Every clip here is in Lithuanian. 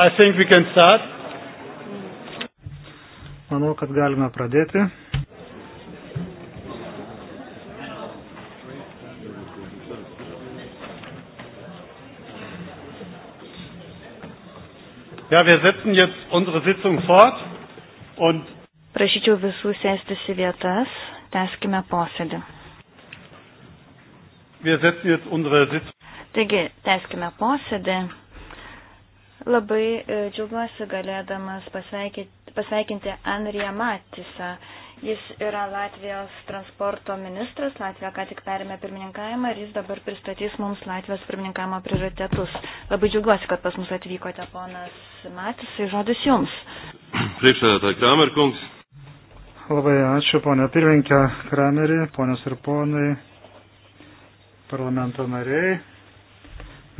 I think we can start. Manau, kad galime pradėti. Ja, wir setzen jetzt unsere Sitzung fort und Prašyčiau visų sėstis į vietas, tęskime posėdį. Wir setzen jetzt unsere Sitzung. Taigi, tęskime posėdį. Labai e, džiaugiuosi galėdamas pasveikinti Anriją Matisą. Jis yra Latvijos transporto ministras, Latvija ką tik perėmė pirmininkavimą ir jis dabar pristatys mums Latvijos pirmininkavimo prioritetus. Labai džiaugiuosi, kad pas mus atvykote, ponas Matisai, žodis jums. Priekšsėdėtą Kramerkungs. Labai ačiū, ponė pirmininkė Kramerį, ponios ir ponai, parlamento nariai.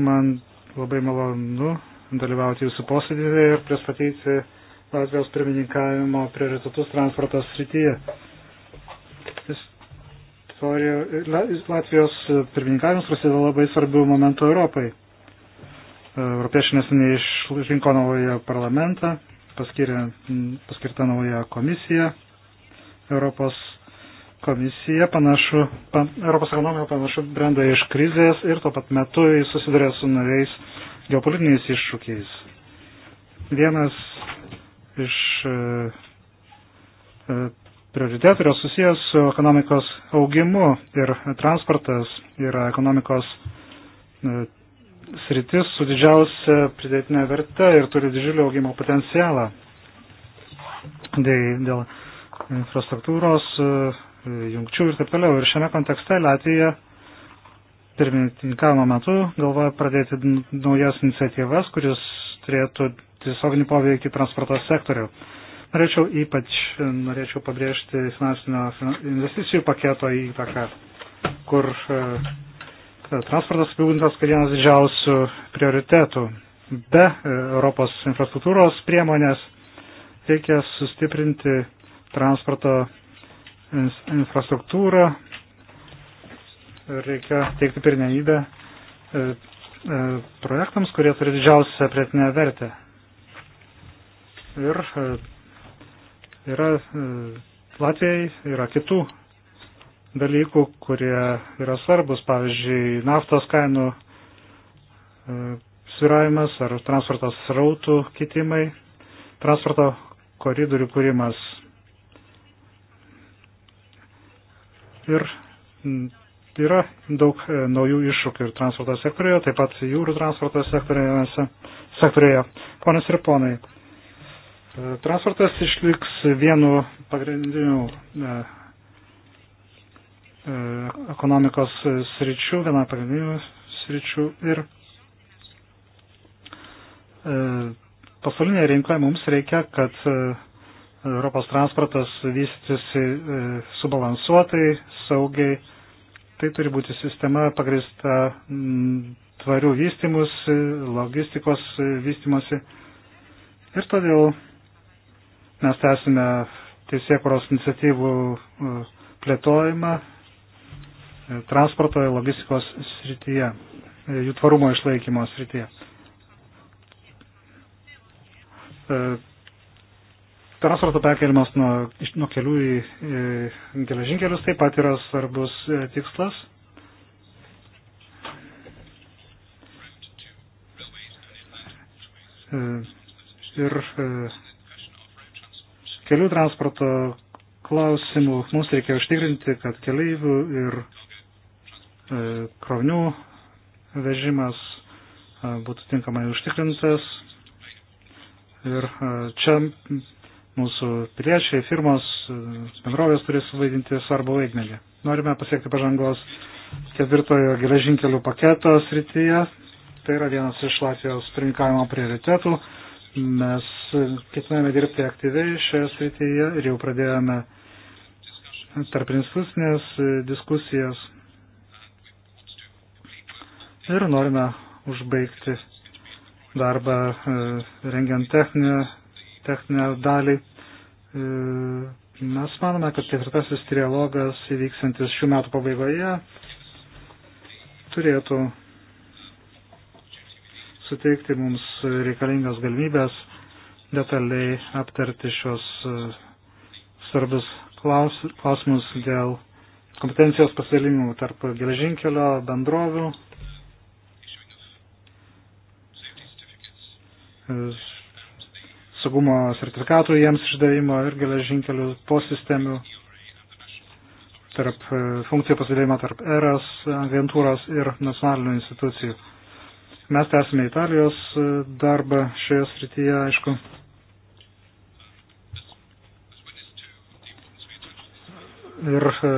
Man labai malonu dalyvauti jūsų posėdėje ir pristatyti Latvijos pirmininkavimo prioritetus transporto srityje. Latvijos pirmininkavimas prasideda labai svarbių momentų Europai. Europiečiai neseniai išrinko naują parlamentą, paskirė, paskirta nauja komisija, Europos komisija panašu, pan, Europos ekonomika panašu brenda iš krizės ir tuo pat metu jis susiduria su naujais geopolitiniais iššūkiais. Vienas iš e, e, prioritetų yra susijęs su ekonomikos augimu ir transportas yra ekonomikos e, sritis su didžiausia pridėtinė verte ir turi didžiulį augimo potencialą. Dėl infrastruktūros, jungčių ir taip toliau. Ir šiame kontekste Latvija pirmininkavimo metu galvoja pradėti naujas iniciatyvas, kuris turėtų tiesioginį poveikį transporto sektoriu. Norėčiau ypač norėčiau pabrėžti finansinio investicijų paketo įtaką, kur e, transportas apibūdintas kaip vienas didžiausių prioritetų. Be e, Europos infrastruktūros priemonės reikia sustiprinti transporto infrastruktūrą reikia teikti pirmenybę e, e, projektams, kurie turi didžiausią prietinę vertę. Ir e, yra Latvijai, yra kitų dalykų, kurie yra svarbus, pavyzdžiui, naftos kainų sviravimas ar transporto srautų kitimai, transporto koridorių kūrimas. Ir Yra daug e, naujų iššūkių ir transporto sektorijoje, taip pat jūrų transporto sektorijoje. Ponas ir ponai, e, transportas išliks vienu pagrindiniu e, ekonomikos sričių, viena pagrindinių sričių ir pasaulinėje rinkoje mums reikia, kad Europos transportas vystysi subalansuotai, saugiai tai turi būti sistema pagrįsta mm, tvarių vystimus, logistikos vystimosi. Ir todėl mes tęsime teisėkuros iniciatyvų e, plėtojimą e, transporto ir logistikos srityje, e, jų tvarumo išlaikymo srityje. Transporto perkelimas nuo, nuo kelių į, į geležinkelius taip pat yra svarbus e, tikslas. E, ir e, kelių transporto klausimų mums reikia užtikrinti, kad keleivių ir krovinių vežimas būtų tinkamai užtikrintas. Ir čia mūsų piliečiai, firmos, bendrovės turi suvaidinti svarbu vaidmenį. Norime pasiekti pažangos ketvirtojo geležinkelių paketo srityje. Tai yra vienas iš Latvijos pirmininkavimo prioritetų. Mes ketiname dirbti aktyviai šioje srityje ir jau pradėjome tarp institucinės diskusijas. Ir norime užbaigti darbą e, rengiant techninę techninę dalį. E, mes manome, kad ketvirtasis trialogas įvyksantis šių metų pabaigoje turėtų suteikti mums reikalingas galimybės detaliai aptarti šios e, svarbius klausimus dėl kompetencijos pasidalinimų tarp geležinkelio bendrovių, e, saugumo sertifikatų jiems išdavimo ir geležinkelių posistemių tarp e, funkcijų pasidalimo tarp eras, agentūros ir nacionalinių institucijų. Mes tęsime Italijos e, darbą šioje srityje, aišku. Ir e,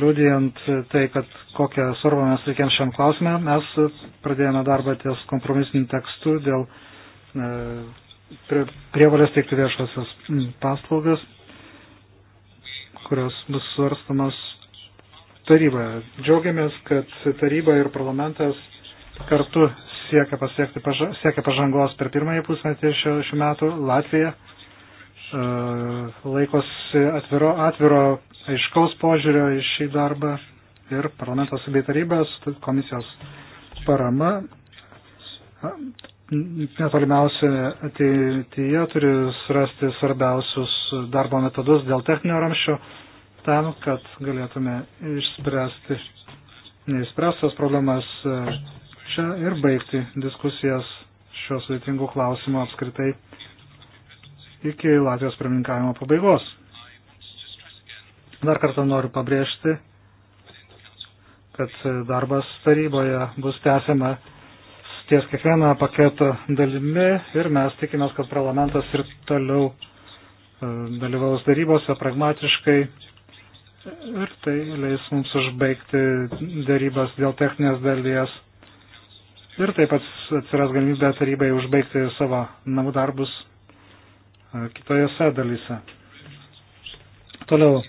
liūdėjant tai, kad kokią svarbą mes reikėm šiam klausimę, mes pradėjome darbą ties kompromisiniu tekstu dėl uh, E, prievalės teikti viešasios paslaugas, kurios bus svarstamos taryboje. Džiaugiamės, kad taryba ir parlamentas kartu siekia, pasiekti, siekia pažangos per pirmąjį pusmetį šio, šių metų Latvija e, laikosi atviro, atviro aiškaus požiūrio į šį darbą ir parlamentos bei tarybos komisijos parama netolimiausioje ateityje turi surasti svarbiausius darbo metodus dėl techninio ramščio tam, kad galėtume išspręsti neįspręstas problemas e, čia ir baigti diskusijas šios sveitingų klausimų apskritai iki Latvijos pirmininkavimo pabaigos. Dar kartą noriu pabrėžti, kad darbas taryboje bus tęsiama ties kiekvieną paketo dalimi ir mes tikimės, kad parlamentas ir toliau e, dalyvaus darybose pragmatiškai ir tai leis mums užbaigti darybas dėl techninės dalies. Ir taip pat atsiras galimybė tarybai užbaigti savo namų darbus e, kitojose dalyse. Toliau,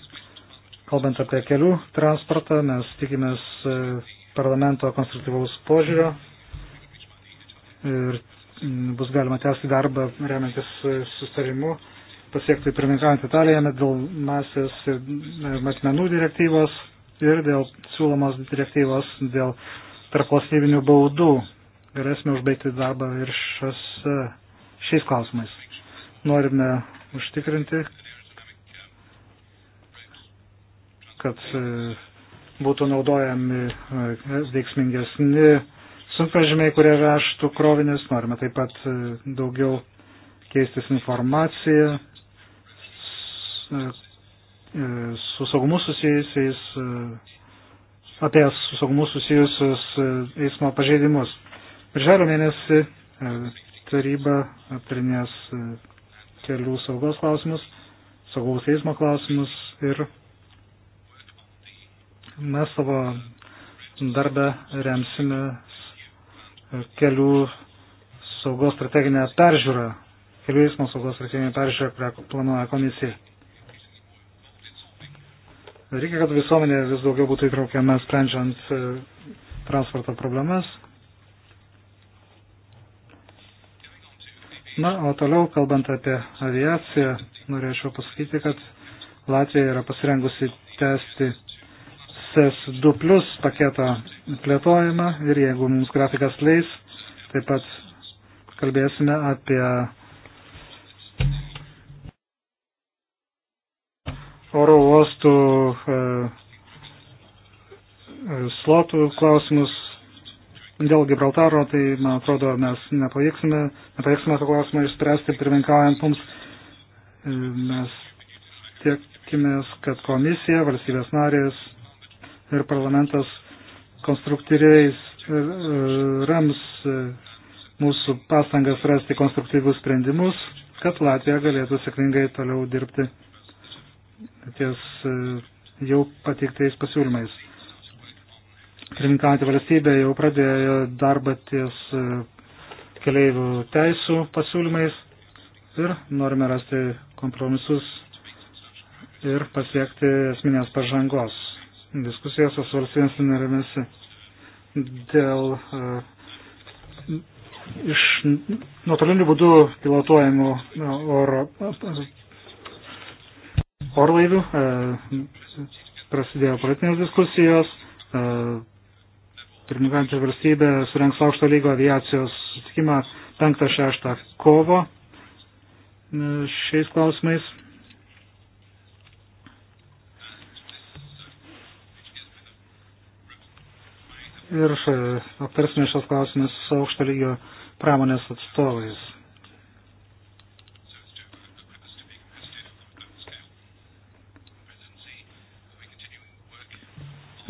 kalbant apie kelių transportą, mes tikimės e, parlamento konstruktyvaus požiūrio ir bus galima tęsti darbą remiantis e, sustarimu pasiekti pirmininkavant Italiją dėl masės ir e, matmenų direktyvos ir dėl siūlomos direktyvos dėl tarpvalstybinių baudų. Galėsime užbaigti darbą ir šios, e, šiais klausimais. Norime užtikrinti, kad būtų naudojami veiksmingesni sunkvežimiai, kurie vežtų krovinius, norime taip pat e, daugiau keistis informaciją e, su saugumu susijusiais, e, apie su saugumu susijusius eismo pažeidimus. Birželio mėnesį taryba aptarinės kelių saugos klausimus, saugaus eismo klausimus ir mes savo darbę remsime kelių saugos strateginę peržiūrą, kelių eismo saugos strateginę peržiūrą, kurią planuoja komisija. Reikia, kad visuomenė vis daugiau būtų įtraukiama sprendžiant e, transporto problemas. Na, o toliau, kalbant apie aviaciją, norėčiau pasakyti, kad Latvija yra pasirengusi tęsti SES2 plus paketą plėtojimą ir jeigu mums grafikas leis, taip pat kalbėsime apie oro uostų e, e slotų klausimus. Dėl Gibraltaro, tai, man atrodo, mes nepavyksime, nepavyksime tą klausimą išspręsti pirmininkaujant mums. E, mes tiekimės, kad komisija, valstybės narės ir parlamentas konstruktyviais rams e, mūsų pastangas rasti konstruktyvius sprendimus, kad Latvija galėtų sėkmingai toliau dirbti ties e, jau pateiktais pasiūlymais. Pirmininkaujantį valstybę jau pradėjo darbą ties e, keleivių teisų pasiūlymais ir norime rasti kompromisus ir pasiekti esminės pažangos diskusijose su valstybės narėmis dėl e, iš nuotolinių būdų pilotuojamų e, oro orlaivių. E, prasidėjo politinės diskusijos. Pirmininkantė valstybė surenks aukšto lygo aviacijos sutikimą 5-6 kovo šiais klausimais. ir aptarsime šios klausimus su aukšto lygio pramonės atstovais.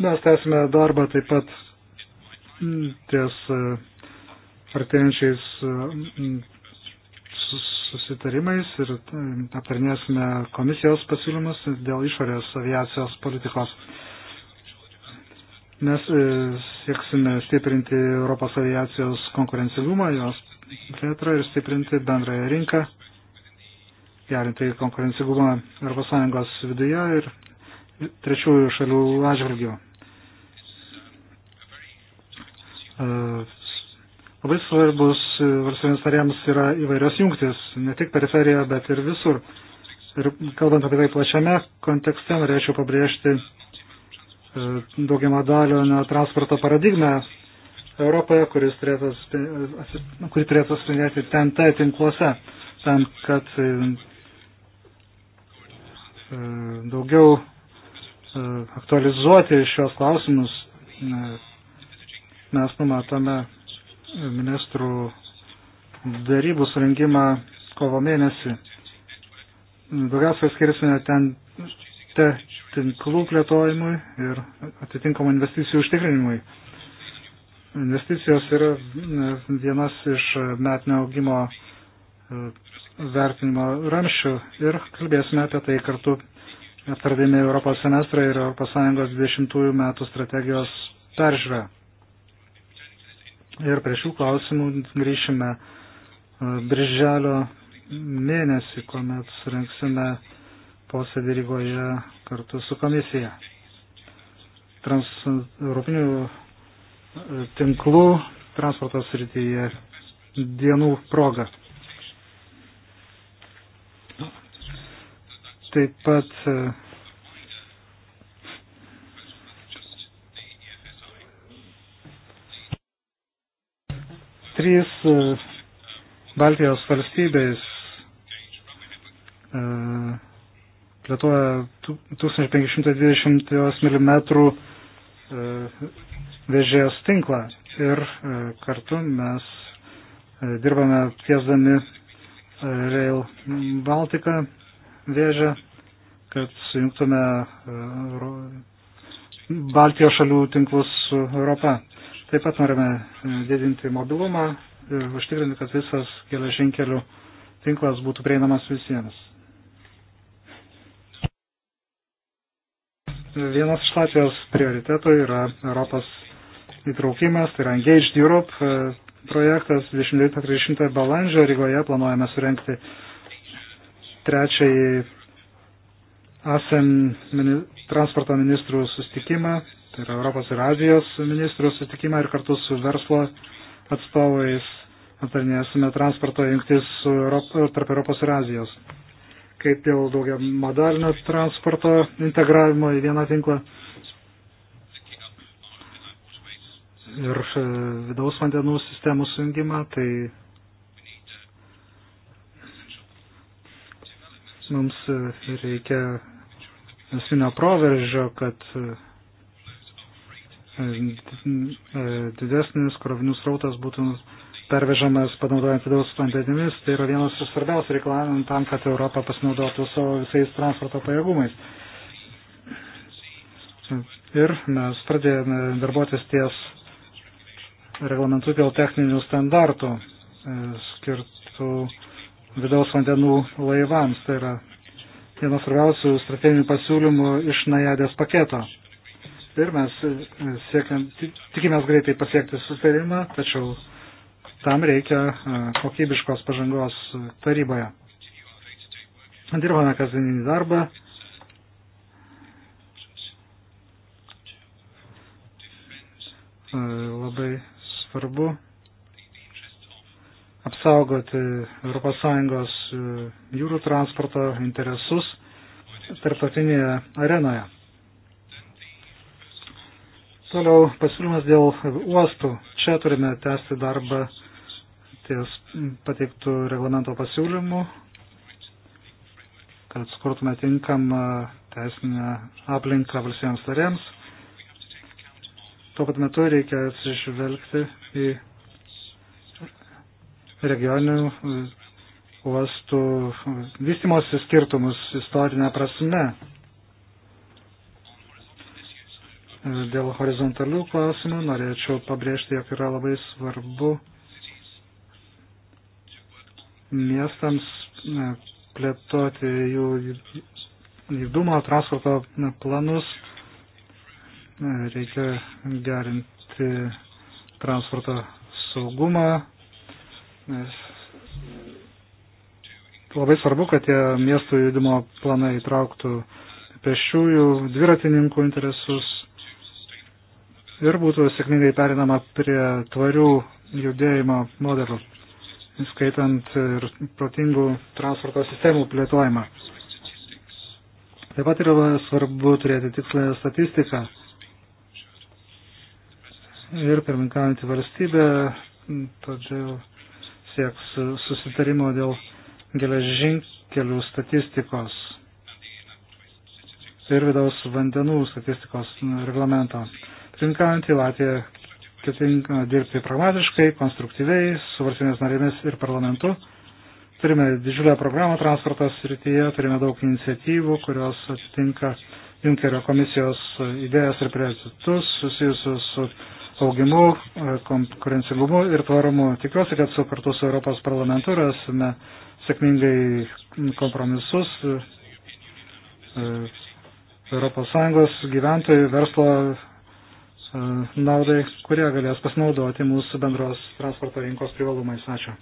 Mes tęsime darbą taip pat ties e, artėjančiais e, susitarimais ir e, aptarnėsime komisijos pasiūlymus dėl išorės aviacijos politikos. Mes e, sieksime stiprinti Europos aviacijos konkurencingumą, jos plėtrą ir stiprinti bendrąją rinką, gerinti konkurencingumą Europos Sąjungos viduje ir trečiųjų šalių atžvilgių. E, labai svarbus valstybės narėms yra įvairios jungtis, ne tik periferija, bet ir visur. Ir kalbant apie tai plačiame kontekste, norėčiau pabrėžti E, daugiamadalio transporto paradigmą Europoje, kuris turėtų, e, kuri turėtų spindėti TNT tinkluose, tam, kad e, daugiau aktualizuoti šios klausimus mes numatome ministrų darybų surengimą kovo mėnesį. Daugiausiai skirsime ten te tinklų plėtojimui ir atitinkamų investicijų užtikrinimui. Investicijos yra vienas iš metinio augimo e, vertinimo ramščių ir kalbėsime apie tai kartu aptardami Europos semestrą ir ES 20 metų strategijos peržiūrą. Ir prie šių klausimų grįšime e, birželio mėnesį, kuomet surinksime posėdį Rygoje kartu su komisija. Transeuropinių e, tinklų transporto srityje dienų proga. Taip pat e, trys e, Baltijos valstybės plėtoja 1520 mm vežėjos tinklą ir e, kartu mes e, dirbame tiesdami e, Rail Baltica vėžę, kad sujungtume Baltijos šalių tinklus su Europa. Taip pat norime didinti mobilumą ir užtikrinti, kad visas geležinkelių tinklas būtų prieinamas visiems. Vienas iš Latvijos prioritetų yra Europos įtraukimas, tai yra Engaged Europe e, projektas 29-30 balandžio Rygoje planuojame surenkti trečiąjį ASEM transporto ministrų sustikimą, tai yra Europos ir Azijos ministrų sustikimą ir kartu su verslo atstovais aptarinėsime transporto jungtis Europ, tarp Europos ir Azijos kaip dėl daugia modalinio transporto integravimo į vieną tinklą ir e, vidaus vandenų sistemų sujungimą, tai mums e, reikia esminio proveržio, kad e, didesnis krovinių srautas būtų pervežamas panaudojant vidaus vandenimis, tai yra vienas iš svarbiausių reikalavimų tam, kad Europa pasinaudotų savo visais transporto pajėgumais. Ir mes pradėjome darbuotis ties reglamentu dėl techninių standartų e, skirtų vidaus vandenų laivams. Tai yra vienas svarbiausių strateginių pasiūlymų iš Najadės paketo ir mes e, siekiam, tikimės greitai pasiekti susitarimą, tačiau Tam reikia e, kokybiškos pažangos taryboje. Dirbame kasdieninį darbą. E, labai svarbu apsaugoti ES e, jūrų transporto interesus tarptautinėje arenoje. Toliau pasiūlymas dėl uostų. Čia turime tęsti darbą ties pateiktų reglamento pasiūlymų, kad skurtume tinkamą teisinę aplinką valstybėms tarėms. Tuo pat metu reikia atsižvelgti į regioninių e, uostų e, vystimosi skirtumus istorinę prasme. E, dėl horizontalių klausimų norėčiau pabrėžti, jog yra labai svarbu miestams plėtoti jų judumo transporto planus. Reikia gerinti transporto saugumą. Labai svarbu, kad tie miestų judumo planai įtrauktų pešiųjų, dviratininkų interesus ir būtų sėkmingai perinama prie tvarių judėjimo modelių skaitant ir protingų transporto sistemų plėtojimą. Taip pat yra svarbu turėti tikslę statistiką. Ir pirminkaujantį valstybę, todėl sieks susitarimo dėl geležinkelių statistikos ir vidaus vandenų statistikos reglamento. Pirminkaujantį Latviją ketinka dirbti pragmatiškai, konstruktyviai su valstybės narėmis ir parlamentu. Turime didžiulę programą transportos srityje, turime daug iniciatyvų, kurios atitinka Junkerio komisijos idėjas ir prioritetus susijusius su augimu, konkurencingumu ir tvarumu. Tikiuosi, kad su kartu su Europos parlamentu rasime sėkmingai kompromisus e, Europos Sąjungos gyventojų, verslo E, naudai, kurie galės pasinaudoti mūsų bendros transporto rinkos privalumais. Ačiū.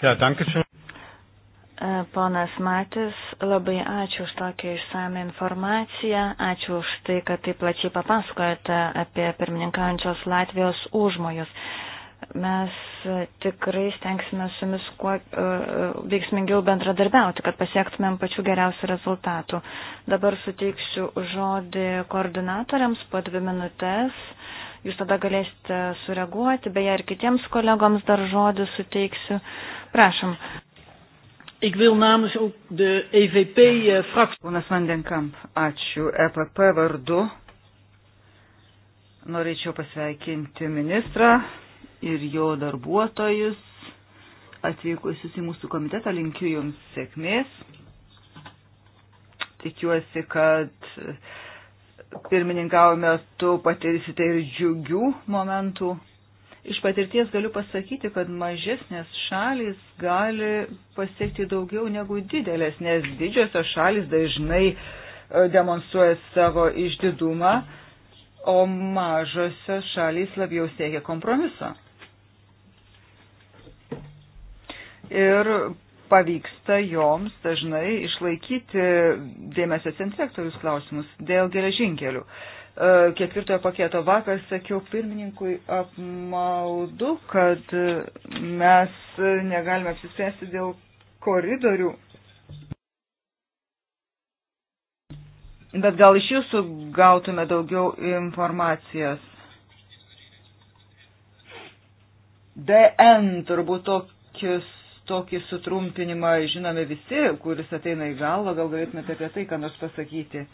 Ja, dankeschön. E, ponas Matis, labai ačiū už tokią išsame informaciją, ačiū už tai, kad taip plačiai papasakojate apie pirmininkaujančios Latvijos užmojus. Mes tikrai stengsime su jumis kuo e, e, veiksmingiau bendradarbiauti, kad pasiektumėm pačių geriausių rezultatų. Dabar suteiksiu žodį koordinatoriams po dvi minutės. Jūs tada galėsite sureaguoti, beje, ir kitiems kolegoms dar žodį suteiksiu. Prašom. Ik wil namens ook de EVP-fractie. Eh, Ponas Vandenkamp, ačiū EPP vardu. Norėčiau pasveikinti ministrą ir jo darbuotojus atvykusius į mūsų komitetą. Linkiu Jums sėkmės. Tikiuosi, kad pirmininkavome tu patirsite ir džiugių momentų. Iš patirties galiu pasakyti, kad mažesnės šalis gali pasiekti daugiau negu didelės, nes didžiosios šalis dažnai e, demonstruoja savo išdidumą, o mažosios šalis labiau siekia kompromiso. ir pavyksta joms dažnai išlaikyti dėmesio centre aktualius klausimus dėl geležinkelių. E, ketvirtojo paketo vakar sakiau pirmininkui apmaudu, kad mes negalime apsispręsti dėl koridorių. Bet gal iš jūsų gautume daugiau informacijos. DN turbūt tokius tokį sutrumpinimą žinome visi, kuris ateina į galvą, gal galėtumėte apie tai ką nors pasakyti.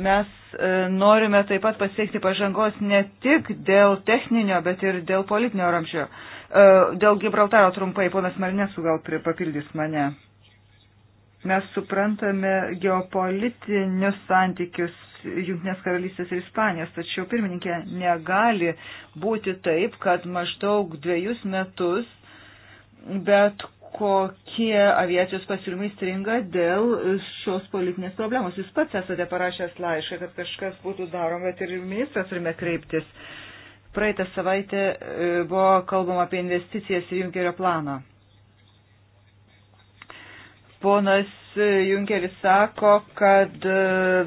Mes e, norime taip pat pasiekti pažangos ne tik dėl techninio, bet ir dėl politinio ramščio. E, dėl Gibraltaro trumpai, ponas Marinesų gal papildys mane. Mes suprantame geopolitinius santykius Junktinės karalystės ir Ispanijos, tačiau pirmininkė negali būti taip, kad maždaug dviejus metus bet kokie aviacijos pasiūlymai stringa dėl šios politinės problemos. Jūs pats esate parašęs laišką, kad kažkas būtų daroma, bet ir ministras turime kreiptis. Praeitą savaitę e, buvo kalbama apie investicijas į Junkerio planą. Ponas Junkeris sako, kad e,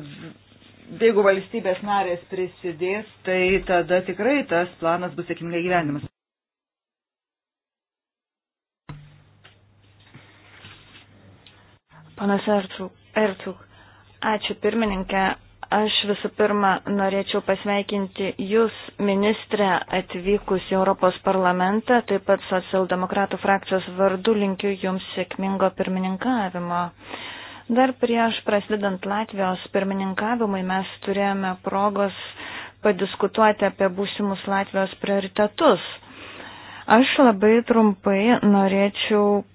jeigu valstybės narės prisidės, tai tada tikrai tas planas bus sėkmingai gyvenimas. Panas Ercuk, ačiū pirmininkė. Aš visų pirma norėčiau pasveikinti Jūs, ministrė, atvykus į Europos parlamentą, taip pat socialdemokratų frakcijos vardu linkiu Jums sėkmingo pirmininkavimo. Uh, Dar prieš prasidant Latvijos pirmininkavimui mes turėjome progos padiskutuoti apie būsimus Latvijos prioritetus. Aš labai trumpai norėčiau e,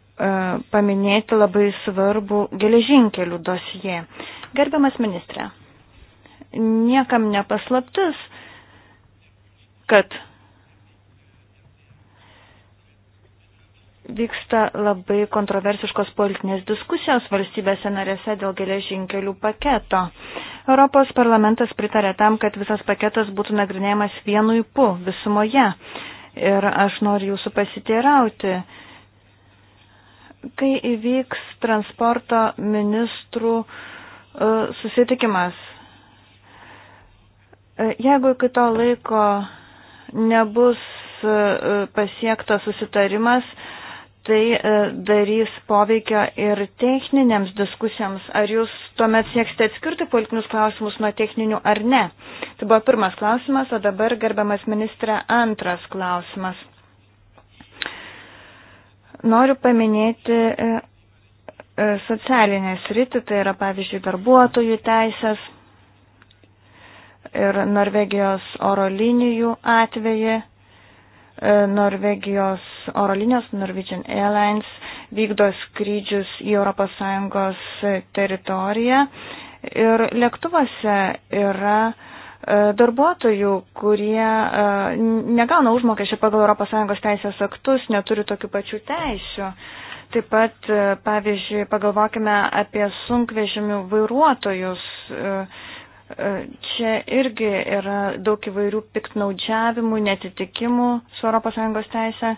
paminėti labai svarbų geležinkelių dosiją. Gerbiamas ministrė, niekam nepaslaptis, kad vyksta labai kontroversiškos politinės diskusijos valstybėse narėse dėl geležinkelių paketo. Europos parlamentas pritarė tam, kad visas paketas būtų nagrinėjamas vienu įpu visumoje. Ir aš noriu jūsų pasiteirauti, kai įvyks transporto ministrų e, susitikimas. E, jeigu iki to laiko nebus e, pasiektas susitarimas, tai e, darys poveikio ir techninėms diskusijoms. Ar jūs tuomet sieksite atskirti politinius klausimus nuo techninių ar ne? Tai buvo pirmas klausimas, o dabar, gerbiamas ministrė, antras klausimas. Noriu paminėti e, e, socialinę sritį, tai yra pavyzdžiui darbuotojų teisės ir Norvegijos oro linijų atveju E, Norvegijos oro linijos Norwegian Airlines vykdo skrydžius į ES teritoriją ir lėktuvose yra e, darbuotojų, kurie e, negauna užmokesčio pagal ES teisės aktus, neturi tokių pačių teisių. Taip pat, pavyzdžiui, pagalvokime apie sunkvežimių vairuotojus Čia irgi yra daug įvairių piktnaudžiavimų, netitikimų su ES teise.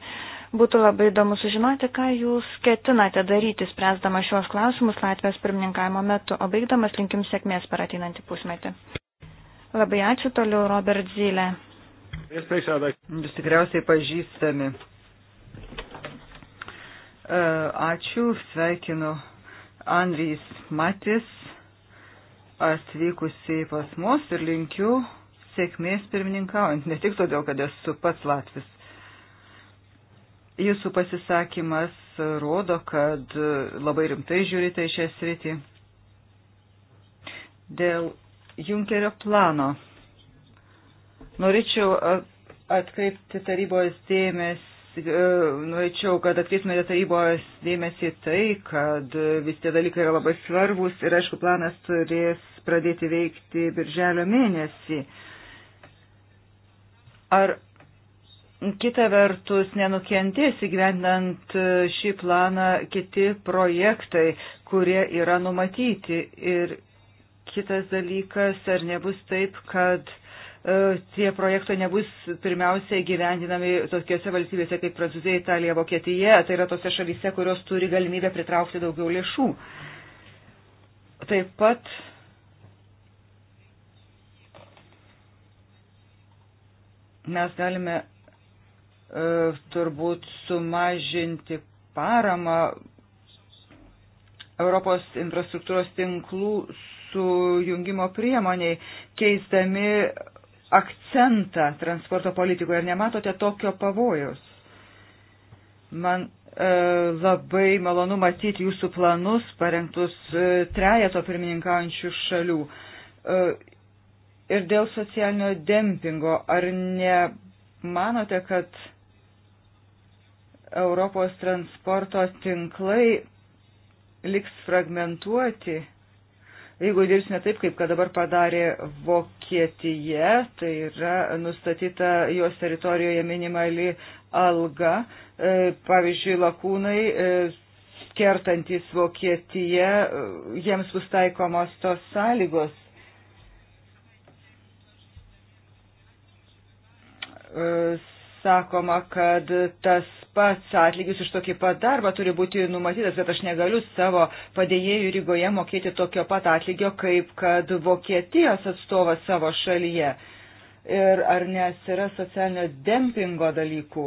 Būtų labai įdomu sužinoti, ką jūs ketinate daryti, spręsdama šios klausimus Latvijos pirmininkavimo metu, o baigdamas linkim sėkmės per ateinantį pusmetį. Labai ačiū toliau, Robert Zylė. Jūs tikriausiai pažįstami. E, ačiū, sveikinu Andrijs Matis atvykusiai pas mus ir linkiu sėkmės pirmininkaujant, ne tik todėl, kad esu pats Latvis. Jūsų pasisakymas rodo, kad labai rimtai žiūrite į šią sritį. Dėl Junkerio plano norėčiau atkreipti tarybos dėmesį E, norėčiau, kad atkreiptumėte tarybos dėmesį tai, kad visi tie dalykai yra labai svarbus ir, aišku, planas turės pradėti veikti birželio mėnesį. Ar kita vertus nenukentės įgyvendant šį planą kiti projektai, kurie yra numatyti? Ir kitas dalykas, ar nebus taip, kad uh, E, tie projektai nebus pirmiausia gyvendinami tokiose valstybėse kaip Prancūzija, Italija, Vokietija, tai yra tose šalyse, kurios turi galimybę pritraukti daugiau lėšų. Taip pat mes galime e, turbūt sumažinti paramą Europos infrastruktūros tinklų sujungimo priemoniai, keisdami akcentą transporto politikoje. Ar nematote tokio pavojaus? Man e, labai malonu matyti jūsų planus parengtus e, trejato pirmininkaujančių šalių. E, ir dėl socialinio dempingo, ar nemanote, kad Europos transporto tinklai liks fragmentuoti? Jeigu dirbsime taip, kaip kad dabar padarė Vokietija, tai yra nustatyta jos teritorijoje minimali alga, e, pavyzdžiui, lakūnai e, kertantis Vokietiją, e, jiems bus taikomos tos sąlygos. Sakoma, kad tas pats atlygis už tokį pat darbą turi būti numatytas, bet aš negaliu savo padėjėjų Rygoje mokėti tokio pat atlygio, kaip kad Vokietijos atstovas savo šalyje. Ir ar nesiras socialinio dempingo dalykų,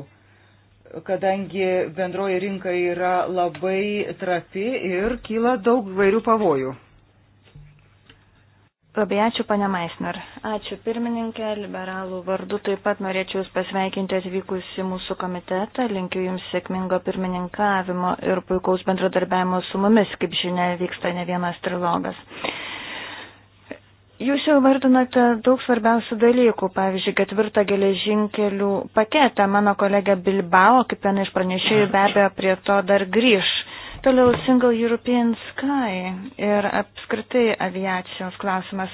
kadangi bendroji rinka yra labai trapi ir kyla daug vairių pavojų. Labai ačiū, pane Maisner. Ačiū pirmininkė, liberalų vardu taip pat norėčiau Jūs pasveikinti atvykus į mūsų komitetą. Linkiu Jums sėkmingo pirmininkavimo ir puikaus bendradarbiavimo su mumis, kaip žinia, vyksta ne vienas trilogas. Jūs jau vardinate daug svarbiausių dalykų, pavyzdžiui, ketvirtą geležinkelių paketą. Mano kolegė Bilbao, kaip viena iš pranešėjų, be abejo, prie to dar grįžtų. Toliau Single European Sky ir apskritai aviacijos klausimas.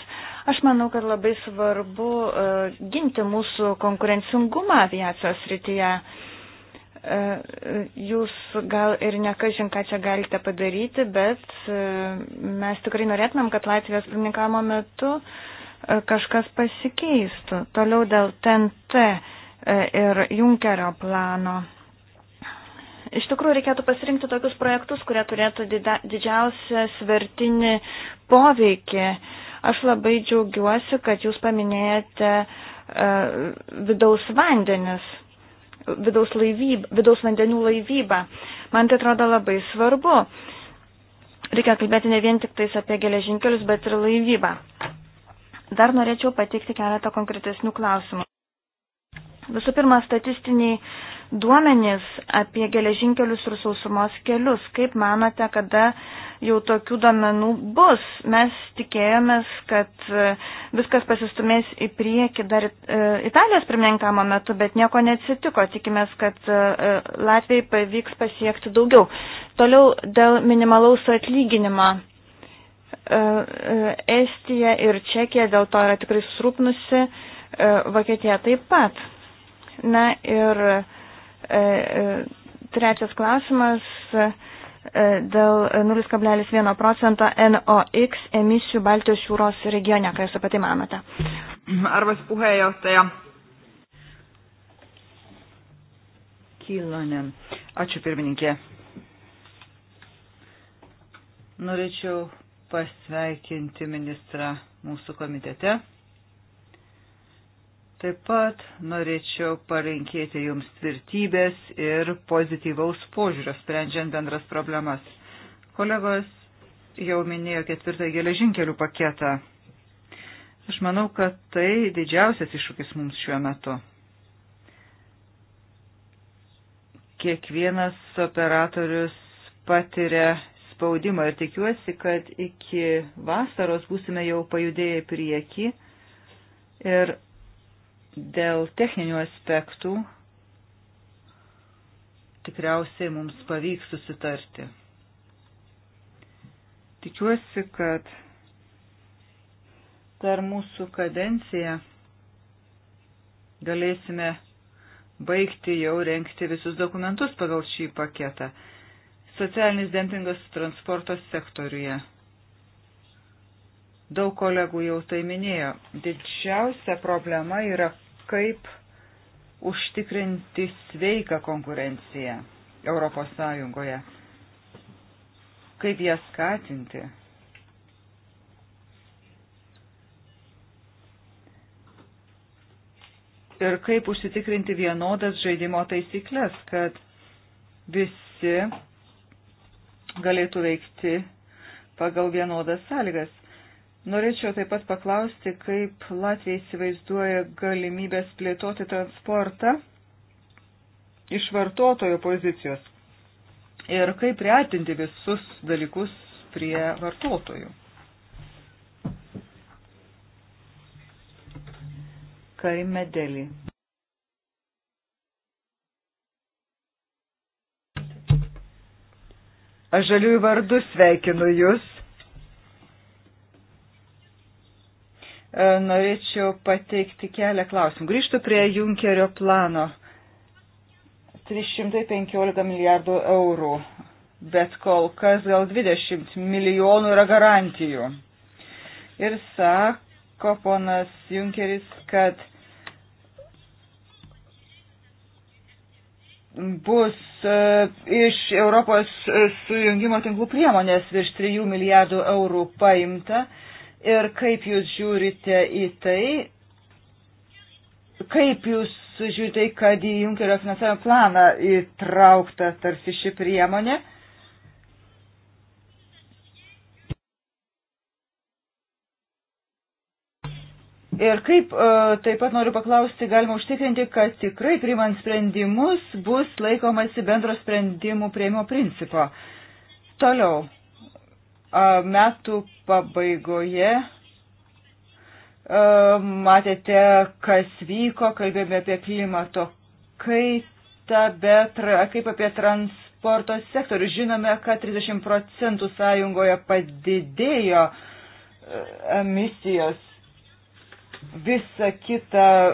Aš manau, kad labai svarbu uh, ginti mūsų konkurencingumą aviacijos rytyje. Uh, e, e, jūs gal ir nekažin, ką čia galite padaryti, bet uh, mes tikrai norėtumėm, kad Latvijos pirmininkamo metu uh, kažkas pasikeistų. Toliau dėl TNT uh, ir Junkerio plano. Uh, Iš tikrųjų, reikėtų pasirinkti tokius projektus, kurie turėtų didžiausią svertinį poveikį. Aš labai džiaugiuosi, kad jūs paminėjate uh, e, vidaus vandenis, vidaus, laivyb, vidaus vandenių laivybą. Man tai atrodo labai svarbu. Reikia kalbėti ne vien tik tais apie geležinkelius, bet ir laivybą. Dar norėčiau pateikti keletą konkretesnių klausimų. Visų pirma, statistiniai uh, duomenys apie geležinkelius ir sausumos kelius. Kaip manote, kada jau tokių duomenų bus? Mes tikėjomės, kad e, viskas pasistumės į priekį dar e, Italijos pirmininkamo metu, bet nieko neatsitiko. Tikimės, kad e, Latvijai pavyks pasiekti daugiau. Toliau dėl minimalaus atlyginimo. Estija ir Čekija dėl to yra tikrai susirūpnusi, Vokietija taip pat. Na ir uh, E, e, trečias klausimas e, dėl 0,1 procento NOx emisijų Baltijos jūros regione. Ką Jūs apie tai manote? Arvas puheenjohtaja. Kylonen. Ačiū pirmininkė. Norėčiau pasveikinti ministrą mūsų komitete. Taip pat norėčiau palinkėti Jums tvirtybės ir pozityvaus požiūrio sprendžiant bendras problemas. Kolegos jau minėjo ketvirtąjį geležinkelių paketą. Aš manau, kad tai didžiausias iššūkis mums šiuo metu. Kiekvienas operatorius patiria spaudimą ir tikiuosi, kad iki vasaros būsime jau pajudėję prieki ir Dėl techninių aspektų tikriausiai mums pavyks susitarti. Tikiuosi, kad per mūsų kadenciją galėsime baigti jau renkti visus dokumentus pagal šį paketą. Socialinis dempingas transporto sektoriuje. Daug kolegų jau tai minėjo. Didžiausia problema yra, kaip užtikrinti sveiką konkurenciją Europos Sąjungoje. Kaip ją skatinti. Ir kaip užsitikrinti vienodas žaidimo taisyklės, kad visi galėtų veikti pagal vienodas sąlygas. Norėčiau taip pat paklausti, kaip Latvija įsivaizduoja galimybės plėtoti transportą iš vartotojo pozicijos ir kaip reatinti visus dalykus prie vartotojų. Karimedelį. Aš žaliųjų vardu sveikinu Jūs. E, norėčiau pateikti kelią klausimų. Grįžtu prie Junkerio plano. 315 milijardų eurų, bet kol kas gal 20 milijonų yra garantijų. Ir sako ponas Junkeris, kad bus e, iš Europos sujungimo tinklų priemonės virš 3 milijardų eurų paimta ir kaip jūs žiūrite į tai, kaip jūs žiūrite, tai, kad į Junkerio finansavimo planą įtraukta tarsi ši priemonė. Ir kaip e, taip pat noriu paklausti, galima užtikrinti, kad tikrai priimant sprendimus bus laikomasi bendro sprendimų prieimimo principo. Toliau, metų pabaigoje matėte, kas vyko, kalbėjome apie klimato kaitą, bet kaip apie transporto sektorių. Žinome, kad 30 procentų sąjungoje padidėjo e, emisijos. Visa kita e,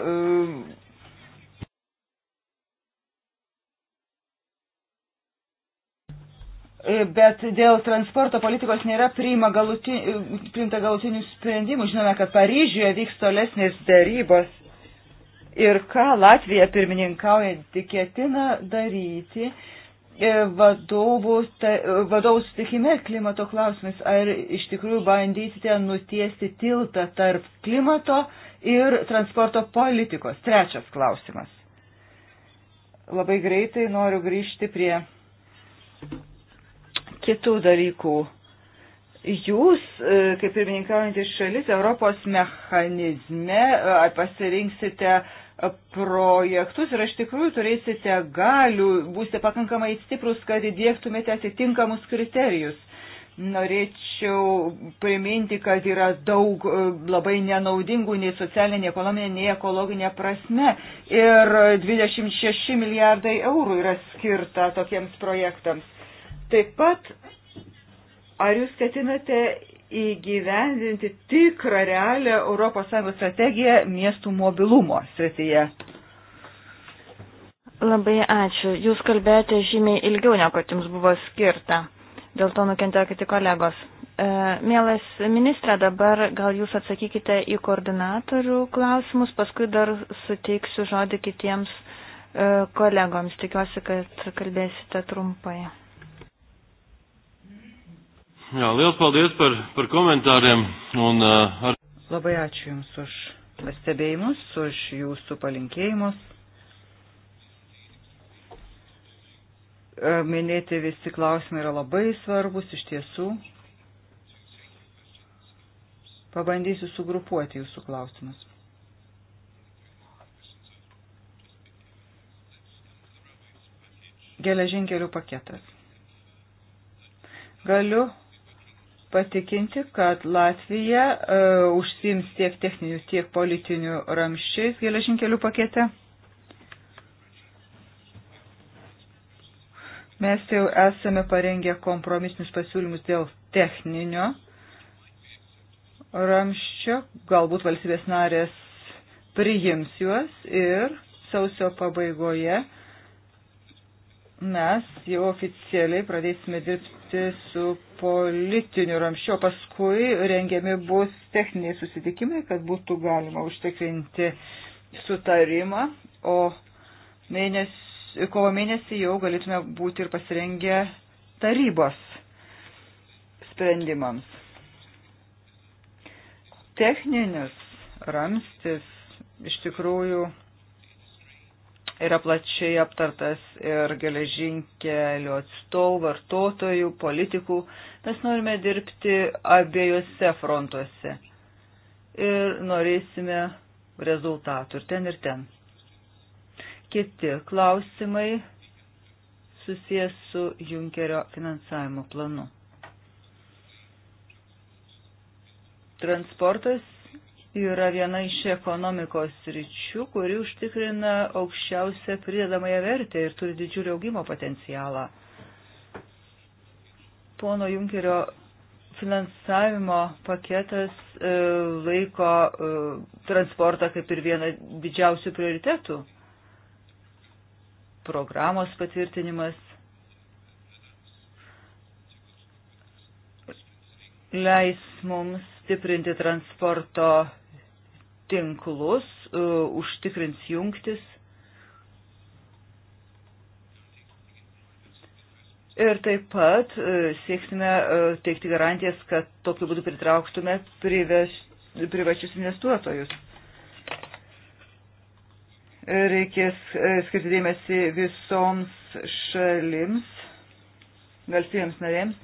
bet dėl transporto politikos nėra priima galuti, priimta galutinių sprendimų. Žinome, kad Paryžiuje vyks tolesnės darybos. Ir ką Latvija pirmininkaujanti ketina daryti e, vadovų, ta, vadovų sutikime klimato klausimais, ar iš tikrųjų bandysite nutiesti tiltą tarp klimato ir transporto politikos. Trečias klausimas. Labai greitai noriu grįžti prie kitų dalykų. Jūs, e, kaip pirmininkaujantis šalis, Europos mechanizme e, pasirinksite projektus ir iš tikrųjų turėsite galių, būsite pakankamai stiprus, kad įdėktumėte atitinkamus kriterijus. Norėčiau priminti, kad yra daug e, labai nenaudingų nei socialinė, nei ekonominė, nei ekologinė prasme. Ir 26 milijardai eurų yra skirta tokiems projektams. Taip pat, ar jūs ketinate įgyvendinti tikrą realią ES strategiją miestų mobilumo srityje? Labai ačiū. Jūs kalbėjote žymiai ilgiau, negu jums buvo skirta. Dėl to nukentėjo kiti kolegos. E, mielas ministrė, dabar gal jūs atsakykite į koordinatorių klausimus, paskui dar suteiksiu žodį kitiems e, kolegoms. Tikiuosi, kad kalbėsite trumpai. Jā, liels paldies par, par komentāriem. Un, uh, ar... Labai ačiū Jums už pastebėjimus, už Jūsų palinkėjimus. E, minėti visi klausimai yra labai svarbus iš tiesų. Pabandysiu sugrupuoti Jūsų klausimus. Geležinkelių paketas. Galiu patikinti, kad Latvija e, užsims tiek techninių, tiek politinių ramščiais geležinkelių pakete. Mes jau esame parengę kompromisinius pasiūlymus dėl techninio ramščio, galbūt valstybės narės priims juos ir sausio pabaigoje mes jau oficialiai pradėsime dirbti su politinių ramščių, paskui rengiami bus techniniai susitikimai, kad būtų galima užtikrinti sutarimą, o mėnes, kovo mėnesį jau galėtume būti ir pasirengę tarybos sprendimams. Techninis ramstis iš tikrųjų yra plačiai aptartas ir geležinkelio atstovų, vartotojų, politikų. Mes norime dirbti abiejose frontuose ir norėsime rezultatų ir ten ir ten. Kiti klausimai susijęs su Junkerio finansavimo planu. Transportas yra viena iš ekonomikos ryčių, kuri užtikrina aukščiausią pridedamąją vertę ir turi didžiulį augimo potencialą. Pono Junkerio finansavimo paketas e, laiko e, transportą kaip ir vieną didžiausių prioritetų. Programos patvirtinimas leis mums stiprinti transporto tinklus, e, užtikrins jungtis. Ir taip pat e, sieksime e, teikti garantijas, kad tokiu būdu pritrauktume privačius investuotojus. Reikės skirti dėmesį visoms šalims, valstybėms narėms,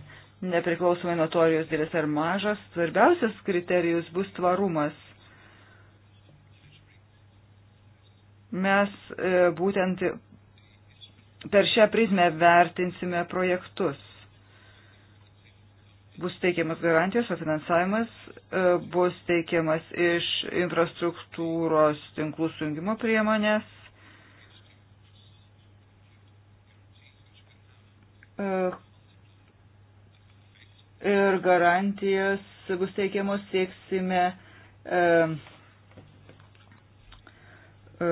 nepriklausomai nuo to, ar jos didelės ar mažas. Svarbiausias kriterijus bus tvarumas Mes e, būtent per šią prizmę vertinsime projektus. Bus teikiamas garantijos, o finansavimas e, bus teikiamas iš infrastruktūros tinklų sujungimo priemonės, e, ir garantijas bus teikiamos sieksime E,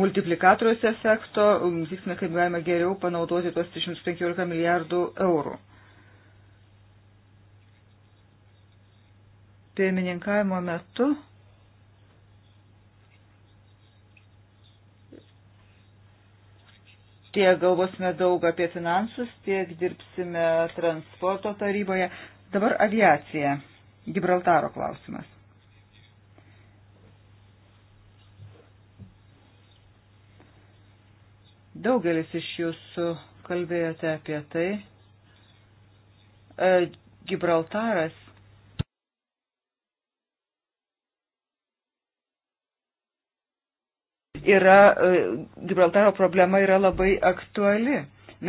multiplikatoriaus efekto, tiksime, kaip galime geriau panaudoti tuos 315 milijardų eurų. Pirmininkavimo metu tiek galvosime daug apie finansus, tiek dirbsime transporto taryboje. Dabar aviacija. Gibraltaro klausimas. Daugelis iš jūsų kalbėjote apie tai. E, Gibraltaras yra, e, Gibraltaro problema yra labai aktuali.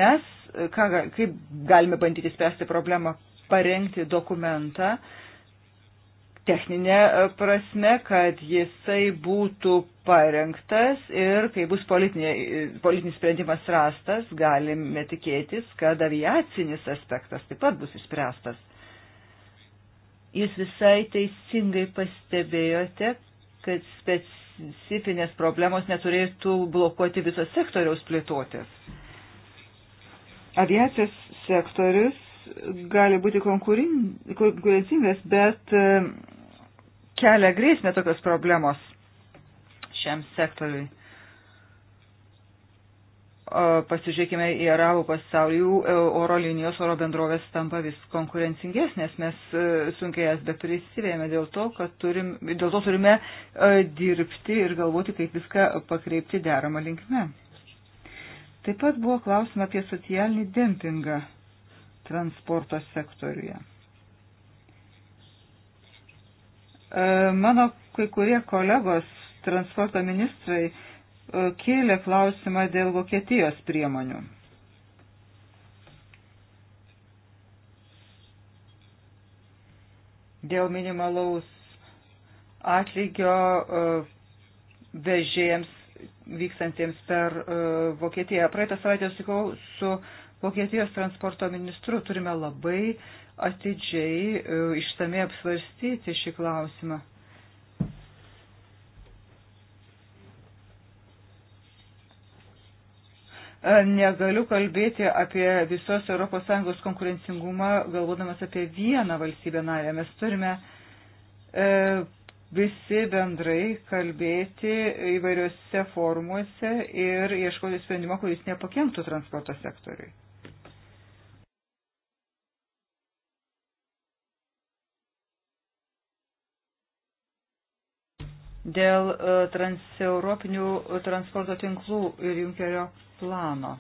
Mes, e, ką, kaip galime bandyti spręsti problemą, parengti dokumentą, techninė e, prasme, kad jisai būtų parengtas ir kai bus politinė, e, politinis sprendimas rastas, galime tikėtis, kad aviacinis aspektas taip pat bus išspręstas. Jūs visai teisingai pastebėjote, kad specifinės problemos neturėtų blokuoti visos sektoriaus plėtotės. Aviacijos sektorius gali būti konkurencingas, bet e, kelia grėsmę tokios problemos šiam sektoriui. Pasižiūrėkime į arabų pasaulį, e, oro linijos, oro bendrovės tampa vis konkurencingesnės, mes e, sunkiai jas bet prisivėjame dėl to, kad turim, dėl to turime dirbti ir galvoti, kaip viską pakreipti deramą linkme. Taip pat buvo klausima apie socialinį dempingą transporto sektoriuje. E, mano kai kurie kolegos transporto ministrai e, kėlė klausimą dėl Vokietijos priemonių. Dėl minimalaus atlygio e, vežėjams vykstantiems per Vokietiją. Praeitą savaitę susikau su Vokietijos transporto ministru turime labai atidžiai e, išsamei apsvarstyti šį klausimą. E, negaliu kalbėti apie visos ES konkurencingumą, galvodamas apie vieną valstybę narę. Mes turime e, visi bendrai kalbėti įvairiuose formuose ir ieškoti sprendimo, kuris nepakenktų transporto sektoriui. dėl e, transeuropinių transporto tinklų ir Junkerio plano.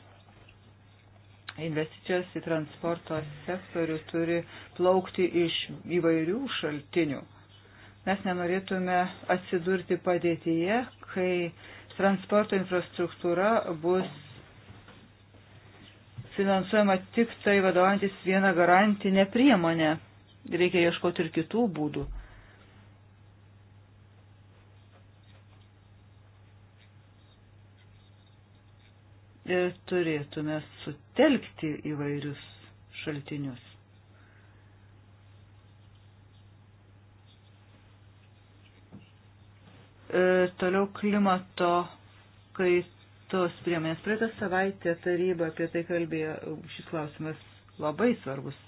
Investicijos į transporto sektorių turi plaukti iš įvairių šaltinių. Mes nenorėtume atsidurti padėtyje, kai transporto infrastruktūra bus finansuojama tik tai vadovantis vieną garantinę priemonę. Reikia ieškoti ir kitų būdų. E, turėtume sutelkti įvairius šaltinius. E, toliau klimato kaitos priemonės. Praeitą savaitę taryba apie tai kalbėjo. Šis klausimas labai svarbus.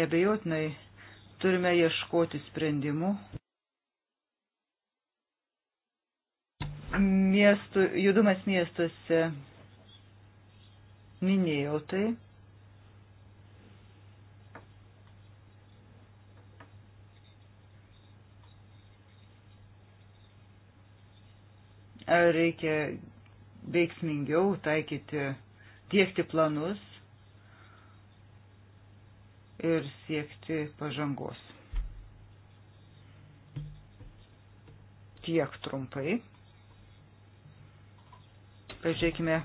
Nebejotinai turime ieškoti sprendimų. Miestų, judumas miestuose minėjau tai. Ar reikia veiksmingiau taikyti, tiekti planus ir siekti pažangos. Tiek trumpai. Pažiūrėkime,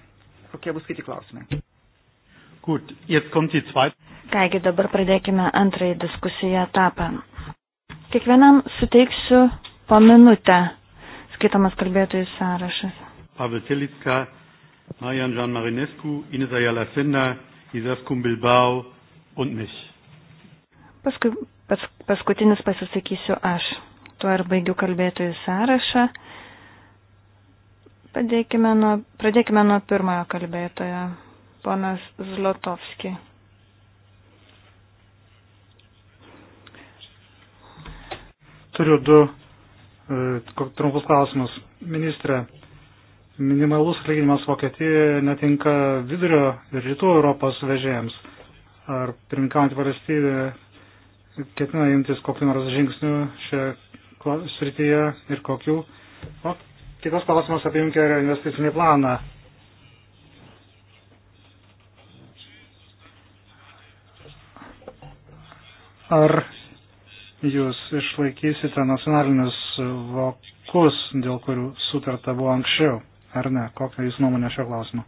kokie bus kiti klausimai. Gut, jetzt kommt die zweite. Kągi, dabar pradėkime antrąjį diskusiją etapą. Kiekvienam suteiksiu po minutę skaitomas kalbėtojų sąrašas. Pavel Telitska, Marian Jean Marinescu, Ines Ayala Senda, Izaskun Bilbao und mich. Paskui, pas, paskutinis pasisakysiu aš. Tuo ir baigiu kalbėtojų sąrašą. Padėkime nuo, pradėkime nuo pirmojo kalbėtojo ponas Zlotovski. Turiu du e, trumpus klausimus. Ministrė, minimalus atlyginimas Vokietijoje netinka vidurio ir rytų Europos vežėjams. Ar pirminkaujantį valstybę ketina imtis kokiu nors žingsniu šioje srityje ir kokiu? O kitas klausimas apie Junkerio investicinį planą. Ar jūs išlaikysite nacionalinius vokus, dėl kurių sutarta buvo anksčiau, ar ne? Kokia jūsų nuomonė šio klausimu?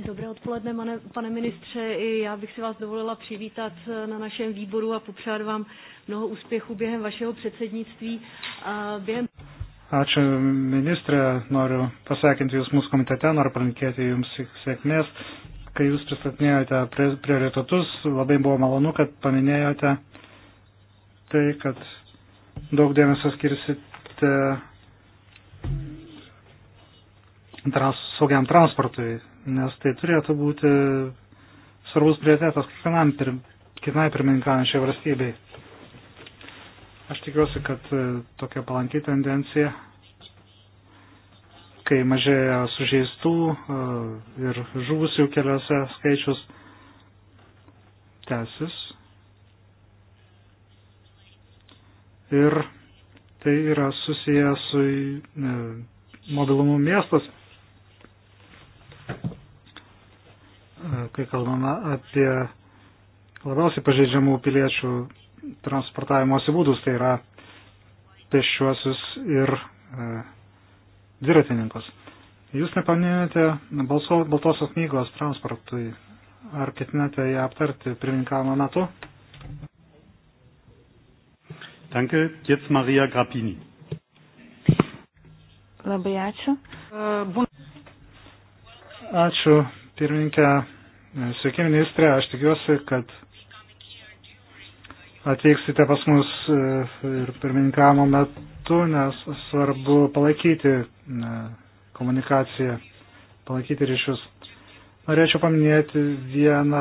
Dobré odpoledne, pane, pane ministře. I já bych si vás dovolila přivítat eh, na našem výboru a popřát vám mnoho úspěchů během vašeho předsednictví. A během Ačiū ministrė, noriu pasveikinti Jūs mūsų komitete, noriu palinkėti Jums sėkmės. Kai Jūs pristatinėjote prioritetus, labai buvo malonu, kad paminėjote tai, kad daug dėmesio skirsite trans, saugiam transportui, nes tai turėtų būti svarbus prioritetas kiekvienam, pir, kiekvienai pirmininkaujančiai valstybei. Aš tikiuosi, kad e, tokia palanki tendencija, kai mažėja sužeistų e, ir žuvusių keliuose skaičius, tęsis. Ir tai yra susiję su e, mobilumu miestas. Kai kalbame apie labiausiai pažeidžiamų piliečių transportavimosi būdus, tai yra pešiuosius ir e, dviratininkus. Jūs nepaminėjote Baltosios knygos transportui. Ar ketinate ją aptarti pirmininkavimo metu? Danke, jetzt Maria Grappini. Labai ačiū. Ačiū, pirmininkė. Sveiki, ministrė. Aš tikiuosi, kad atvyksite pas mus e, ir pirmininkavimo metu, nes svarbu palaikyti e, komunikaciją, palaikyti ryšius. Norėčiau paminėti vieną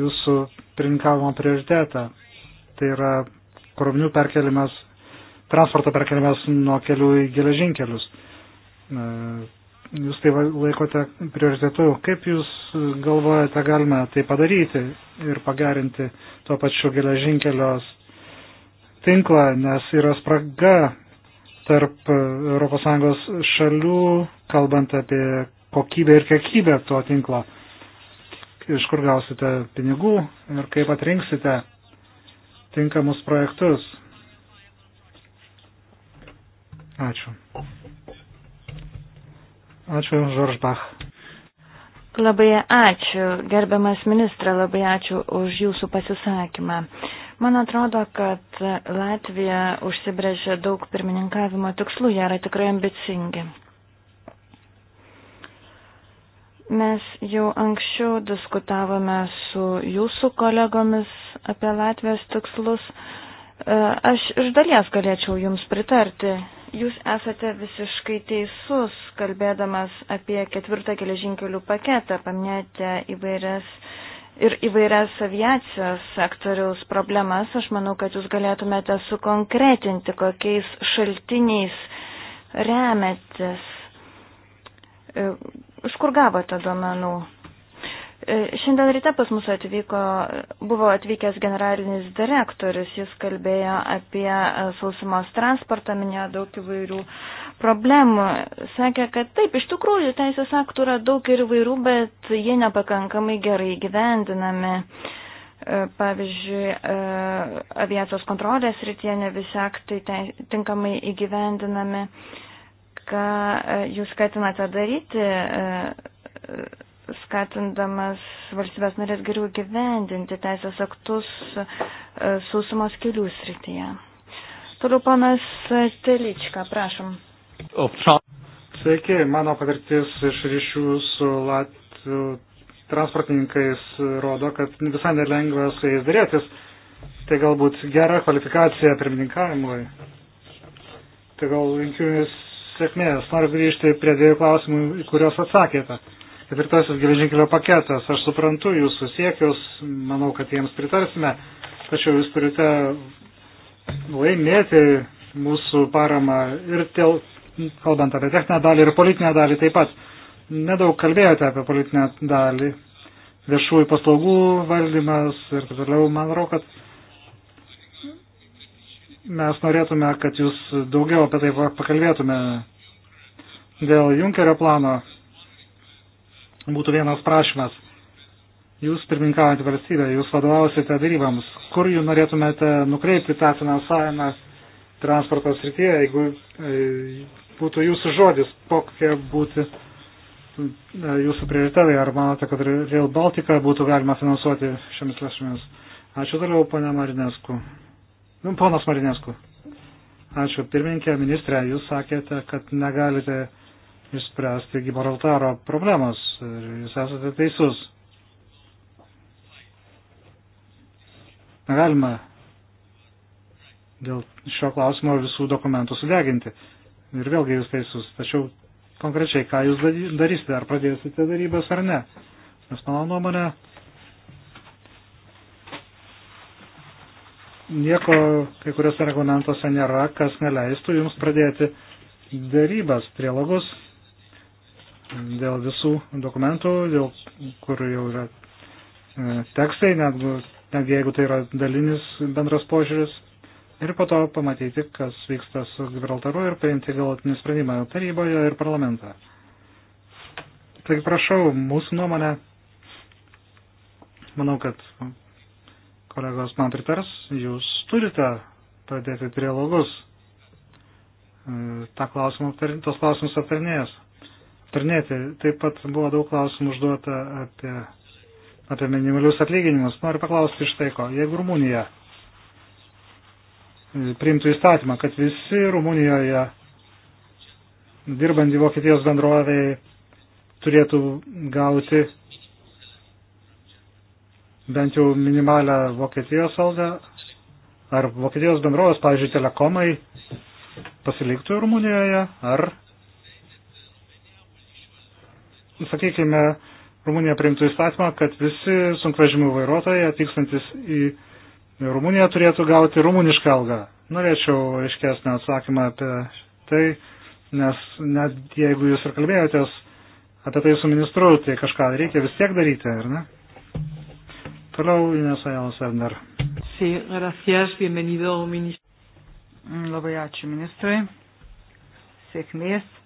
jūsų pirmininkavimo prioritetą. Tai yra krovinių perkelimas, transporto perkelimas nuo kelių į geležinkelius. E, jūs tai laikote prioritetu. Kaip jūs galvojate, galime tai padaryti ir pagerinti tuo pačiu geležinkelio tinklą, nes yra spraga tarp ES šalių, kalbant apie kokybę ir kiekybę to tinklo. Iš kur gausite pinigų ir kaip atrinksite tinkamus projektus. Ačiū. Ačiū, Žoržbach. Labai ačiū, gerbiamas ministra, labai ačiū už jūsų pasisakymą. Man atrodo, kad Latvija užsibrėžė daug pirmininkavimo tikslų, jie yra tikrai ambicingi. Mes jau anksčiau diskutavome su jūsų kolegomis apie Latvijos tikslus. E, aš iš dalies galėčiau jums pritarti, Jūs esate visiškai teisus, kalbėdamas apie ketvirtą geležinkelių paketą, paminėjote įvairias ir įvairias aviacijos sektoriaus problemas. Aš manau, kad jūs galėtumėte sukonkretinti, kokiais šaltiniais remetės. Iš e, kur gavote duomenų? E, šiandien ryte pas mus atvyko, buvo atvykęs generalinis direktorius, jis kalbėjo apie e, sausumos transportą, minėjo daug įvairių problemų. Sakė, kad taip, iš tikrųjų, teisės aktų yra daug ir įvairių, bet jie nepakankamai gerai gyvendinami. E, pavyzdžiui, aviacijos kontrolės rytie ne visi aktai tinkamai įgyvendinami. Ką jūs skatinate daryti? skatindamas valstybės norės geriau gyvendinti teisės aktus e, sausumos kelių srityje. Toliau panas Teličką, prašom. Sveiki, mano patirtis iš ryšių su Latvijų transportininkais rodo, kad visai nelengva su jais dėrėtis. Tai galbūt gera kvalifikacija pirmininkavimui. Tai gal linkiu sėkmės. Noriu grįžti prie dviejų klausimų, į kuriuos atsakėte. Ketvirtasis geležinkelio paketas. Aš suprantu jūsų siekius, manau, kad jiems pritarsime, tačiau jūs turite laimėti mūsų paramą ir dėl, kalbant apie techninę dalį ir politinę dalį taip pat. Nedaug kalbėjote apie politinę dalį, viešųjų paslaugų valdymas ir taip toliau. Manau, kad mes norėtume, kad jūs daugiau apie tai pakalbėtume dėl Junkerio plano būtų vienas prašymas. Jūs pirmininkaujant valstybę, jūs vadovausite darybams. Kur jūs norėtumėte nukreipti tą finansavimą transporto srityje, jeigu e, būtų jūsų žodis, kokie būtų e, jūsų prioritetai, ar manote, kad Rail Baltica būtų galima finansuoti šiomis lėšomis? Ačiū toliau, ponia Marinesku. Nu, ponas Marinesku. Ačiū, pirmininkė, ministrė, jūs sakėte, kad negalite išspręsti Gibraltaro problemas. Ir jūs esate teisus. Negalima dėl šio klausimo visų dokumentų sudeginti. Ir vėlgi jūs teisus. Tačiau konkrečiai, ką jūs darysite, ar pradėsite darybas ar ne. Nes mano nuomonė, nieko kai kuriuose reglamentuose nėra, kas neleistų jums pradėti darybas, trilogus dėl visų dokumentų, dėl kur jau yra e, tekstai, netgi, netgi jeigu tai yra dalinis bendras požiūris. Ir po to pamatyti, kas vyksta su Gibraltaru ir paimti galutinį sprendimą taryboje ir parlamentą. Tai prašau, mūsų nuomonę, manau, kad kolegos man pritars, jūs turite pradėti trialogus. E, Ta klausimą, tos klausimus aptarnėjęs aptarnėti. Taip pat buvo daug klausimų užduota apie, apie minimalius atlyginimus. Noriu paklausti iš tai ko. Jeigu Rumunija e, priimtų įstatymą, kad visi Rumunijoje dirbantį Vokietijos bendrovėje turėtų gauti bent jau minimalę Vokietijos algą, ar Vokietijos bendrovės, pavyzdžiui, telekomai pasiliktų Rumunijoje, ar sakykime, Rumunija priimtų įstatymą, kad visi sunkvežimių vairuotojai atvykstantis į Rumuniją turėtų gauti rumunišką algą. Norėčiau aiškesnį atsakymą apie tai, nes net jeigu jūs ir kalbėjotės apie tai su ministru, tai kažką reikia vis tiek daryti, ar ne? Toliau Inesa Jalas Erner. Sí, gracias, bienvenido, ministro. Labai ačiū ministrui. Sėkmės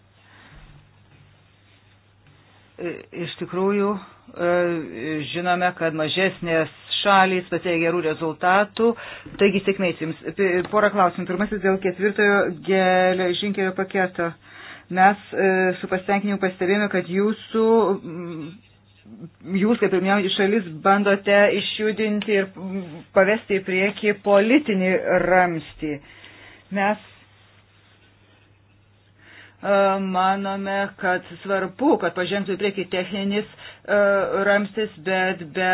Iš tikrųjų, e, žinome, kad mažesnės šalys patėjo gerų rezultatų. Taigi, sėkmės jums. Porą klausimų. Pirmasis dėl ketvirtojo geležinkelio paketo. Mes e, su pasitenkinimu pastebėjome, kad jūsų, jūs, kaip ir minėjau, šalis bandote išjudinti ir pavesti į priekį politinį ramstį. Mes E, manome, kad svarbu, kad pažengtų į priekį techninis e, ramstis, bet be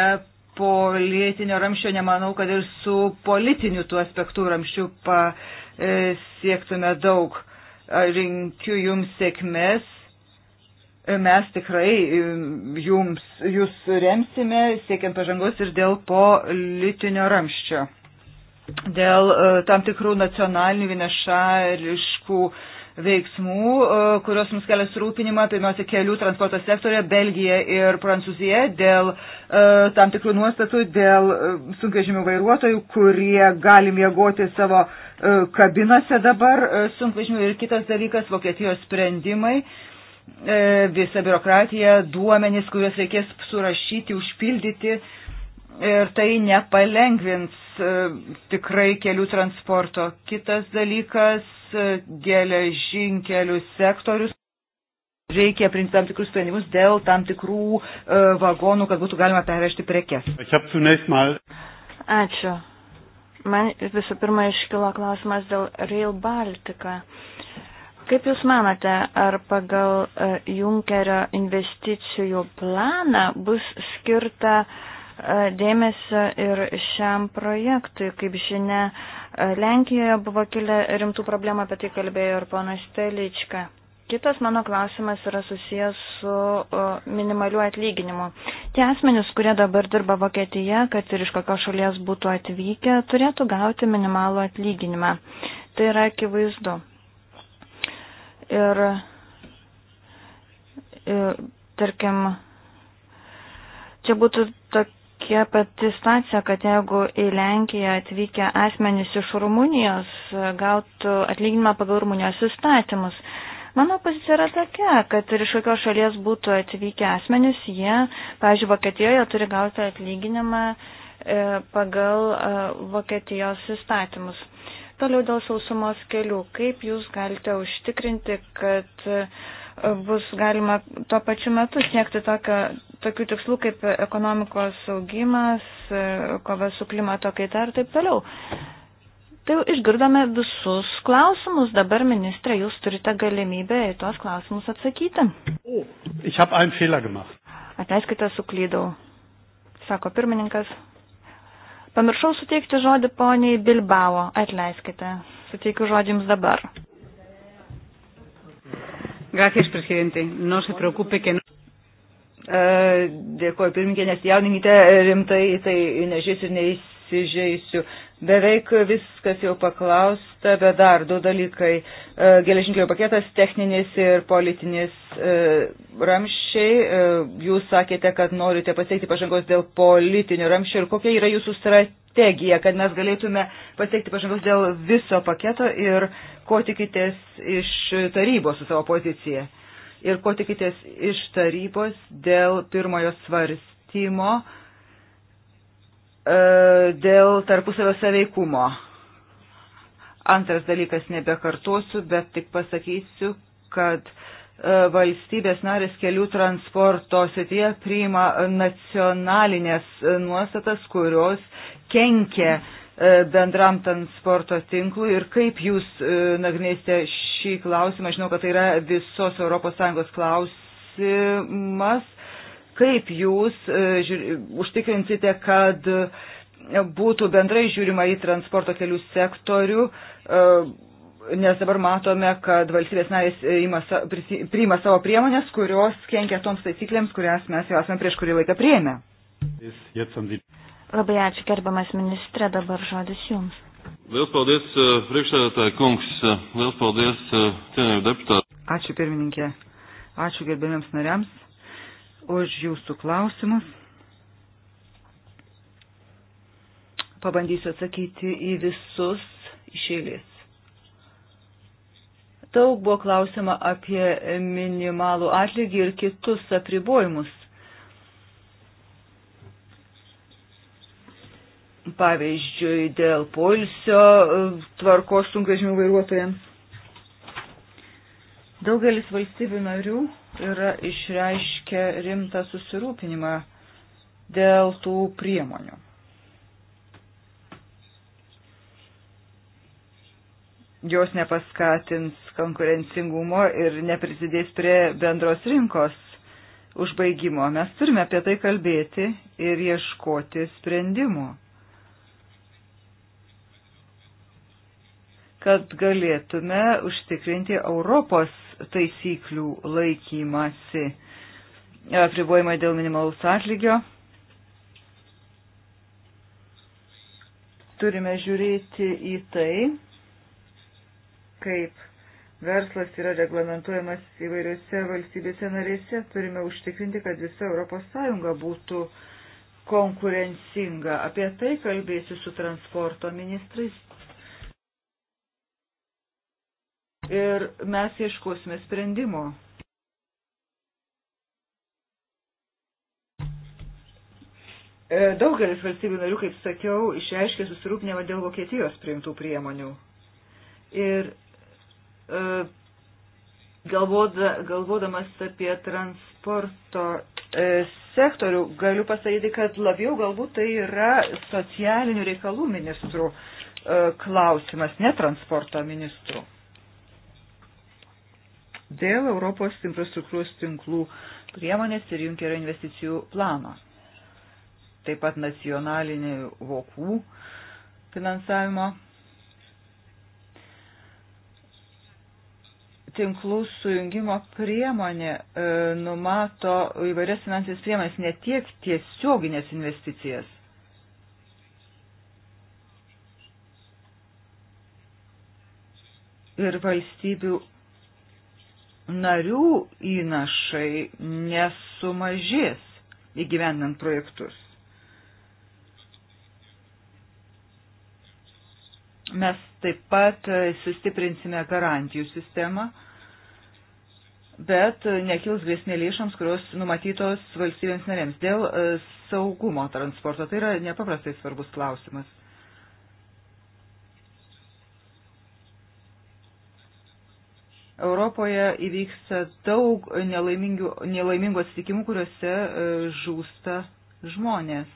politinio ramščio nemanau, kad ir su politiniu tuo aspektu ramščiu pasiektume daug. Rinkiu e, jums sėkmės. Mes tikrai jums, jūs remsime, siekiant pažangos ir dėl politinio ramščio. Dėl tam tikrų nacionalinių vienašališkų uh, veiksmų, e, kurios mums kelia surūpinimą, pirmiausia, tai kelių transporto sektorė, Belgija ir Prancūzija dėl e, tam tikrų nuostatų, dėl e, sunkvežimių vairuotojų, kurie gali miegoti savo kabinose dabar sunkvežimių ir kitas dalykas, Vokietijos sprendimai visa biurokratija, duomenys, kuriuos reikės surašyti, užpildyti ir tai nepalengvins tikrai kelių transporto. Kitas dalykas geležinkelių sektorius reikia priimti tam tikrus sprendimus dėl tam tikrų e, vagonų, kad būtų galima pervežti prekes. Ačiū. Man visų pirma iškilo klausimas dėl Rail Baltica. Kaip Jūs manote, ar pagal e, Junkerio investicijų planą bus skirta uh, dėmesio ir šiam projektui. Kaip žinia, Lenkijoje buvo kilę rimtų problemų, apie tai kalbėjo ir ponas Telička. Kitas mano klausimas yra susijęs su minimaliu atlyginimu. Tie asmenys, kurie dabar dirba Vokietije, kad ir iš kokios šalies būtų atvykę, turėtų gauti minimalų atlyginimą. Tai yra akivaizdu. Ir, ir tarkim, čia būtų tokia tokia pati situacija, kad jeigu į Lenkiją atvykę asmenys iš Rumunijos e, gautų atlyginimą pagal Rumunijos įstatymus. Mano pozicija yra tokia, kad ir iš kokios šalies būtų atvykę asmenys, jie, pavyzdžiui, Vokietijoje turi gauti atlyginimą e, pagal e, Vokietijos įstatymus. Toliau dėl sausumos kelių. Kaip jūs galite užtikrinti, kad uh, bus galima tuo pačiu metu siekti tokio, tokių tikslų kaip ekonomikos augimas, kova su klimato kaita ir taip toliau. Tai jau išgirdome visus klausimus. Dabar, ministrė, jūs turite galimybę į tuos klausimus atsakyti. Oh, Atleiskite, suklydau, sako pirmininkas. Pamiršau suteikti žodį poniai Bilbao. Atleiskite, suteikiu žodžiams dabar. Gracias, presidente. No se preocupe, que no. Dėkuoju, pirmininkė, nesijaudinkite e, rimtai, tai nežiūrės ir neįs neįsižeisiu. Beveik viskas jau paklausta, bet dar du dalykai. E, geležinkelio paketas, techninis ir politinis e, ramščiai. E, jūs sakėte, kad norite pasiekti pažangos dėl politinio ramščio ir kokia yra jūsų strategija, kad mes galėtume pasiekti pažangos dėl viso paketo ir ko tikitės iš tarybos su savo pozicija. Ir ko tikitės iš tarybos dėl pirmojo svarstymo E, dėl tarpusavio saveikumo. Antras dalykas nebekartosiu, bet tik pasakysiu, kad e, valstybės narės kelių transporto srityje priima nacionalinės e, nuostatas, kurios kenkia bendram transporto tinklui ir kaip jūs nagrinėsite šį klausimą. Žinau, kad tai yra visos ES klausimas kaip jūs e, žiūri, užtikrinsite, kad e, būtų bendrai žiūrima į transporto kelių sektorių, e, nes dabar matome, kad valstybės narės priima savo priemonės, kurios kenkia toms taisyklėms, kurias mes jau esame prieš kurį laiką prieėmę. Labai ačiū, gerbiamas ministrė, dabar žodis jums. Vėl paldies, priekšsėdėtāji kungs, vėl paldies, cienėjų deputatų. Ačiū pirmininkė, ačiū gerbiamiems nariams už jūsų klausimus. Pabandysiu atsakyti į visus iš eilės. Daug buvo klausima apie minimalų atlygį ir kitus apribojimus. Pavyzdžiui, dėl polsio tvarkos sunkvežimių vairuotojams. Daugelis valstybių narių yra išreiškę rimtą susirūpinimą dėl tų priemonių. Jos nepaskatins konkurencingumo ir neprisidės prie bendros rinkos užbaigimo. Mes turime apie tai kalbėti ir ieškoti sprendimų. kad galėtume užtikrinti Europos taisyklių laikymasi, apribojimai dėl minimalus atlygio. Turime žiūrėti į tai, kaip verslas yra reglamentuojamas įvairiose valstybėse narėse. Turime užtikrinti, kad visa ES būtų konkurencinga. Apie tai kalbėsiu su transporto ministrais ir mes ieškosime sprendimo. E, daugelis valstybių narių, kaip sakiau, išreiškė susirūpinimą dėl Vokietijos priimtų priemonių. Ir e, galvoda, galvodamas apie transporto e, sektorių, galiu pasakyti, kad labiau galbūt tai yra socialinių reikalų ministrų e, klausimas, ne transporto ministrų dėl Europos infrastruktūros tinklų priemonės ir Junkerio investicijų plano. Taip pat nacionalinį vokų finansavimo tinklų sujungimo priemonė e, numato įvairias finansinės priemonės, ne tiek tiesioginės investicijas. Ir valstybių narių įnašai nesumažės įgyvendant projektus. Mes taip pat sustiprinsime garantijų sistemą, bet nekils grėsmė lėšams, kurios numatytos valstybėms narėms dėl saugumo transporto. Tai yra nepaprastai svarbus klausimas. Europoje įvyksta daug nelaimingų atsitikimų, kuriuose e, žūsta žmonės.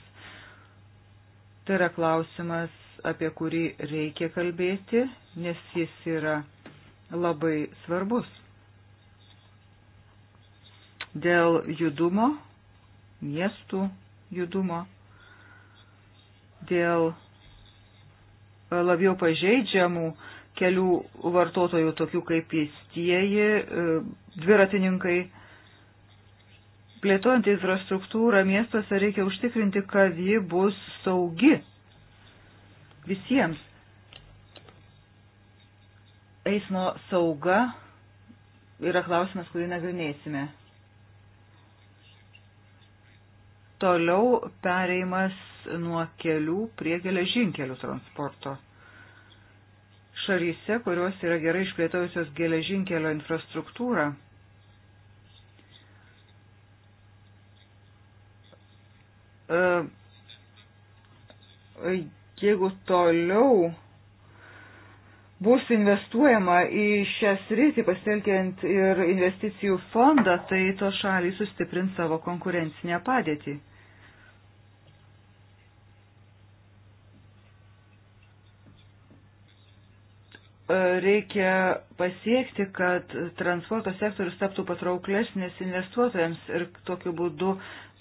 Tai yra klausimas, apie kurį reikia kalbėti, nes jis yra labai svarbus. Dėl judumo, miestų judumo, dėl labiau pažeidžiamų, kelių vartotojų, tokių kaip pėstieji, e, dviratininkai. Plėtojant infrastruktūrą miestuose reikia užtikrinti, kad ji bus saugi visiems. Eismo sauga yra klausimas, kurį nagrinėsime. Toliau pereimas nuo kelių prie geležinkelių transporto šalyse, kurios yra gerai išplėtojusios geležinkelio infrastruktūrą, e, jeigu toliau bus investuojama į šią sritį, pasitelkiant ir investicijų fondą, tai tos šalys sustiprins savo konkurencinę padėtį. reikia pasiekti, kad transporto sektorius taptų patrauklesnis investuotojams ir tokiu būdu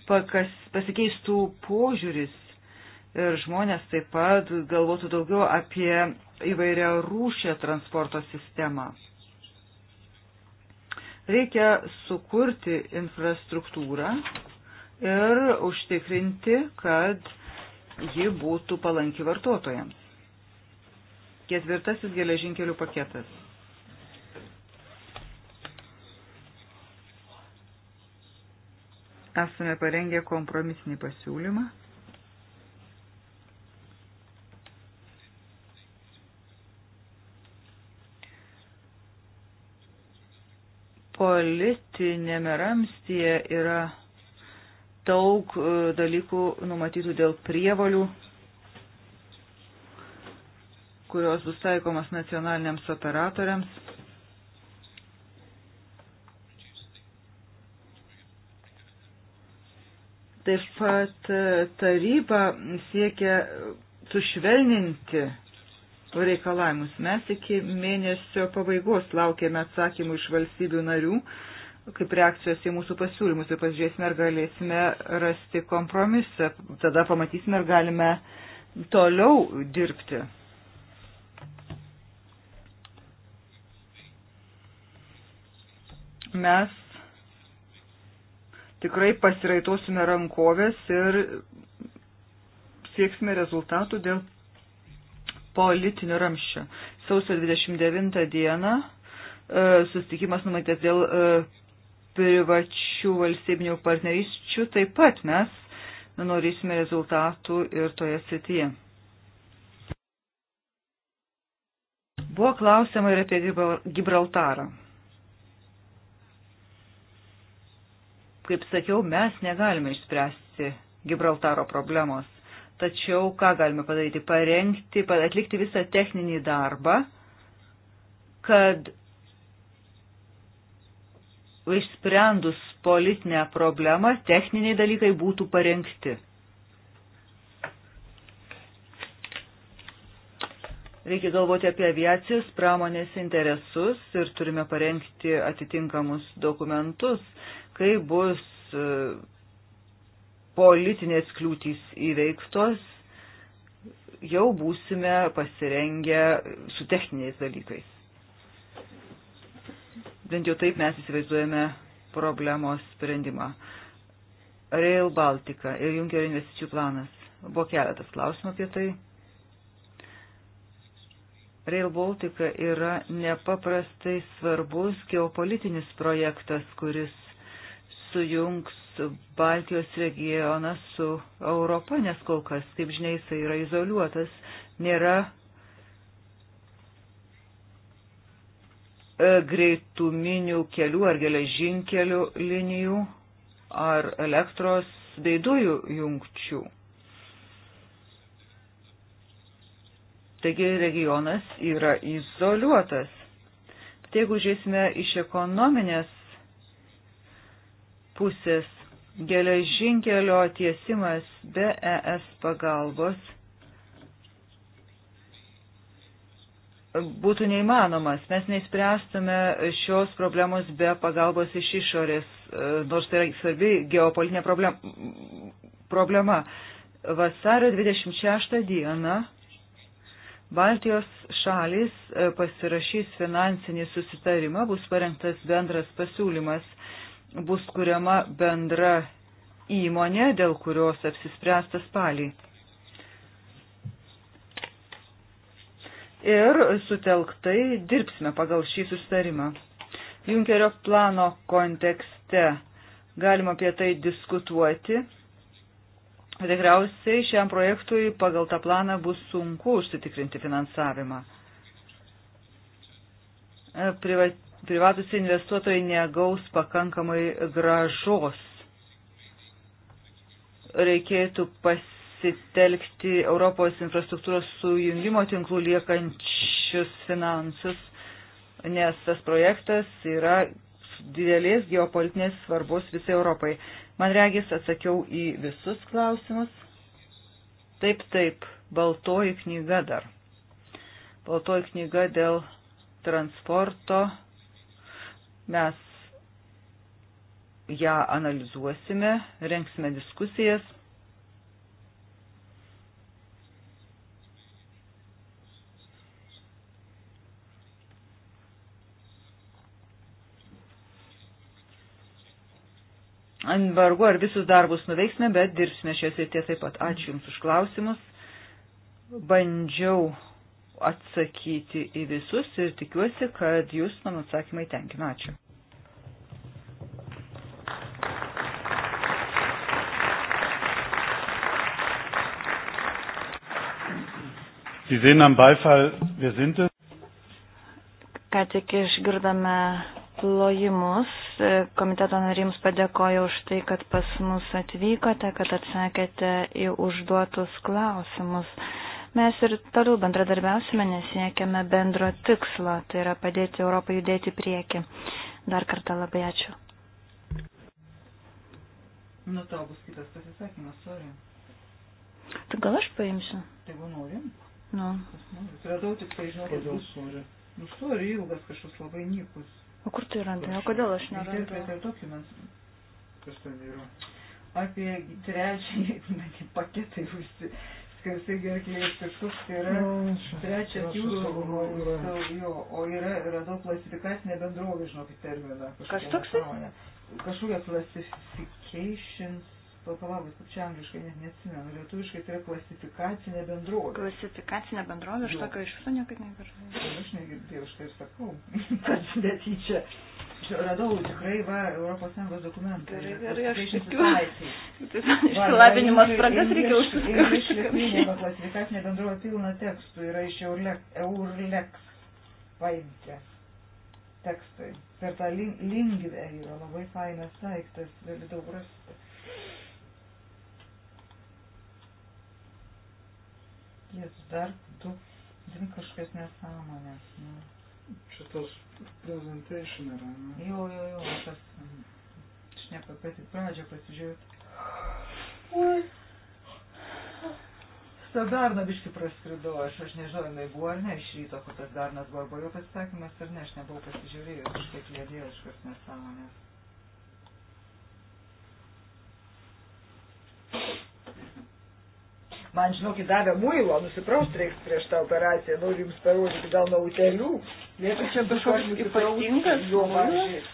pakas, pasikeistų požiūris ir žmonės taip pat galvotų daugiau apie įvairią rūšę transporto sistemą. Reikia sukurti infrastruktūrą ir užtikrinti, kad ji būtų palanki vartotojams. Ketvirtasis geležinkelių paketas. Esame parengę kompromisinį pasiūlymą. Politinėme ramstyje yra daug e, dalykų numatytų dėl prievalių kurios bus taikomas nacionaliniams operatoriams. Taip pat e, taryba siekia sušvelninti reikalavimus. Mes iki mėnesio pabaigos laukiame atsakymų iš valstybių narių, kaip reakcijos į mūsų pasiūlymus ir pasižiūrėsime, ar galėsime rasti kompromisą. Tada pamatysime, ar galime toliau dirbti. mes tikrai pasiraitosime rankovės ir sieksime rezultatų dėl politinio ramščio. Sausio 29 dieną e, susitikimas numatytas dėl e, privačių valstybinių partnerysčių, taip pat mes norėsime rezultatų ir toje srityje. Buvo klausima ir apie Gibraltarą. Kaip sakiau, mes negalime išspręsti Gibraltaro problemos. Tačiau ką galime padaryti? Parengti, atlikti visą techninį darbą, kad išsprendus politinę problemą techniniai dalykai būtų parengti. Reikia galvoti apie aviacijos pramonės interesus ir turime parengti atitinkamus dokumentus kai bus e, politinės kliūtys įveiktos, jau būsime pasirengę su techniniais dalykais. Bent jau taip mes įsivaizduojame problemos sprendimą. Rail Baltica ir Junkerio investicijų planas. Buvo keletas klausimų apie tai. Rail Baltica yra nepaprastai svarbus geopolitinis projektas, kuris sujungs Baltijos regionas su Europa, nes kol kas, kaip žinia, jisai yra izoliuotas, nėra e, greituminių kelių ar geležinkelių linijų ar elektros bei dujų jungčių. Taigi regionas yra izoliuotas. Bet jeigu žiūrėsime iš ekonominės pusės geležinkelio tiesimas be ES pagalbos būtų neįmanomas. Mes neįspręstume šios problemos be pagalbos iš išorės, e, nors tai yra svarbi geopolitinė problema. Vasario 26 dieną Baltijos šalis e, pasirašys finansinį susitarimą, bus parengtas bendras pasiūlymas bus kuriama bendra įmonė, dėl kurios apsispręsta spalį. Ir sutelktai dirbsime pagal šį sustarimą. Junkerio plano kontekste galima apie tai diskutuoti. Tikriausiai šiam projektui pagal tą planą bus sunku užsitikrinti finansavimą. Privat, privatus investuotojai negaus pakankamai gražos. Reikėtų pasitelkti Europos infrastruktūros sujungimo tinklų liekančius finansus, nes tas projektas yra didelės geopolitinės svarbos visai Europai. Man regis atsakiau į visus klausimus. Taip, taip, baltoji knyga dar. Baltoji knyga dėl transporto Mes ją analizuosime, renksime diskusijas. Vargu ar visus darbus nuveiksime, bet dirbsime šios ir tie taip pat. Ačiū Jums už klausimus. Bandžiau atsakyti į visus ir tikiuosi, kad jūs mano atsakymai tenkina. Ačiū. Sie sehen am Beifall, wir sind es. Ką tik išgirdome plojimus. Komiteto narims padėkoju už tai, kad pas mus atvykote, kad atsakėte į užduotus klausimus. Mes ir toliau bendradarbiausime, nes siekiame bendro tikslo, tai yra padėti Europą judėti prieki. Dar kartą labai ačiū. Nu, tau bus kitas pasisakymas, sorry. Tai gal aš paimsiu? Tai jeigu nori. Nu. Radau tik tai žinau, kodėl sorry. Nu, sorry, ilgas kažkoks labai nykus. O kur tai randai? O kodėl aš nerandu? Tai yra dokumentas. Kas ten yra? Apie trečiąjį paketą visi kai jisai gerklės tikslus, tai yra trečias jūrų saugumas, jo, o yra, radau klasifikacinė bendrovė, žinokit, terminą. Kas toks? Kažkokia classifications, papalaukit, kaip čia angliškai, net neatsimenu, lietuviškai tai yra klasifikacinė bendrovė. Klasifikacinė bendrovė, aš tokio iš viso niekaip negirdėjau. Aš negirdėjau, štai ir sakau, kad netyčia radau tikrai va, Europos Sąjungos dokumentą. Gerai, gerai, aš tikiu. Išsilavinimas spragas reikia užsiskaityti. Klasifikacinė bendrovė pilna tekstų yra iš Eurlex paimtė tekstai. Per tą lingvę yra labai fainas daiktas, gali daug rasti. Jėzus, dar du, dvi kažkas nesąmonės. Nu šitas presentation yra. Ne? Nu, jo, jo, jo, tas. Aš ne pati pradžią pasižiūrėjau. Oi. Stadarną biški praskridau, aš, aš nežinau, jinai buvo ar ne iš ryto, kur tas darnas buvo, buvo jo pasisakymas ar ne, aš nebuvau pasižiūrėjęs, aš taip lėdėjau iš kas nesąmonės. Man, žinokit, davė muilo, nusipraust reiks prieš tą operaciją, noriu jums parodyti, gal nuo utelių. Vietoj čia kažkoks ypatingas jo mažys.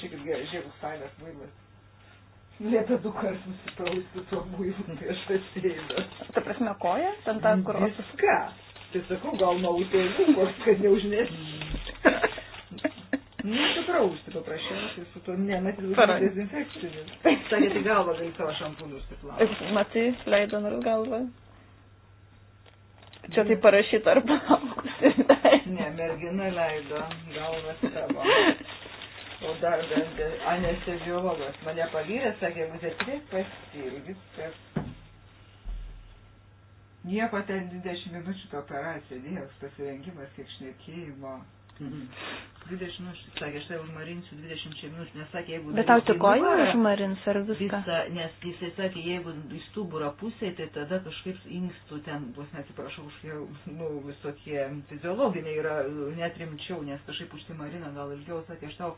Žiūrėkit, žiūrėkit, fainas muilas. Liepia du kartus nusiprausti tuo muilu prieš atsėdą. Ta prasme, koja? Ten ten, nu, kur... Viską. Tai sakau, gal nuo utelių, kad neužnesi. Nusiprausti paprasčiausiai su to nematytu dezinfekciniu. Sakė, tai galvą gali savo šampūnus tik plauti. Matai, leido nors galvą. Čia tai parašyta ar plaukusi. ne, mergina leido galvą savo. O dar bent anesteziologas mane pagyrė, sakė, jeigu tai tiek pasilgis, kad nieko ten 20 minučių to operacija, dievs pasirengimas, kiek šnekėjimo. 20, mhm. nu, sakė, aš tai užmarinsiu 20 minučių, nes sakė, jeigu... Bet tau tik koją užmarins ar viską? Visa, nes jisai sakė, jeigu į stuburą pusė, tai tada kažkaip inkstų ten, bus nesiprašau, už jau, nu, visokie fiziologiniai yra nu, net rimčiau, nes kažkaip užsimarina gal ilgiau, sakė, aš tau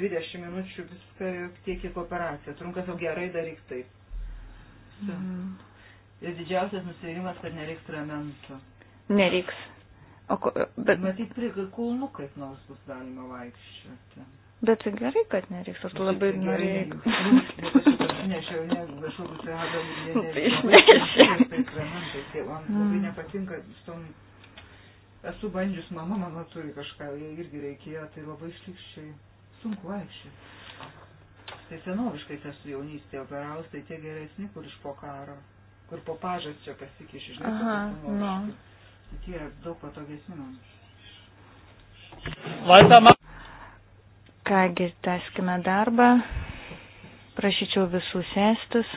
20 minučių viską tiek, kiek operacija, trunka tau gerai daryk taip. Mhm. Ir didžiausias nusivylimas, kad nereiks ramento. Nereiks O, bet matyt, prie kulnų kaip nors bus galima vaikščioti. Bet tai gerai, kad nereiks, ar tu labai norėjai. Nešiau, ne, kažkokius radom. Man labai nepatinka su tom. Esu bandžius, mama mano turi kažką, jai irgi reikėjo, tai labai šlikščiai. Sunku vaikščiai. Tai senoviškai tas jaunystė operaus, tai tie geresni, kur iš po karo, kur po pažas čia pasikiš, žinai. Aha, nu. No. Vokietija yra daug patogesni mums. Vaitama. Kągi, teskime darbą. Prašyčiau visų sėstis.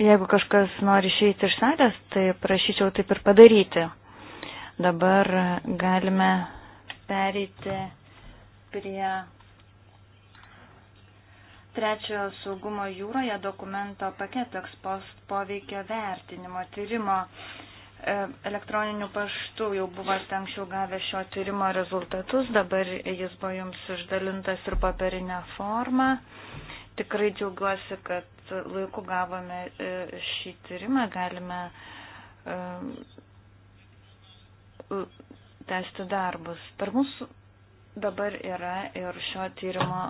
Jeigu kažkas nori išeiti iš salės, tai prašyčiau taip ir padaryti. Dabar galime pereiti prie trečiojo saugumo jūroje dokumento paketo ekspost poveikio vertinimo tyrimo. E, elektroniniu paštu jau buvote anksčiau gavę šio tyrimo rezultatus, dabar jis buvo jums išdalintas ir papirinę formą. Tikrai džiaugiuosi, kad laiku gavome e, šį tyrimą, galime e, tęsti darbus. Per mūsų dabar yra ir šio tyrimo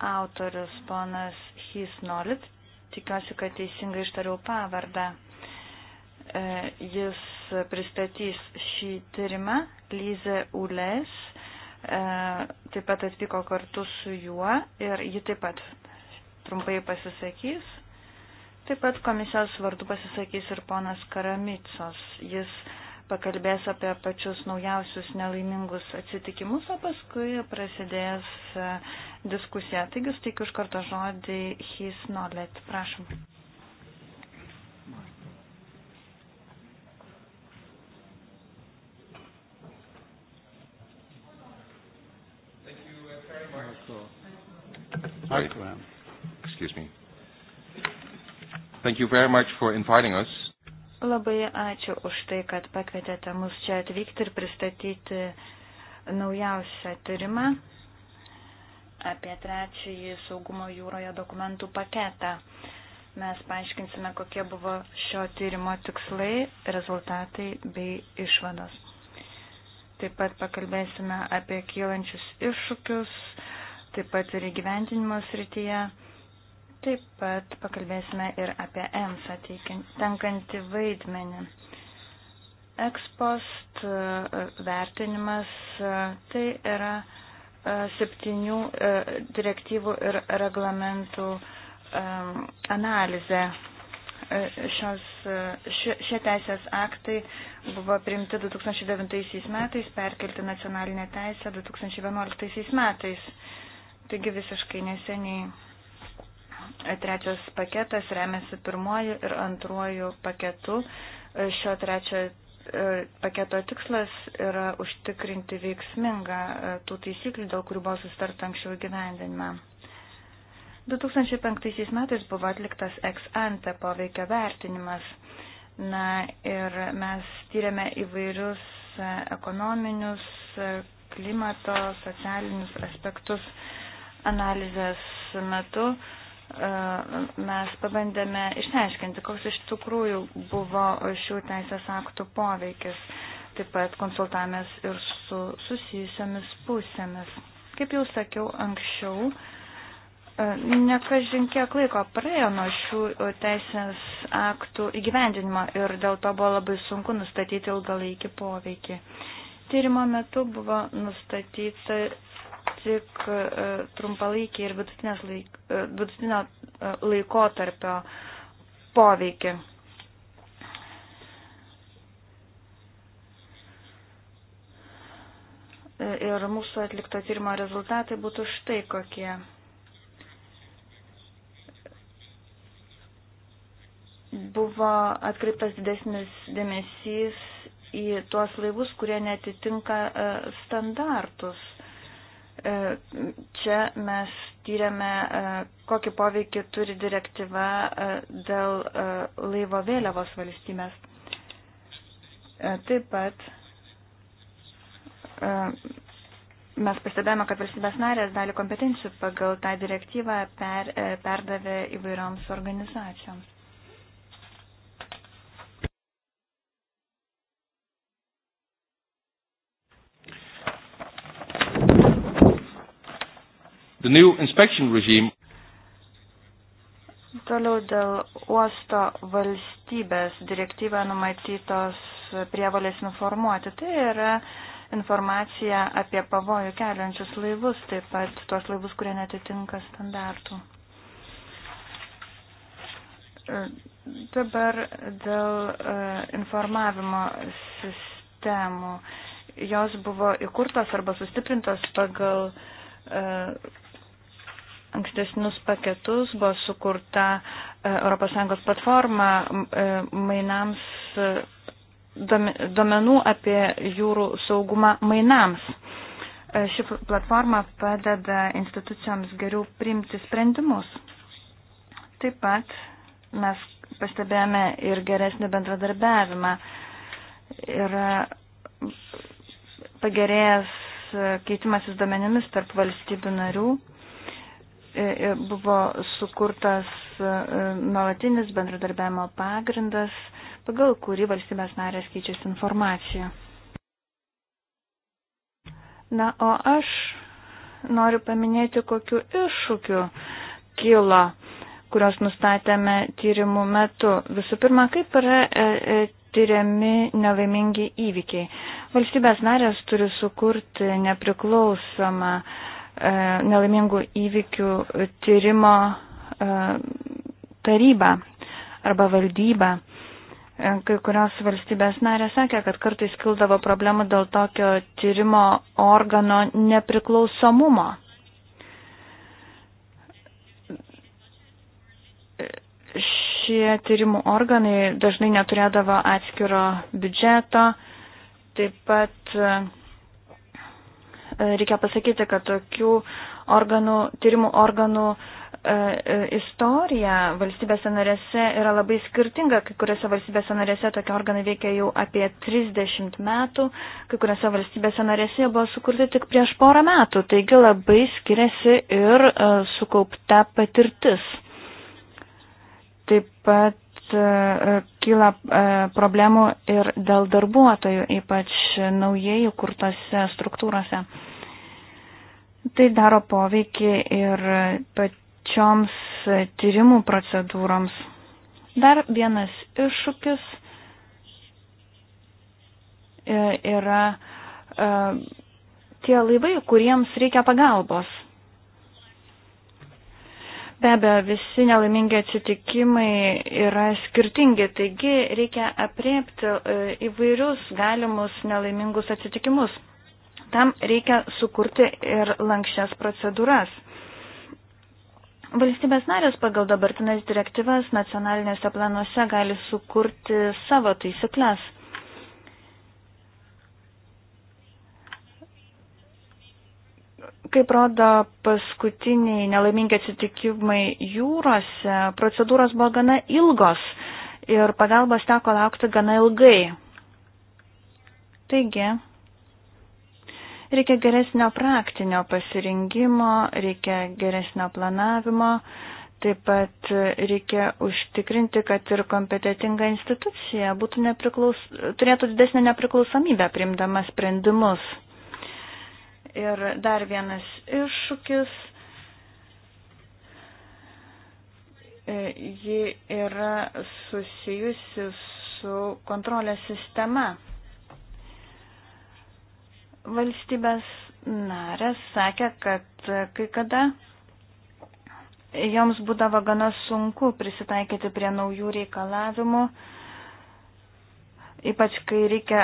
autorius ponas Hisnolit, tikiuosi, kad teisingai ištariau pavardą. E, jis pristatys šį tyrimą, Lyze Ules, e, taip pat atvyko kartu su juo ir ji taip pat trumpai pasisakys. Taip pat komisijos vardu pasisakys ir ponas Karamicos. Jis uh, pakalbės apie pačius naujausius nelaimingus atsitikimus, o paskui prasidės e, diskusija. Taigi, steikiu iš karto žodį His Nolet. Prašom. Sorry. Excuse me. Thank you very much for inviting us Labai ačiū už tai, kad pakvietėte mus čia atvykti ir pristatyti naujausią tyrimą apie trečiąjį saugumo jūroje dokumentų paketą. Mes paaiškinsime, kokie buvo šio tyrimo tikslai, rezultatai bei išvados. Taip pat pakalbėsime apie kylančius iššūkius, taip pat ir įgyvendinimo srityje Taip pat pakalbėsime ir apie EMSA tenkantį vaidmenį. Ekspost e, vertinimas e, tai yra e, septynių direktyvų ir reglamentų analizė. Šios, šie, šie teisės aktai buvo priimti 2009 metais, perkelti nacionalinę teisę 2011 metais. Taigi visiškai neseniai Trečias paketas remiasi pirmoju ir antruoju paketu. Šio trečio e, paketo tikslas yra užtikrinti veiksmingą e, tų taisyklių, dėl kurių buvo sustarta anksčiau gyvendinimą. 2005 metais buvo atliktas ex ante poveikio vertinimas. Na ir mes tyrėme įvairius e, ekonominius, klimato, socialinius aspektus analizės metu mes pabandėme išsiaiškinti, koks iš tikrųjų buvo šių teisės aktų poveikis. Taip pat konsultavomės ir su susijusiamis pusėmis. Kaip jau sakiau anksčiau, nekažin kiek laiko praėjo nuo šių teisės aktų įgyvendinimo ir dėl to buvo labai sunku nustatyti ilgalaikį poveikį. Tyrimo metu buvo nustatyti tik e, trumpalaikį ir laik, e, vidutinio e, laikotarpio poveikį. Ir mūsų atlikto tyrimo rezultatai būtų štai kokie. Buvo atkreiptas didesnis dėmesys į tuos laivus, kurie netitinka standartus E, čia mes tyrėme, e, kokį poveikį turi direktyva e, dėl laivo vėliavos valstybės. Taip pat mes pastebėjome, kad valstybės narės dalį kompetencijų pagal tą direktyvą per, perdavė įvairioms organizacijoms. The new inspection regime Toliau dėl uosto valstybės direktyvą numatytos prievalės informuoti. Tai yra informacija apie pavojų keliančius laivus, taip pat tuos laivus, kurie netitinka standartų. E, dabar dėl e, informavimo sistemų. Jos buvo įkurtos arba sustiprintos pagal e, ankstesnius paketus buvo sukurta e, ES platforma e, mainams e, duomenų apie jūrų saugumą mainams. Ši platforma padeda institucijoms geriau priimti sprendimus. Taip pat mes pastebėjome ir geresnį bendradarbiavimą. Yra pagerėjęs keitimasis duomenimis tarp valstybių narių E, e, buvo sukurtas e, nuolatinis bendradarbiavimo pagrindas, pagal kurį valstybės narės keičiasi informaciją. Na, o aš noriu paminėti, kokiu iššūkiu kilo, kurios nustatėme tyrimų metu. Visų pirma, kaip yra tyriami nelaimingi įvykiai. Valstybės narės turi sukurti nepriklausomą uh, E, nelaimingų įvykių tyrimo e, taryba arba valdyba. E, kai kurios valstybės narės sakė, kad kartais kildavo problemų dėl tokio tyrimo organo nepriklausomumo. Šie tyrimų organai dažnai neturėdavo atskiro biudžeto, taip pat E, reikia pasakyti, kad tokių organų, tyrimų organų e, e, istorija valstybėse narėse yra labai skirtinga. Kai kuriuose valstybėse narėse tokie organai veikia jau apie 30 metų, kai kuriuose valstybėse narėse buvo sukurti tik prieš porą metų, taigi labai skiriasi ir sukaupta patirtis. Taip pat kyla problemų ir dėl darbuotojų, ypač naujai kurtose struktūrose. Tai daro poveikį ir pačioms tyrimų procedūroms. Dar vienas iššūkis e, yra e, tie laivai, kuriems reikia pagalbos. Be abejo, visi nelaimingi atsitikimai yra skirtingi, taigi reikia apriepti e, įvairius galimus nelaimingus atsitikimus. Tam reikia sukurti ir lankščias procedūras. Valstybės narės pagal dabartinės direktyvas nacionalinėse planuose gali sukurti savo taisyklės. Kaip rodo paskutiniai nelaimingi atsitikimai jūrose, procedūros buvo gana ilgos ir pagalbos teko laukti gana ilgai. Taigi, Reikia geresnio praktinio pasirinkimo, reikia geresnio planavimo, taip pat reikia užtikrinti, kad ir kompetitinga institucija nepriklaus... turėtų didesnę nepriklausomybę priimdama sprendimus. Ir dar vienas iššūkis ji yra susijusi su kontrolės sistema valstybės narės sakė, kad kai kada joms būdavo gana sunku prisitaikyti prie naujų reikalavimų, ypač kai reikia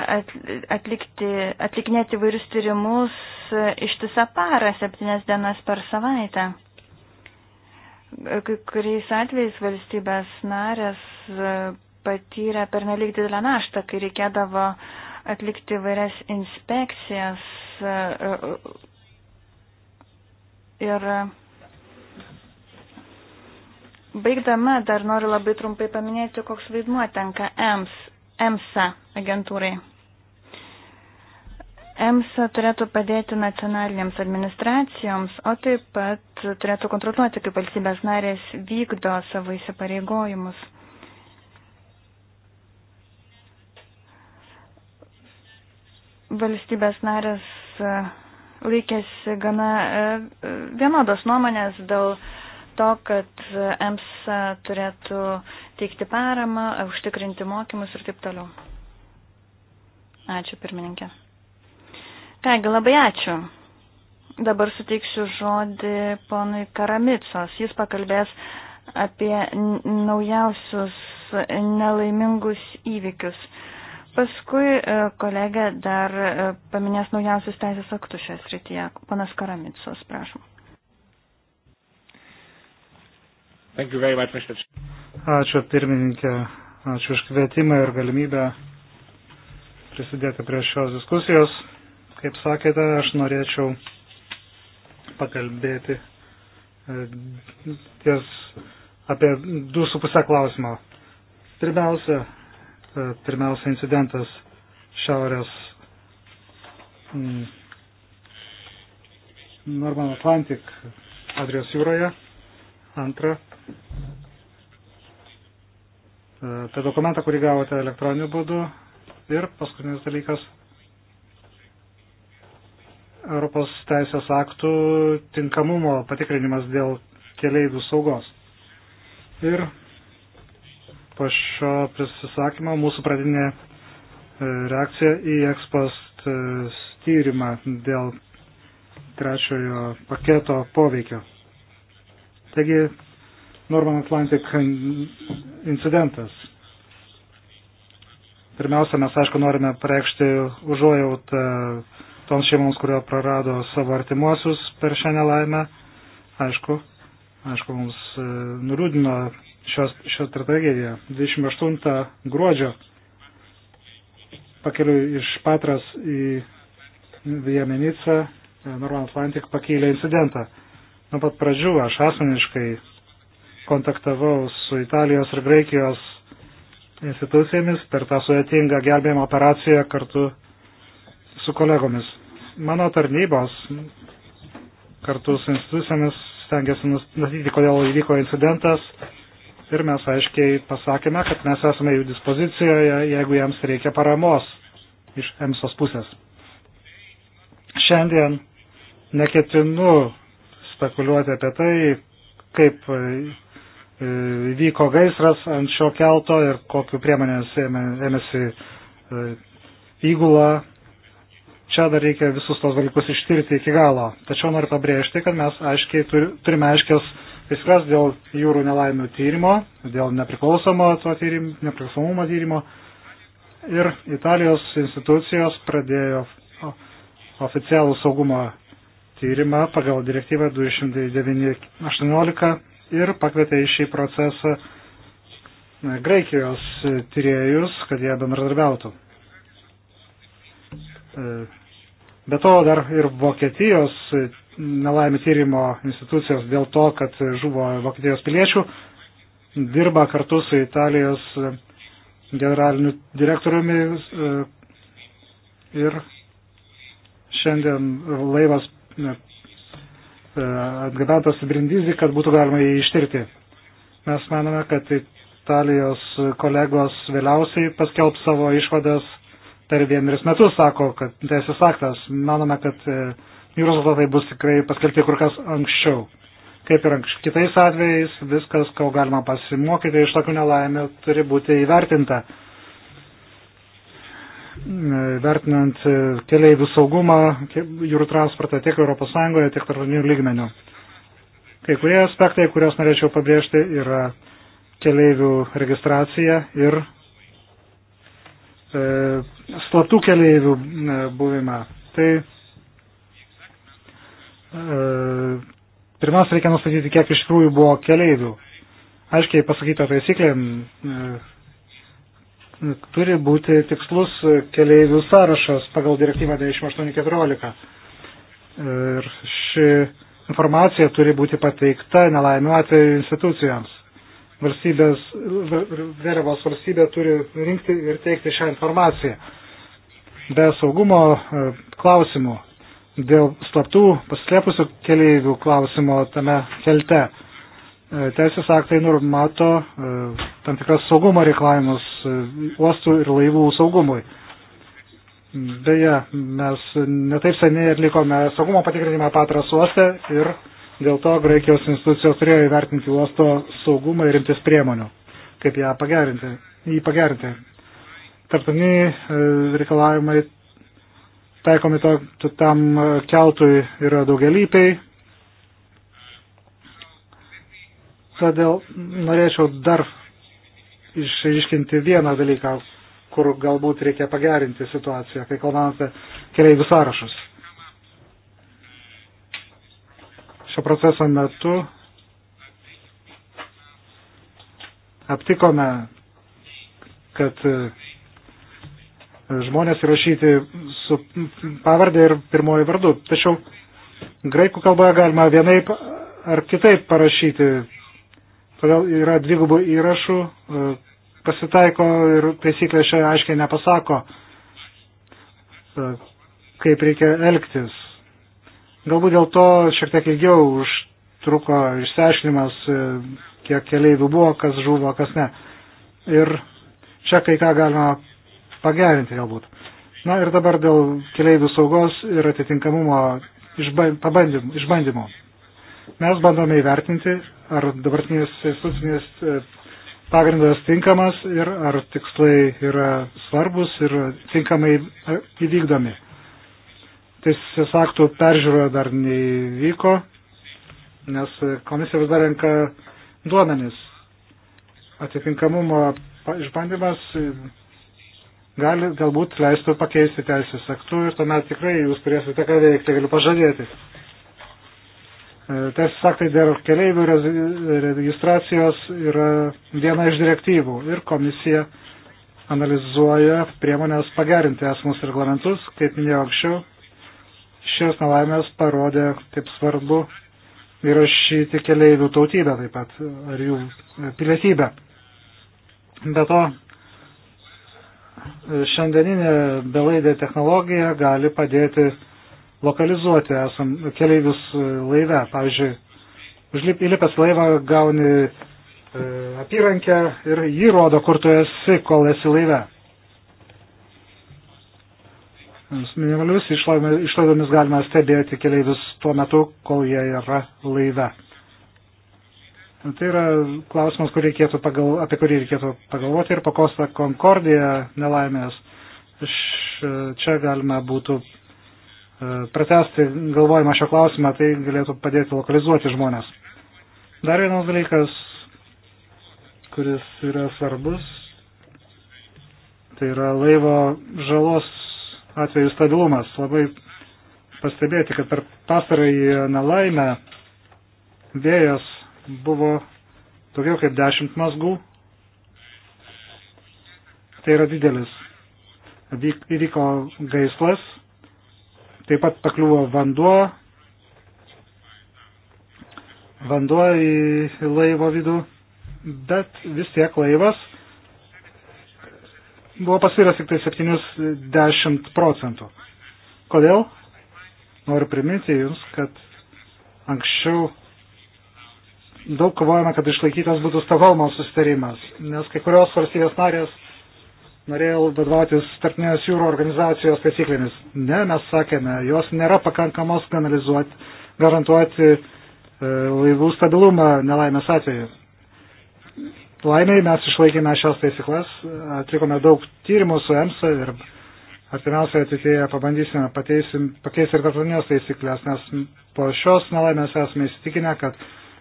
atlikti, atlikinėti vairius tyrimus e, ištisą parą, septynes dienas per savaitę. Kai kuriais atvejais valstybės narės e, patyrė per nelik didelę naštą, kai reikėdavo uh, atlikti vairias inspekcijas e, e, ir baigdama dar noriu labai trumpai paminėti, koks vaidmuo tenka EMS, EMSA agentūrai. EMSA turėtų padėti nacionalinėms administracijoms, o taip pat turėtų kontroliuoti, kaip valstybės narės vykdo savo įsipareigojimus. valstybės narės e, laikėsi gana e, e, vienodos nuomonės dėl to, kad EMS turėtų teikti paramą, užtikrinti mokymus ir taip toliau. Ačiū, pirmininkė. Kągi, labai ačiū. Dabar suteiksiu žodį ponui Karamicos. Jis pakalbės apie naujausius nelaimingus įvykius. Paskui e, kolegė dar e, paminės naujausius teisės aktus šią srityje. Panas Karamicos, prašom. Much, Ačiū pirmininkė. Ačiū už kvietimą ir galimybę prisidėti prie šios diskusijos. Kaip sakėte, aš norėčiau pakalbėti e, ties apie du su pusę klausimą. Pirmiausia, E, pirmiausia incidentas Šiaurės mm, Norman Atlantic Adrijos jūroje. Antra. E, Ta dokumentą, kurį gavote elektroniniu būdu. Ir paskutinis dalykas. Europos teisės aktų tinkamumo patikrinimas dėl keleivių saugos. Ir po šio prisisakymo mūsų pradinė e, reakcija į ekspost e, tyrimą dėl trečiojo paketo poveikio. Taigi, Norman Atlantic incidentas. Pirmiausia, mes, aišku, norime pareikšti užuojautą toms šeimoms, kurio prarado savo artimuosius per šią nelaimę. Aišku, aišku, mums e, nuliūdino šios, šią tragediją. 28 gruodžio pakeliu iš Patras į Vieminicą, e, Norman Atlantik pakėlė incidentą. Nuo pat pradžių aš asmeniškai kontaktavau su Italijos ir Graikijos institucijomis per tą sudėtingą gelbėjimo operaciją kartu su kolegomis. Mano tarnybos kartu su institucijomis stengiasi nustatyti, kodėl įvyko incidentas, ir mes aiškiai pasakėme, kad mes esame jų dispozicijoje, jeigu jiems reikia paramos iš EMSOS pusės. Šiandien neketinu spekuliuoti apie tai, kaip e, e, vyko gaisras ant šio kelto ir kokiu priemonės ėmėsi e, įgula. Čia dar reikia visus tos dalykus ištirti iki galo. Tačiau noriu pabrėžti, kad mes aiškiai turime aiškias Riskras dėl jūrų nelaimių tyrimo, dėl nepriklausomo to tyrim, nepriklausomumo tyrimo ir Italijos institucijos pradėjo oficialų saugumo tyrimą pagal direktyvą 209.18 ir pakvietė į šį procesą e, Graikijos tyriejus, kad jie bendradarbiautų. E, be to dar ir Vokietijos nelaimė tyrimo institucijos dėl to, kad žuvo Vokietijos piliečių, dirba kartu su Italijos generaliniu direktoriumi e, ir šiandien laivas e, e, atgabentas į Brindizį, kad būtų galima jį ištirti. Mes manome, kad Italijos kolegos vėliausiai paskelb savo išvadas per vienerius metus, sako, kad teisės aktas. Manome, kad jų rezultatai bus tikrai paskelbti kur kas anksčiau. Kaip ir anksčiau. kitais atvejais, viskas, ko galima pasimokyti iš tokių nelaimių, turi būti įvertinta. Vertinant keliaivių saugumą, jūrų transportą tiek ES, tiek tarptautinių lygmenių. Kai kurie aspektai, kuriuos norėčiau pabrėžti, yra keliaivių registracija ir e, slaptų keliaivių e, buvimą. Tai E, pirmiausia reikia nustatyti, kiek iš tikrųjų buvo keleivių. Aiškiai pasakyto taisyklė e, turi būti tikslus keleivių sąrašas pagal direktyvą 9814. E, ir ši informacija turi būti pateikta nelaimių atveju institucijoms. Valstybės, vėliavos valstybė turi rinkti ir teikti šią informaciją. Be saugumo klausimų dėl slaptų paslėpusių keleivių klausimo tame kelte. E, teisės aktai numato e, tam tikras saugumo reikalavimus e, uostų ir laivų saugumui. Beje, mes netaip seniai atlikome saugumo patikrinimą Patras uoste ir dėl to Graikijos institucijos turėjo įvertinti uosto saugumą ir rimtis priemonių, kaip ją pagerinti, jį pagerinti. Tartani reikalavimai taikomi to, tam e, keltui yra daugelypiai. Todėl norėčiau dar išaiškinti vieną dalyką, kur galbūt reikia pagerinti situaciją, kai kalbame apie keliaivių sąrašus. Šio proceso metu aptikome, kad žmonės įrašyti su pavardė ir pirmoji vardu. Tačiau graikų kalboje galima vienaip ar kitaip parašyti. Todėl yra dvigubų įrašų, e, pasitaiko ir taisyklė čia aiškiai nepasako, e, kaip reikia elgtis. Galbūt dėl to šiek tiek ilgiau užtruko išsiaiškinimas, e, kiek keleivių buvo, kas žuvo, kas ne. Ir čia kai ką galima pagerinti galbūt. Na ir dabar dėl keleivių saugos ir atitinkamumo išbandymų. Mes bandome įvertinti, ar dabartinis institucinis e, pagrindas tinkamas ir ar tikslai yra svarbus ir tinkamai e, įvykdomi. Teisės aktų peržiūra dar neįvyko, nes komisija vis dar renka duomenis. Atitinkamumo išbandymas gali, galbūt leistų pakeisti teisės aktų ir tuomet tikrai jūs turėsite ką veikti, galiu pažadėti. E, teisės aktai dėl keleivių registracijos yra viena iš direktyvų ir komisija analizuoja priemonės pagerinti esmus reglamentus, kaip minėjau anksčiau. Šios nelaimės parodė, kaip svarbu įrašyti keleivių tautybę taip pat ar jų pilietybę. Be to, šiandieninė belaidė technologija gali padėti lokalizuoti esam keleivius e, laive. Pavyzdžiui, užlip, įlipęs laivą gauni e, apyrankę ir jį rodo, kur tu esi, kol esi laive. Minimalius išlaidomis galima stebėti keleivius tuo metu, kol jie yra laive. Nu, tai yra klausimas, kur pagal, apie kurį reikėtų pagalvoti ir pakosta Konkordija nelaimės. E, čia galima būtų e, pratesti galvojimą šio klausimą, tai galėtų padėti lokalizuoti žmonės. Dar vienas dalykas, kuris yra svarbus, tai yra laivo žalos atveju stabilumas. Labai pastebėti, kad per pastarąjį nelaimę vėjas buvo daugiau kaip 10 mazgų. Tai yra didelis. Įvyko gaislas, taip pat pakliuvo vanduo, vanduo į laivo vidų, bet vis tiek laivas buvo pasviręs tik tai 70 procentų. Kodėl? Noriu priminti Jums, kad anksčiau daug kovojame, kad išlaikytas būtų Stokholmo susitarimas, nes kai kurios valstybės narės norėjo vadovautis tarptinės jūro organizacijos taisyklėmis. Ne, mes sakėme, jos nėra pakankamos garantuoti e, laivų stabilumą nelaimės atveju. Laimiai mes išlaikėme šias taisyklas, atlikome daug tyrimų su EMSA ir artimiausioje ateityje pabandysime pakeisti ir tarptautinės taisyklės, nes po šios nelaimės esame įsitikinę, kad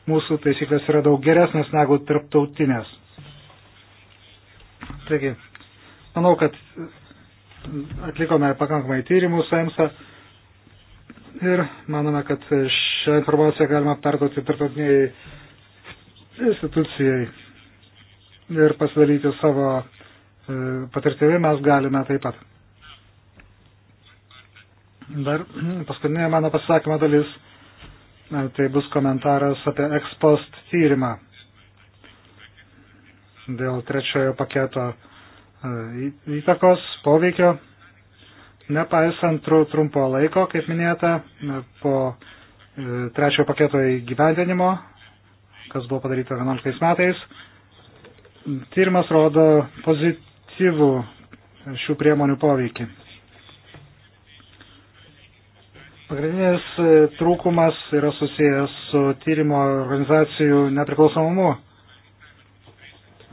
mūsų taisyklės yra daug geresnės negu tarptautinės. Taigi, manau, kad atlikome pakankamai tyrimus EMSA ir manome, kad šią informaciją galima perduoti tarptautiniai institucijai ir pasidalyti savo e, patirtimi mes galime taip pat. Dar paskutinė mano pasakymo dalis tai bus komentaras apie ekspost tyrimą dėl trečiojo paketo e, įtakos, poveikio. Nepaisant trumpo laiko, kaip minėta, e, po e, trečiojo paketo įgyvendinimo, kas buvo padaryta 11 metais, tyrimas rodo pozityvų šių priemonių poveikį. Pagrindinis e, trūkumas yra susijęs su tyrimo organizacijų nepriklausomumu.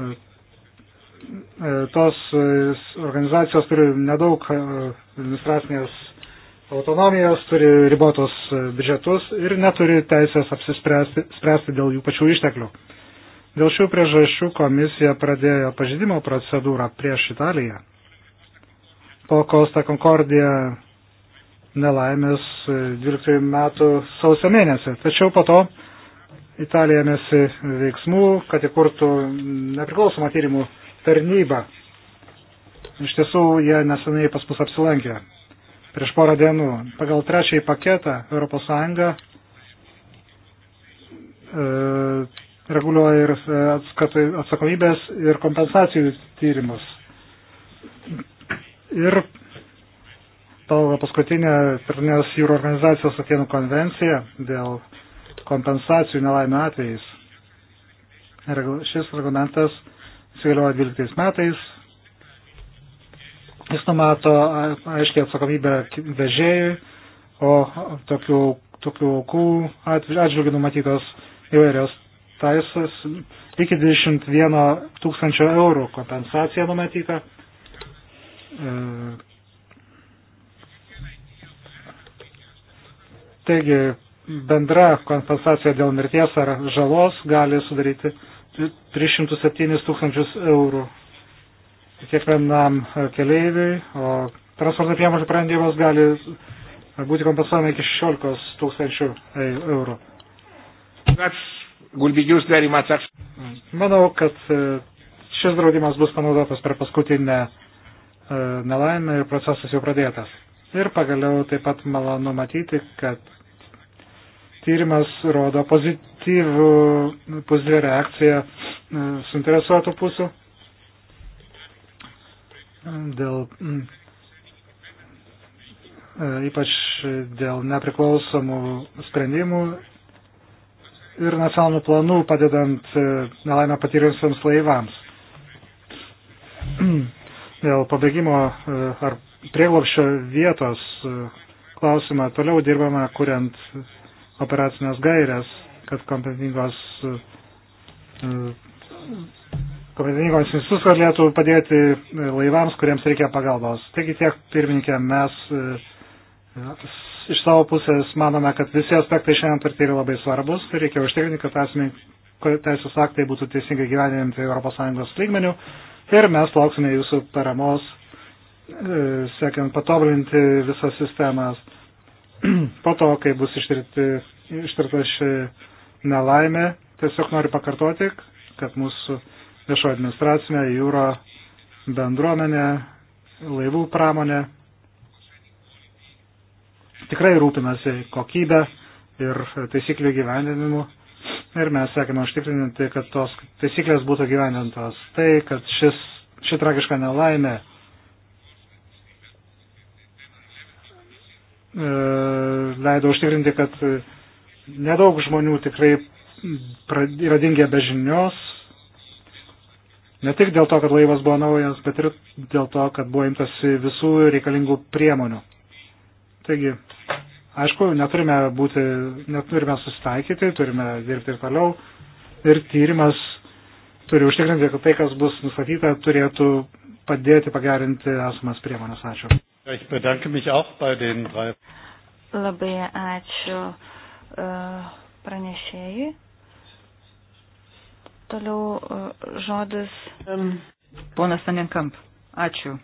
E, e, tos organizacijos turi nedaug administracinės autonomijos, turi ribotos biudžetus ir neturi teisės apsispręsti dėl jų pačių išteklių. Dėl šių priežasčių komisija pradėjo pažydimo procedūrą prieš Italiją. Po Kosta Concordia nelaimės 12 e, metų sausio mėnesį. Tačiau po to Italija mėsi veiksmų, kad įkurtų nepriklausomą tyrimų tarnybą. Iš tiesų, jie nesenai pas mus apsilankė. Prieš porą dienų. Pagal trečiąjį paketą ES e, reguliuoja ir e, atsakomybės ir kompensacijų tyrimus. Ir atstovą paskutinę Tarnės jūrų organizacijos atėnų konvenciją dėl kompensacijų nelaimė atvejais. Šis reglamentas įsigaliojo 12 metais. Jis numato aiškiai atsakomybę vežėjui, o tokių, tokių aukų atžvilgių numatytos įvairios taisas iki 21 tūkstančio eurų kompensacija numatyta e, Taigi, bendra kompensacija dėl mirties ar žalos gali sudaryti 307 tūkstančius eurų kiekvienam keleiviui, o transporto priemonių prandimas gali būti kompensuojama iki 16 tūkstančių eurų. Manau, kad e, šis draudimas bus panaudotas per paskutinę e, nelaimę ir procesas jau pradėtas. Ir pagaliau taip pat malonu matyti, kad tyrimas rodo pozityvų, pozityvę reakciją e, suinteresuotų pusių dėl mm, e, ypač dėl nepriklausomų sprendimų ir nacionalinių planų padedant e, nelaimę patyrusiams laivams. Dėl pabėgimo ar prieglopščio vietos e, klausimą toliau dirbame, kuriant operacinės gairias, kad kompetingos e, e, kompetingos institucijos galėtų padėti laivams, kuriems reikia pagalbos. Taigi tiek, pirmininkė, mes iš savo pusės manome, kad visi aspektai šiandien tarti yra labai svarbus ir tai reikia užtikrinti, kad asmeniai teisės aktai būtų teisingai gyveninti ES lygmenių ir mes lauksime jūsų paramos E, siekiant patobulinti visas sistemas. Po to, kai bus ištirti, ištirta ši nelaimė, tiesiog noriu pakartoti, kad mūsų viešo administracinė jūro bendruomenė, laivų pramonė tikrai rūpinasi kokybę ir taisyklių gyvendinimu. Ir mes sekime užtikrinti, kad tos taisyklės būtų gyvendintos. Tai, kad šis, ši tragiška nelaimė E, leido užtikrinti, kad nedaug žmonių tikrai yra dingę be žinios. Ne tik dėl to, kad laivas buvo naujas, bet ir dėl to, kad buvo imtasi visų reikalingų priemonių. Taigi, aišku, neturime, būti, neturime susitaikyti, turime dirbti ir toliau. Ir tyrimas turi užtikrinti, kad tai, kas bus nustatyta, turėtų padėti pagerinti esamas priemonės. Ačiū. Ich bedanke mich auch bei den drei. Labai ačiū uh, e, pranešėjai. Toliau uh, žodis. Um, Ponas Anenkamp, ačiū.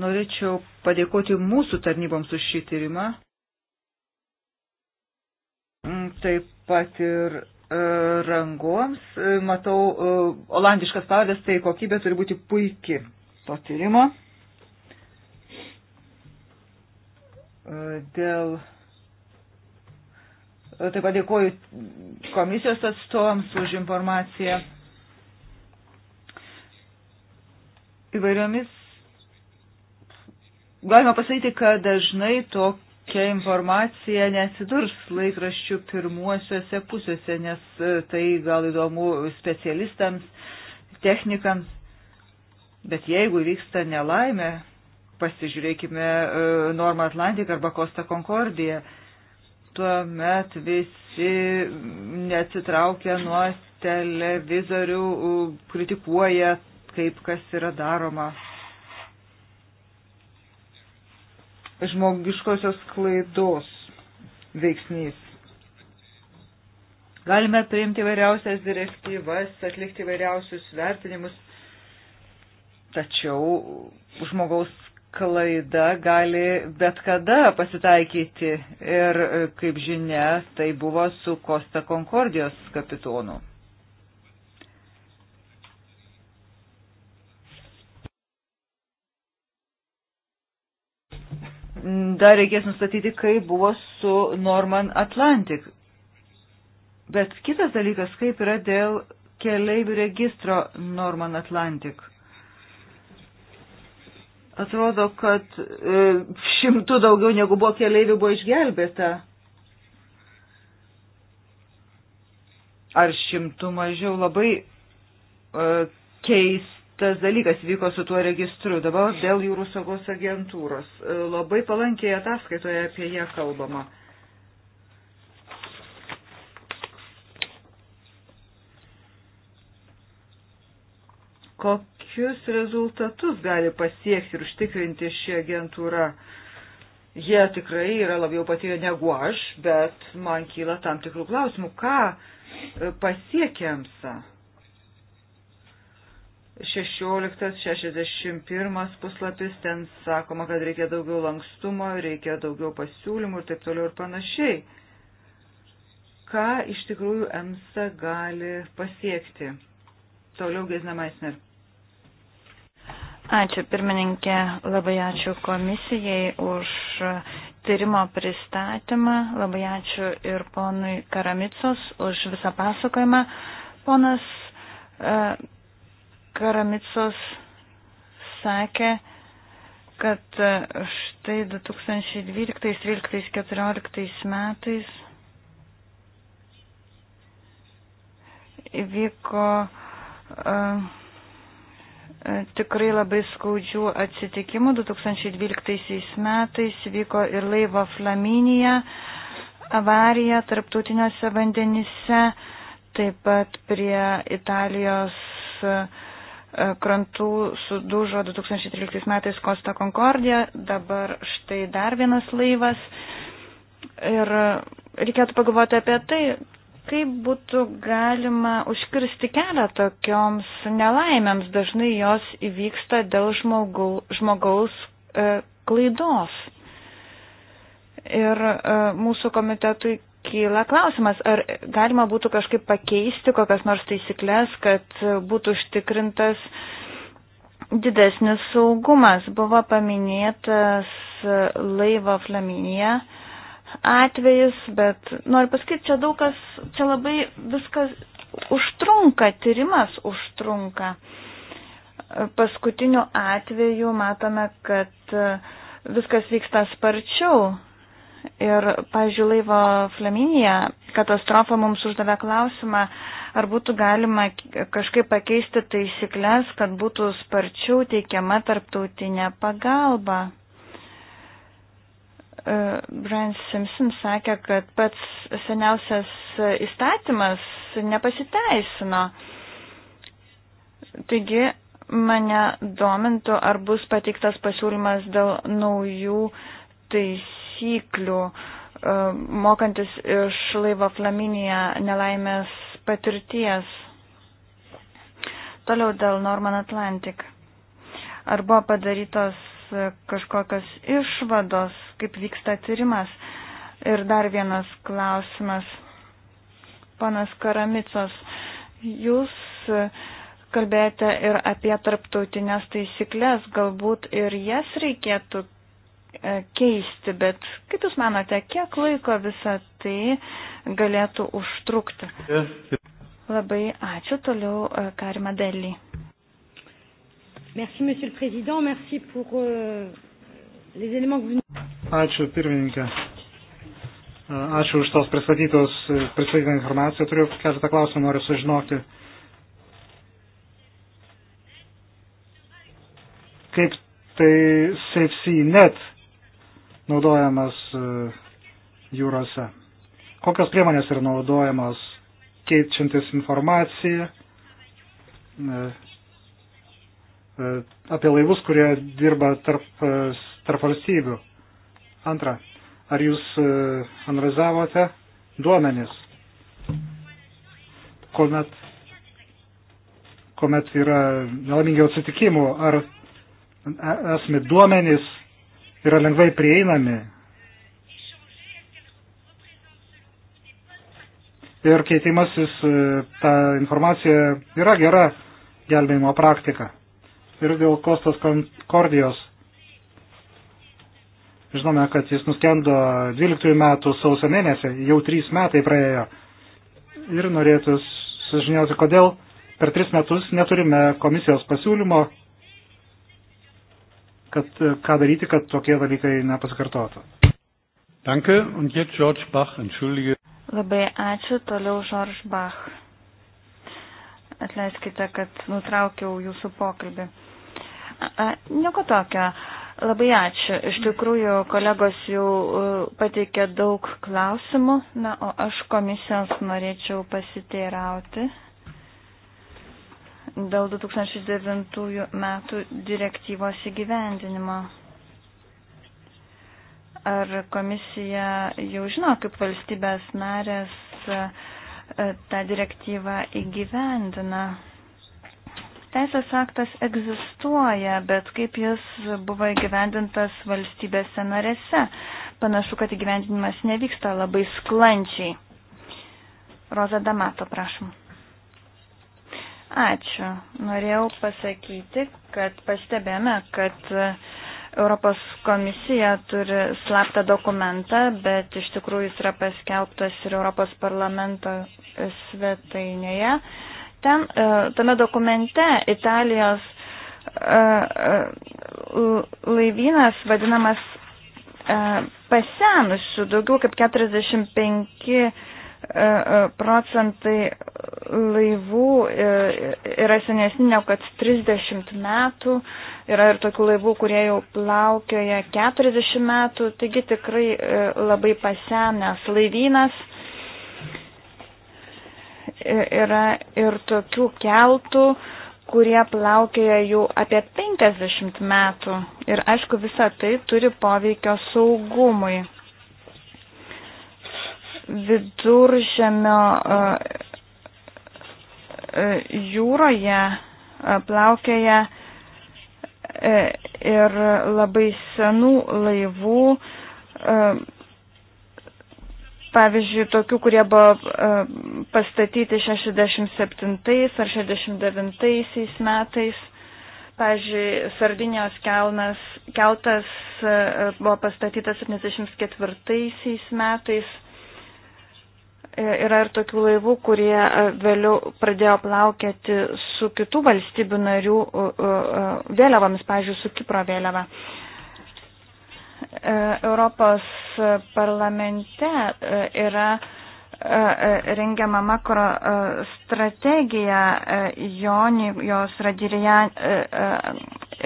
Norėčiau padėkoti mūsų tarnyboms už šį tyrimą. Mm, taip pat ir rangoms. E, matau, e, olandiškas pavardas, tai kokybė turi būti puiki to tyrimo. E, dėl. Taip pat dėkoju komisijos atstovams už informaciją. Įvairiomis Galima pasakyti, kad dažnai to tokia informacija nesidurs laikraščių pirmuosiuose pusėse, nes e, tai gal įdomu specialistams, technikams. Bet jeigu vyksta nelaimė, pasižiūrėkime e, Norma Atlantik arba Kosta Concordia, tuomet visi neatsitraukia nuo televizorių, kritikuoja, kaip kas yra daroma žmogiškosios klaidos veiksnys. Galime priimti vairiausias direktyvas, atlikti vairiausius vertinimus, tačiau žmogaus klaida gali bet kada pasitaikyti ir, kaip žinia, tai buvo su Kosta Konkordijos kapitonu. dar reikės nustatyti, kaip buvo su Norman Atlantic. Bet kitas dalykas, kaip yra dėl keleivių registro Norman Atlantic. Atrodo, kad e, šimtų daugiau negu buvo keleivių buvo išgelbėta. Ar šimtų mažiau labai e, keis tas dalykas vyko su tuo registru. Dabar dėl jūrų saugos agentūros. E, labai palankiai ataskaitoje apie ją kalbama. Kokius rezultatus gali pasiekti ir užtikrinti ši agentūra? Jie tikrai yra labiau patyrę negu aš, bet man kyla tam tikrų klausimų, ką e, pasiekiamsa. 16-61 puslapis, ten sakoma, kad reikia daugiau lankstumo, reikia daugiau pasiūlymų ir taip toliau ir panašiai. Ką iš tikrųjų EMSA gali pasiekti? Toliau Gezna Maisner. Ačiū pirmininkė, labai ačiū komisijai už tyrimo pristatymą, labai ačiū ir ponui Karamicos už visą pasakojimą. Ponas e, Karamicos sakė, kad štai 2012, 2013, 2014 metais įvyko uh, tikrai labai skaudžių atsitikimų. 2012 metais vyko ir laivo Flaminija avarija tarptautiniuose vandenyse, taip pat prie Italijos uh, E, krantų sudužo 2013 metais Kosta Concordia, dabar štai dar vienas laivas. Ir reikėtų pagalvoti apie tai, kaip būtų galima užkirsti kelią tokioms nelaimėms. Dažnai jos įvyksta dėl žmogau, žmogaus e, klaidos. Ir e, mūsų komitetui kyla klausimas, ar galima būtų kažkaip pakeisti kokias nors taisyklės, kad būtų užtikrintas didesnis saugumas. Buvo paminėtas laivo Flaminija atvejis, bet noriu pasakyti, čia daug kas, čia labai viskas užtrunka, tyrimas užtrunka. Paskutiniu atveju matome, kad viskas vyksta sparčiau, Ir, pažiūrėjau, laivo Flaminija katastrofa mums uždavė klausimą, ar būtų galima kažkaip pakeisti taisyklės, kad būtų sparčiau teikiama tarptautinė pagalba. E, Brian Simpson sakė, kad pats seniausias įstatymas nepasiteisino. Taigi mane domintų, ar bus pateiktas pasiūlymas dėl naujų taisyklių taisyklių, e, mokantis iš laivo Flaminija nelaimės patirties. Toliau dėl Norman Atlantic. Ar buvo padarytos e, kažkokios išvados, kaip vyksta tyrimas? Ir dar vienas klausimas. Panas Karamicos, jūs e, kalbėjote ir apie tarptautinės taisyklės, galbūt ir jas reikėtų E, keisti, bet kaip Jūs manote, kiek laiko visą tai galėtų užtrukti? Labai ačiū, toliau e, Karima Deli. Merci, Monsieur le Président, merci pour euh, les éléments que vous nous. Ačiū, pirmininkė. E, ačiū už tos pristatytos, pristatytą informaciją. Turiu keletą klausimų, noriu sužinoti. Kaip tai SafeCNet naudojamas e, jūrose. Kokios priemonės yra naudojamos keičiantis informaciją e, e, apie laivus, kurie dirba tarp, tarp valstybių. Antra, ar jūs analizavote duomenis, kuomet, kuomet yra nelamingiau atsitikimų, ar esame duomenis yra lengvai prieinami. Ir keitimasis e, ta informacija yra gera gelbėjimo praktika. Ir dėl Kostas Kordijos Žinome, kad jis nuskendo 12 metų sausio mėnesį, jau 3 metai praėjo. Ir norėtų sužinoti, kodėl per 3 metus neturime komisijos pasiūlymo kad e, ką daryti, kad tokie dalykai nepasikartotų. Danke, und jetzt George Bach, entschuldige. Labai ačiū, toliau George Bach. Atleiskite, kad nutraukiau jūsų pokalbį. Nieko tokio. Labai ačiū. Iš tikrųjų, kolegos jau e, pateikė daug klausimų, na, o aš komisijos norėčiau pasiteirauti dėl 2009 metų direktyvos įgyvendinimo. Ar komisija jau žino, kaip valstybės narės e, tą direktyvą įgyvendina? Teisės aktas egzistuoja, bet kaip jis buvo įgyvendintas valstybėse narėse? Panašu, kad įgyvendinimas nevyksta labai sklančiai. Roza Damato, prašom. Ačiū. Norėjau pasakyti, kad pastebėjome, kad Europos komisija turi slaptą dokumentą, bet iš tikrųjų jis yra paskelbtas ir Europos parlamento svetainėje. Ten, e, tame dokumente Italijos e, e, laivynas vadinamas pasenusiu, daugiau kaip 45 E, e, procentai laivų e, yra senesni negu kad 30 metų, yra ir tokių laivų, kurie jau plaukioja 40 metų, taigi tikrai labai pasenęs laivynas. Yra ir tokių keltų, kurie plaukioja jau apie 50 metų ir aišku visą tai turi poveikio saugumui viduržemio e, e, jūroje e, plaukėja ir labai senų laivų, pavyzdžiui, tokių, kurie buvo pastatyti 67 ar 69 metais. Pavyzdžiui, Sardinijos kelnas, keltas buvo pastatytas 74 metais E, yra ir tokių laivų, kurie e, vėliau pradėjo plaukėti su kitų valstybių narių e, vėliavomis, pavyzdžiui, su Kipro vėliava. Europos parlamente yra rengiama makro strategija Jonijos, Radirijos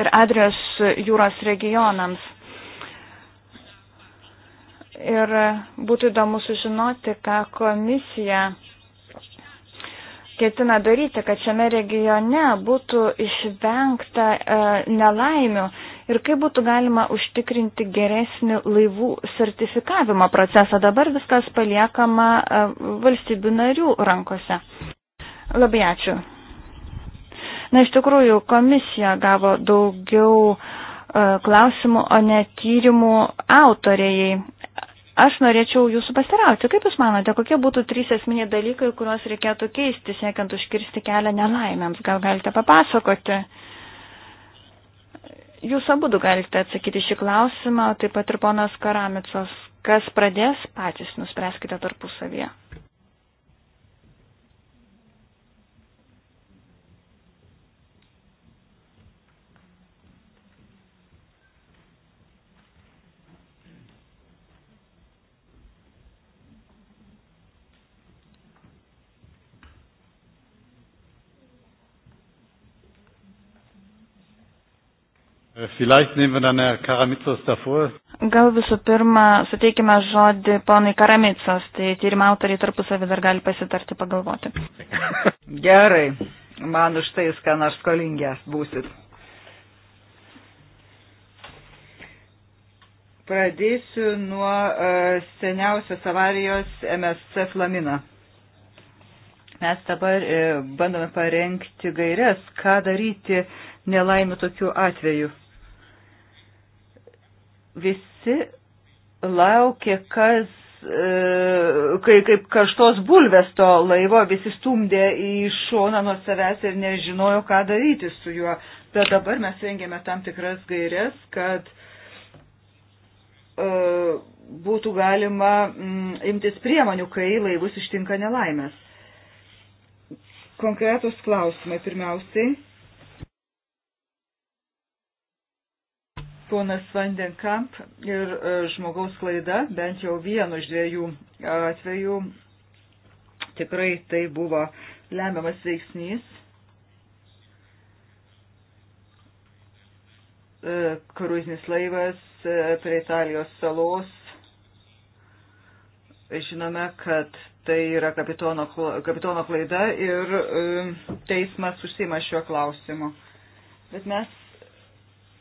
ir Adrijos jūros regionams. Ir būtų įdomu sužinoti, ką komisija ketina daryti, kad šiame regione būtų išvengta e, nelaimių ir kaip būtų galima užtikrinti geresnį laivų sertifikavimo procesą. Dabar viskas paliekama e, valstybių narių rankose. Labai ačiū. Na, iš tikrųjų, komisija gavo daugiau e, klausimų, o ne tyrimų autorėjai. Aš norėčiau jūsų pasirauti. Kaip Jūs manote, kokie būtų trys esminiai dalykai, kuriuos reikėtų keisti, siekiant užkirsti kelią nelaimėms? Gal galite papasakoti? Jūs abu galite atsakyti šį klausimą, taip pat ir ponas Karamicos. Kas pradės, patys nuspręskite tarpusavyje. Äh, Gal visų pirma, suteikime žodį ponai Karamicos, tai tyrimo autoriai tarpusavį dar gali pasitarti pagalvoti. Gerai, man už tai, ką nors skolingęs būsit. Pradėsiu nuo uh, seniausios avarijos MSC Flamina. Mes dabar uh, bandome parengti gairias, ką daryti nelaimių tokių atvejų. Visi laukė, kas, e, kai, kaip karštos bulvės to laivo, visi stumdė į šoną nuo savęs ir nežinojo, ką daryti su juo. Bet dabar mes rengėme tam tikras gairias, kad uh, būtų galima mm, imtis priemonių, kai laivus ištinka nelaimės. Konkretus klausimai pirmiausiai ponas Vandenkamp ir e, žmogaus klaida, bent jau vienu iš dviejų atvejų, tikrai tai buvo lemiamas veiksnys, e, kruizinis laivas e, prie Italijos salos. Žinome, kad tai yra kapitono, kapitono klaida ir teismas užsima šiuo klausimu. Bet mes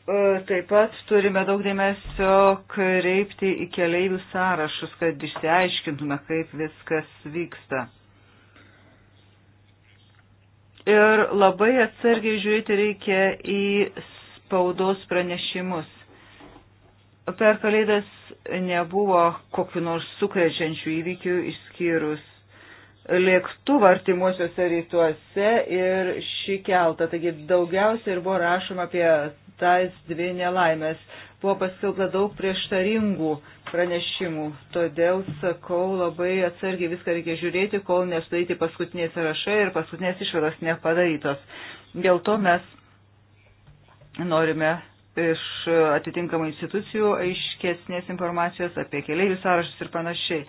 E, taip pat turime daug dėmesio kreipti į keleivių sąrašus, kad išsiaiškintume, kaip viskas vyksta. Ir labai atsargiai žiūrėti reikia į spaudos pranešimus. Per kalėdas nebuvo kokiu nors sukrečiančių įvykių išskyrus lėktuvą artimuosiuose rytuose ir šį keltą. Taigi daugiausia ir buvo rašoma apie tas dvi nelaimės. Buvo paskelbta daug prieštaringų pranešimų. Todėl sakau, labai atsargiai viską reikia žiūrėti, kol nesudaryti paskutiniai sąrašai ir paskutinės išvados nepadarytos. Dėl to mes norime iš atitinkamų institucijų aiškesnės informacijos apie keliaivių sąrašus ir panašiai.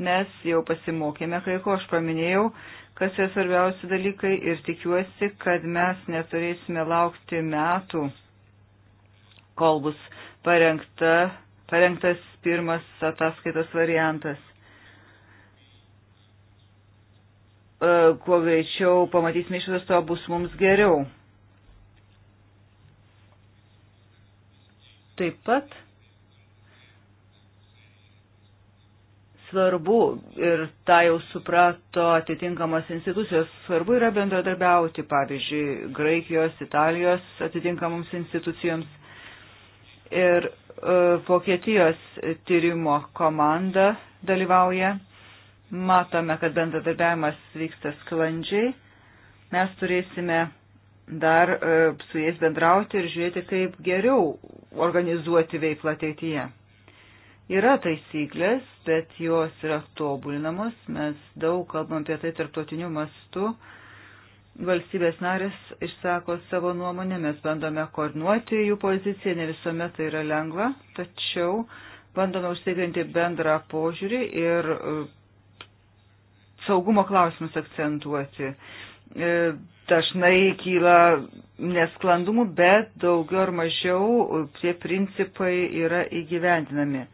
Mes jau pasimokėme kai ko, aš paminėjau, kas yra svarbiausi dalykai ir tikiuosi, kad mes neturėsime laukti metų, kol bus parengta, parengtas pirmas ataskaitos variantas. E, kuo greičiau pamatysime išvadas, to bus mums geriau. Taip pat svarbu ir tą jau suprato atitinkamos institucijos, svarbu yra bendradarbiauti, pavyzdžiui, Graikijos, Italijos atitinkamoms institucijoms ir e, Vokietijos tyrimo komanda dalyvauja. Matome, kad bendradarbiavimas vyksta sklandžiai. Mes turėsime dar e, su jais bendrauti ir žiūrėti, kaip geriau organizuoti veiklą ateityje. Yra taisyklės, bet jos yra tobulinamos. Mes daug kalbam apie tai tarptautiniu mastu. Valstybės narės išsako savo nuomonę, mes bandome koordinuoti jų poziciją, ne visuomet tai yra lengva, tačiau bandome užtikrinti bendrą požiūrį ir e, saugumo klausimus akcentuoti. E, dažnai kyla nesklandumų, bet daugiau ar mažiau tie principai yra įgyvendinami.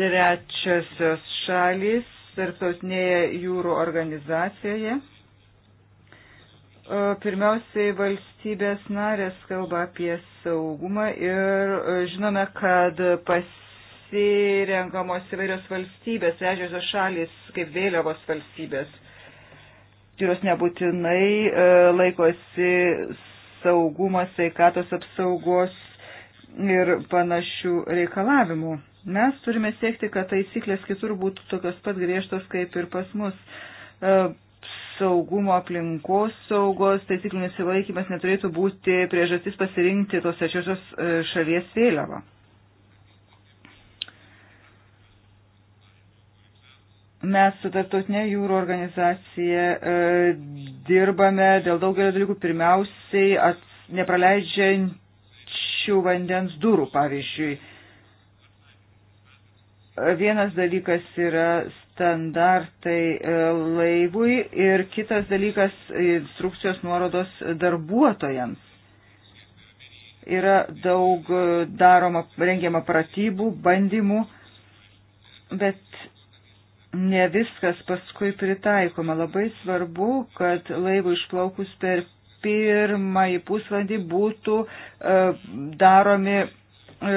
trečiosios šalys tarptautinėje jūrų organizacijoje. Pirmiausiai valstybės narės kalba apie saugumą ir žinome, kad pasirenkamos įvairios valstybės, trečiosios šalys kaip vėliavos valstybės. Tyros nebūtinai e, laikosi saugumo, sveikatos apsaugos ir panašių reikalavimų. Mes turime siekti, kad taisyklės kitur būtų tokios pat griežtos kaip ir pas mus. E, saugumo aplinkos saugos taisyklių nesilaikymas neturėtų būti priežastis pasirinkti tos trečiosios e, šalies vėliavą. Mes su tarptautinė jūrų organizacija e, dirbame dėl daugelio dalykų, pirmiausiai ats, nepraleidžiančių vandens durų, pavyzdžiui. E, Vienas dalykas yra standartai e, laivui ir kitas dalykas instrukcijos nuorodos darbuotojams. Yra daug e, daroma, rengiama pratybų, bandymų, bet ne viskas paskui pritaikoma. Labai svarbu, kad laivų išplaukus per pirmąjį pusvalandį būtų e, daromi e,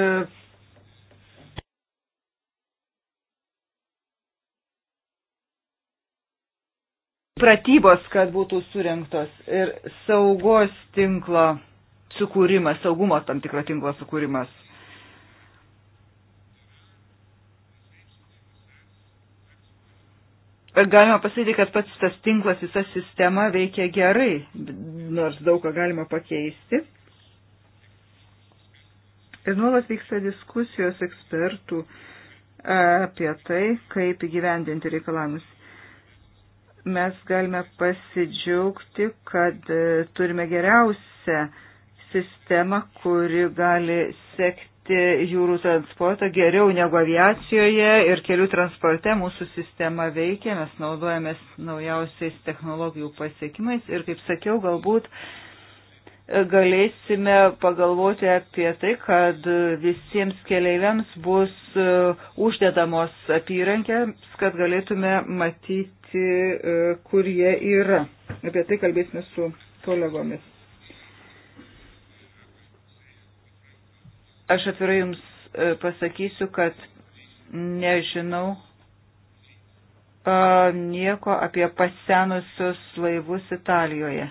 pratybos, kad būtų surinktos ir saugos tinklo sukūrimas, saugumo tam tikro tinklo sukūrimas. Ir galima pasakyti, kad pats tas tinklas, visa sistema veikia gerai, nors daug ką galima pakeisti. Ir nuolat vyksta diskusijos ekspertų apie tai, kaip įgyvendinti reikalavimus mes galime pasidžiaugti, kad e, turime geriausią sistemą, kuri gali sekti jūrų transportą geriau negu aviacijoje ir kelių transporte. Mūsų sistema veikia, mes naudojamės naujausiais technologijų pasiekimais ir, kaip sakiau, galbūt uh, galėsime pagalvoti apie tai, kad visiems keleiviams bus e, uždedamos apyrankės, kad galėtume matyti, e, kur jie yra. Apie tai kalbėsime su kolegomis. Aš atvirai Jums e, pasakysiu, kad nežinau nieko apie pasenusius laivus Italijoje.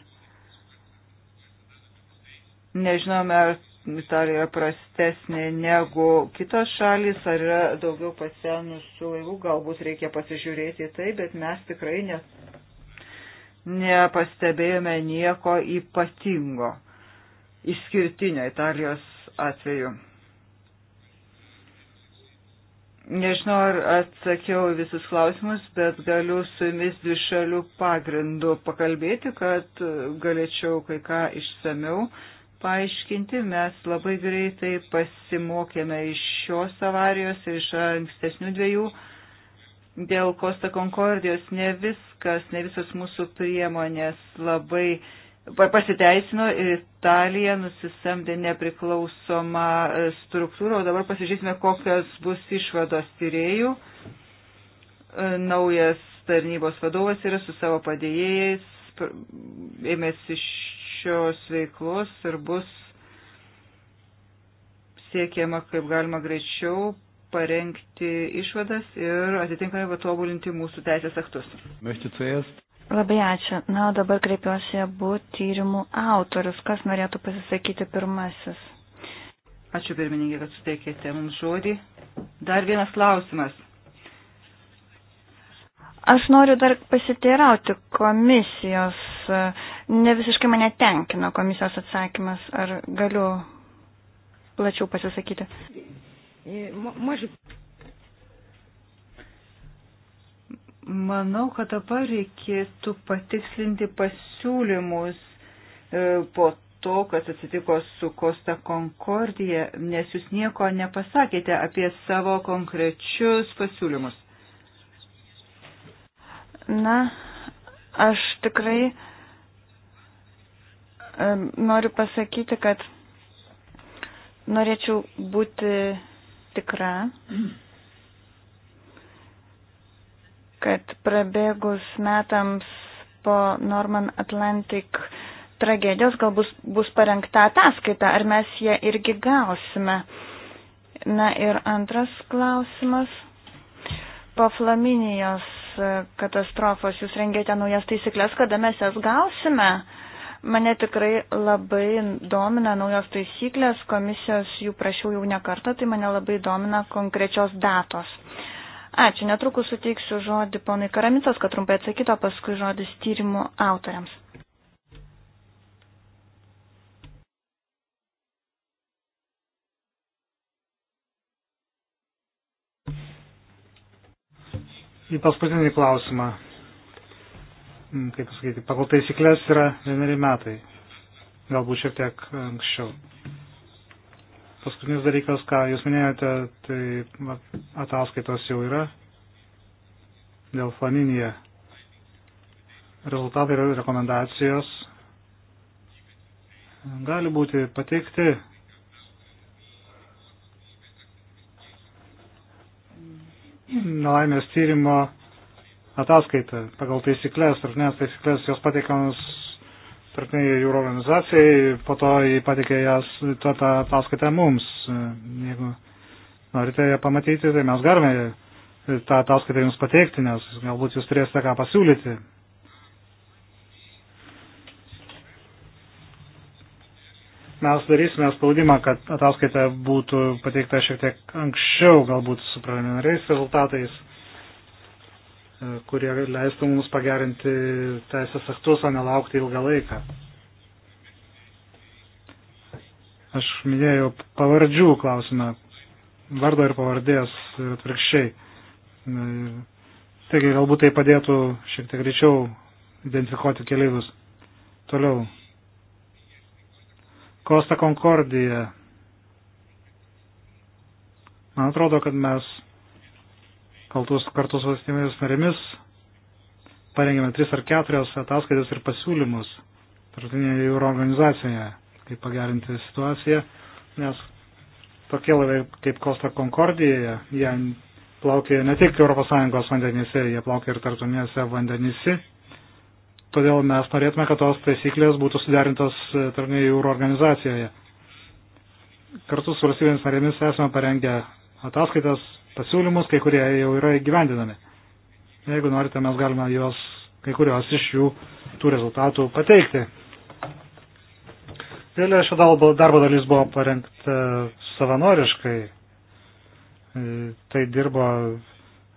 Nežinome, ar Italija prastesnė negu kitos šalis, ar yra daugiau pasenusių laivų, galbūt reikia pasižiūrėti tai, bet mes tikrai ne, nepastebėjome nieko ypatingo, išskirtinio Italijos atveju. Nežinau, ar atsakiau visus klausimus, bet galiu su jumis dvi šalių pagrindų pakalbėti, kad galėčiau kai ką išsameu paaiškinti. Mes labai greitai pasimokėme iš šios avarijos ir iš ankstesnių dviejų. Dėl Kosta Konkordijos ne viskas, ne visos mūsų priemonės labai pasiteisino ir Italija nusisamdė nepriklausomą e, struktūrą, o dabar pasižiūrėsime, kokios bus išvados tyriejų. E, naujas tarnybos vadovas yra su savo padėjėjais, ėmėsi šios veiklos ir bus siekiama kaip galima greičiau parengti išvadas ir atitinkamai patobulinti mūsų teisės aktus. Labai ačiū. Na, o dabar kreipiuosi abu tyrimų autorius. Kas norėtų pasisakyti pirmasis? Ačiū pirmininkė, kad suteikėte mums žodį. Dar vienas klausimas. Aš noriu dar pasiteirauti komisijos Ne visiškai mane tenkino komisijos atsakymas. Ar galiu plačiau pasisakyti? E, Manau, kad dabar reikėtų patikslinti pasiūlymus e, po to, kas atsitiko su Kosta Concordija, nes jūs nieko nepasakėte apie savo konkrečius pasiūlymus. Na, aš tikrai Noriu pasakyti, kad norėčiau būti tikra, kad prabėgus metams po Norman Atlantic tragedijos galbūt bus parengta ataskaita, ar mes ją irgi gausime. Na ir antras klausimas. Po Flaminijos eh, katastrofos jūs rengėte naujas taisyklės, kada mes jas gausime? Uh, Mane tikrai labai domina naujos taisyklės, komisijos jų prašiau jau ne kartą, tai mane labai domina konkrečios datos. Ačiū, netrukus suteiksiu žodį ponai Karamitas, kad trumpai atsakyto, paskui žodis tyrimų autoriams. Į paskutinį klausimą kaip pasakyti, pagal taisyklės yra vieneri metai, galbūt šiek tiek anksčiau. Paskutinis dalykas, ką jūs minėjote, tai ataskaitos jau yra dėl Flaminija. Rezultatai ir rekomendacijos gali būti pateikti nelaimės tyrimo ataskaitą pagal taisyklės, tarptautinės taisyklės, jos pateikiamas tarptautiniai jūro organizacijai, po to jį pateikė jas tą ataskaitą mums. Jeigu norite ją pamatyti, tai mes galime tą ataskaitą jums pateikti, nes galbūt jūs turėsite ką pasiūlyti. Mes darysime spaudimą, kad ataskaita būtų pateikta šiek tiek anksčiau, galbūt su preliminariais rezultatais E, kurie leistų mums pagerinti teisės aktus, o nelaukti ilgą laiką. Aš minėjau pavardžių klausimą, vardo ir pavardės ir atvirkščiai. E, taigi galbūt tai padėtų šiek tiek greičiau identifikuoti keliaivius. Toliau. Kosta Concordija. Man atrodo, kad mes kaltus kartu su valstybėmis narėmis parengėme tris ar keturias ataskaitas ir pasiūlymus tarptautinėje jūro organizacijoje, kaip pagerinti situaciją, nes tokie laivai kaip Kosta Concordijoje, jie plaukia ne tik ES vandenyse, jie plaukia ir tarptautinėse vandenyse. Todėl mes norėtume, kad tos taisyklės būtų suderintos tarptautinėje jūro organizacijoje. Kartu su valstybėmis narėmis esame parengę ataskaitas pasiūlymus, kai kurie jau yra įgyvendinami. Jeigu norite, mes galime juos, kai kurios iš jų tų rezultatų pateikti. Vėliau šio darbo, darbo dalis buvo parengta savanoriškai. E, tai dirbo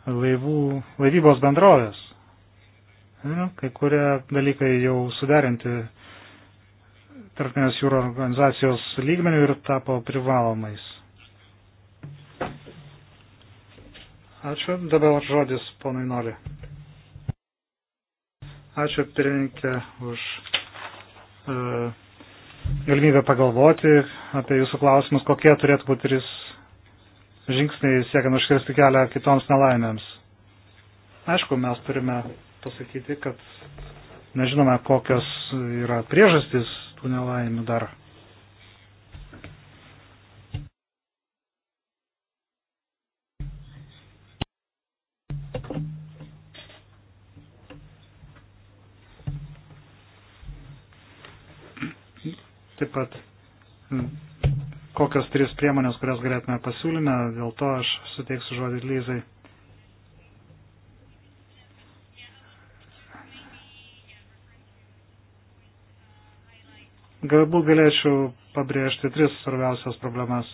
laivų, laivybos bendrovės. Nu, kai kurie dalykai jau suderinti tarptautinės jūro organizacijos lygmenių ir tapo privalomais. Ačiū. Dabar žodis ponui Noli. Ačiū pirmininkė už e, galimybę pagalvoti apie jūsų klausimus, kokie turėtų būti trys žingsniai siekiant užkirsti kelią kitoms nelaimėms. Aišku, mes turime pasakyti, kad nežinome, kokios yra priežastys tų nelaimių dar. Taip pat kokios trys priemonės, kurias galėtume pasiūlyme, dėl to aš suteiksiu žodį Lyzai. Galbūt galėčiau pabrėžti tris svarbiausias problemas.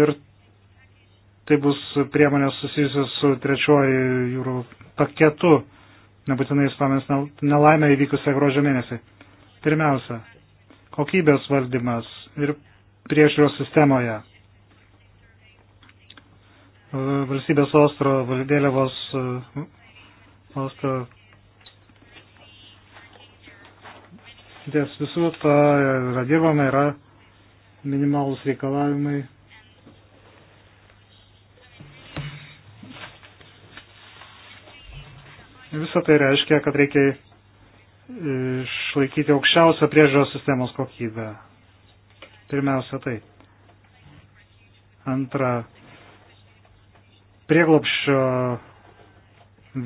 Ir tai bus priemonės susijusios su trečioji jūrų paketu nebūtinai jūs pamės nelaimę įvykusią gruodžio mėnesį. Pirmiausia, kokybės valdymas ir priežiūros sistemoje. E, valstybės ostro, vėliavos e, ostro. Ties visų to yra dirbama, yra minimalus reikalavimai Visą tai reiškia, kad reikia išlaikyti aukščiausią priežiūros sistemos kokybę. Pirmiausia tai. Antra, prieglopščio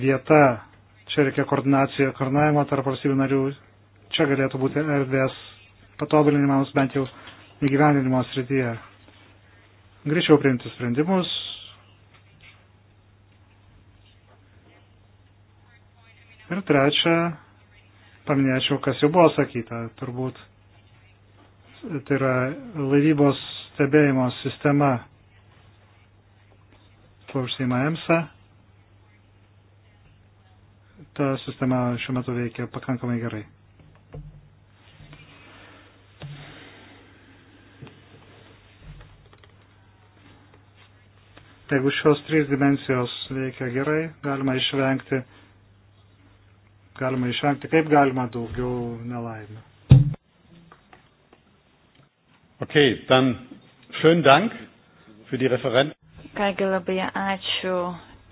vieta. Čia reikia koordinacijo, koordinavimo tarp valstybių narių. Čia galėtų būti erdvės patobulinimams bent jau įgyvendinimo srityje. Greičiau priimti sprendimus, trečia, paminėčiau, kas jau buvo sakyta, turbūt tai yra laivybos stebėjimo sistema tuo užsima EMSA. Ta sistema šiuo metu veikia pakankamai gerai. Jeigu šios trys dimensijos veikia gerai, galima išvengti galima išvengti, kaip galima daugiau nelaimių. Okay, dann schönen Dank für die Referenten. Kągi labai ačiū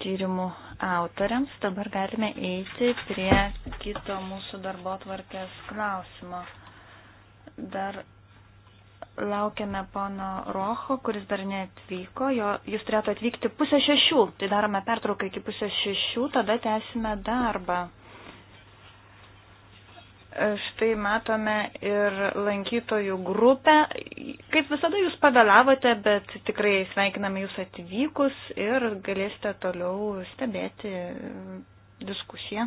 tyrimų autoriams. Dabar galime eiti prie kito mūsų darbo tvarkės klausimo. Dar laukiame pono Roho, kuris dar neatvyko. Jo, jis turėtų atvykti pusę šešių. Tai darome pertrauką iki pusę šešių, tada tęsime darbą. Štai matome ir lankytojų grupę. Kaip visada jūs pavėlavote, bet tikrai sveikiname jūs atvykus ir galėsite toliau stebėti diskusiją.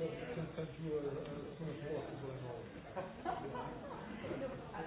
Thank you. Uh, uh, as soon as possible. Look, I, I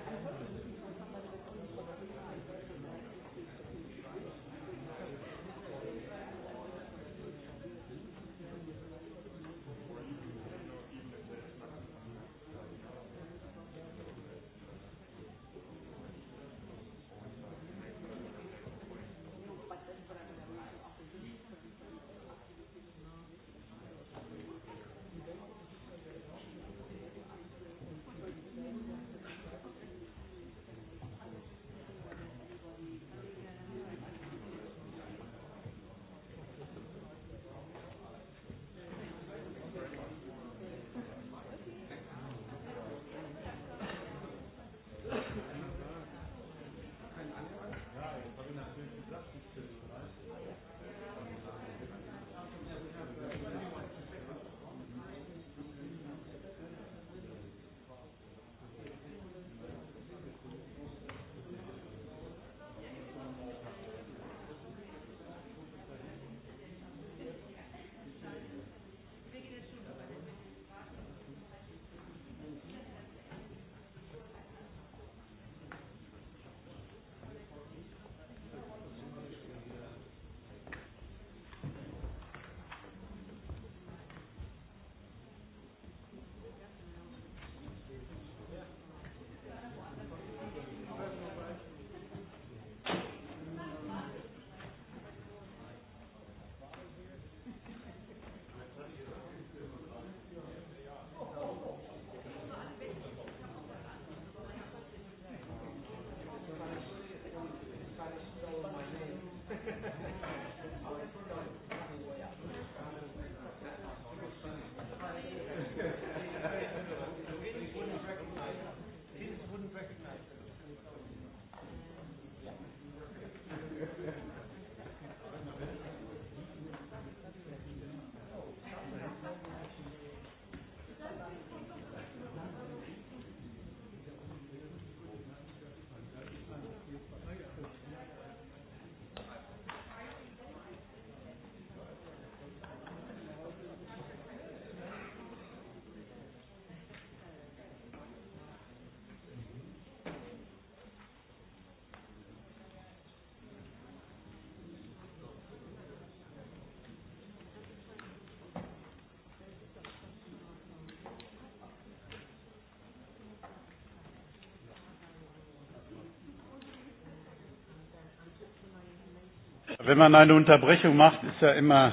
Wenn man eine Unterbrechung macht, ist ja immer.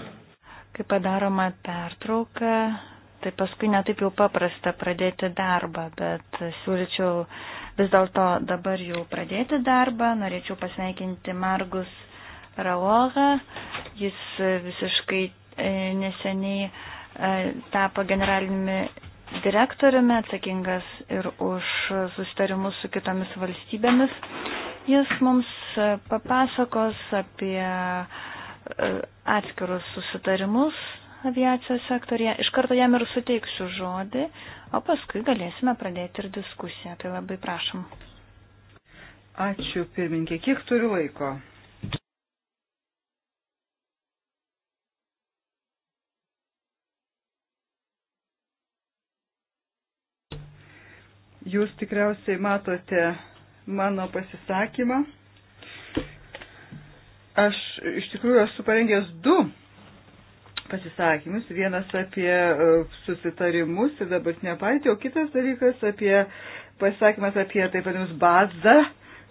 Kai padaroma pertrauka, tai paskui netaip jau paprasta pradėti darbą, bet siūlyčiau vis dėlto dabar jau pradėti darbą. Norėčiau pasveikinti Margus Raoga. Jis visiškai e, neseniai e, tapo generaliniumi direktoriumi, atsakingas ir už sustarimus su kitomis valstybėmis. Jis mums e, papasakos apie e, atskirus susitarimus aviacijos sektorija. Iš karto jam ir suteiksiu žodį, o paskui galėsime pradėti ir diskusiją. Tai labai prašom. Ačiū, pirmininkė. Kiek turiu laiko? Jūs tikriausiai matote mano pasisakymą. Aš iš tikrųjų esu parengęs du pasisakymus. Vienas apie e, susitarimus ir dabartinę patį, o kitas dalykas apie pasisakymas apie taip vadinamus bazą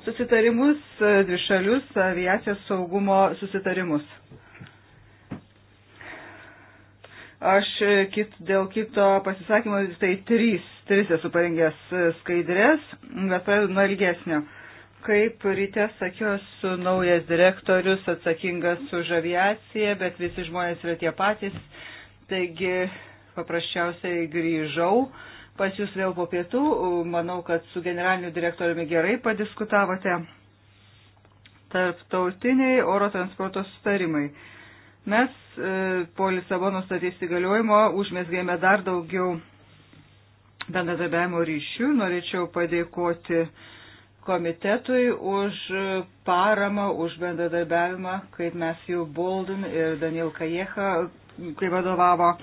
susitarimus, e, dvišalius aviacijos saugumo susitarimus. Aš e, kit, dėl kito pasisakymo vis tai trys, trys esu parengęs e, skaidrės, bet pradedu nuo ilgesnio. Kaip ryte sakiau, esu naujas direktorius atsakingas už aviaciją, bet visi žmonės yra tie patys. Taigi paprasčiausiai grįžau pas jūs vėl po pietų. Manau, kad su generaliniu direktoriumi gerai padiskutavote. Tarptautiniai oro transporto sustarimai. Mes e, po Lisabono statys įgaliojimo užmėsgėme dar daugiau bendradarbiavimo ryšių. Norėčiau padėkoti komitetui už paramą, už bendradarbiavimą, kaip mes jau Bolden ir Daniel Kajeha, kai vadovavo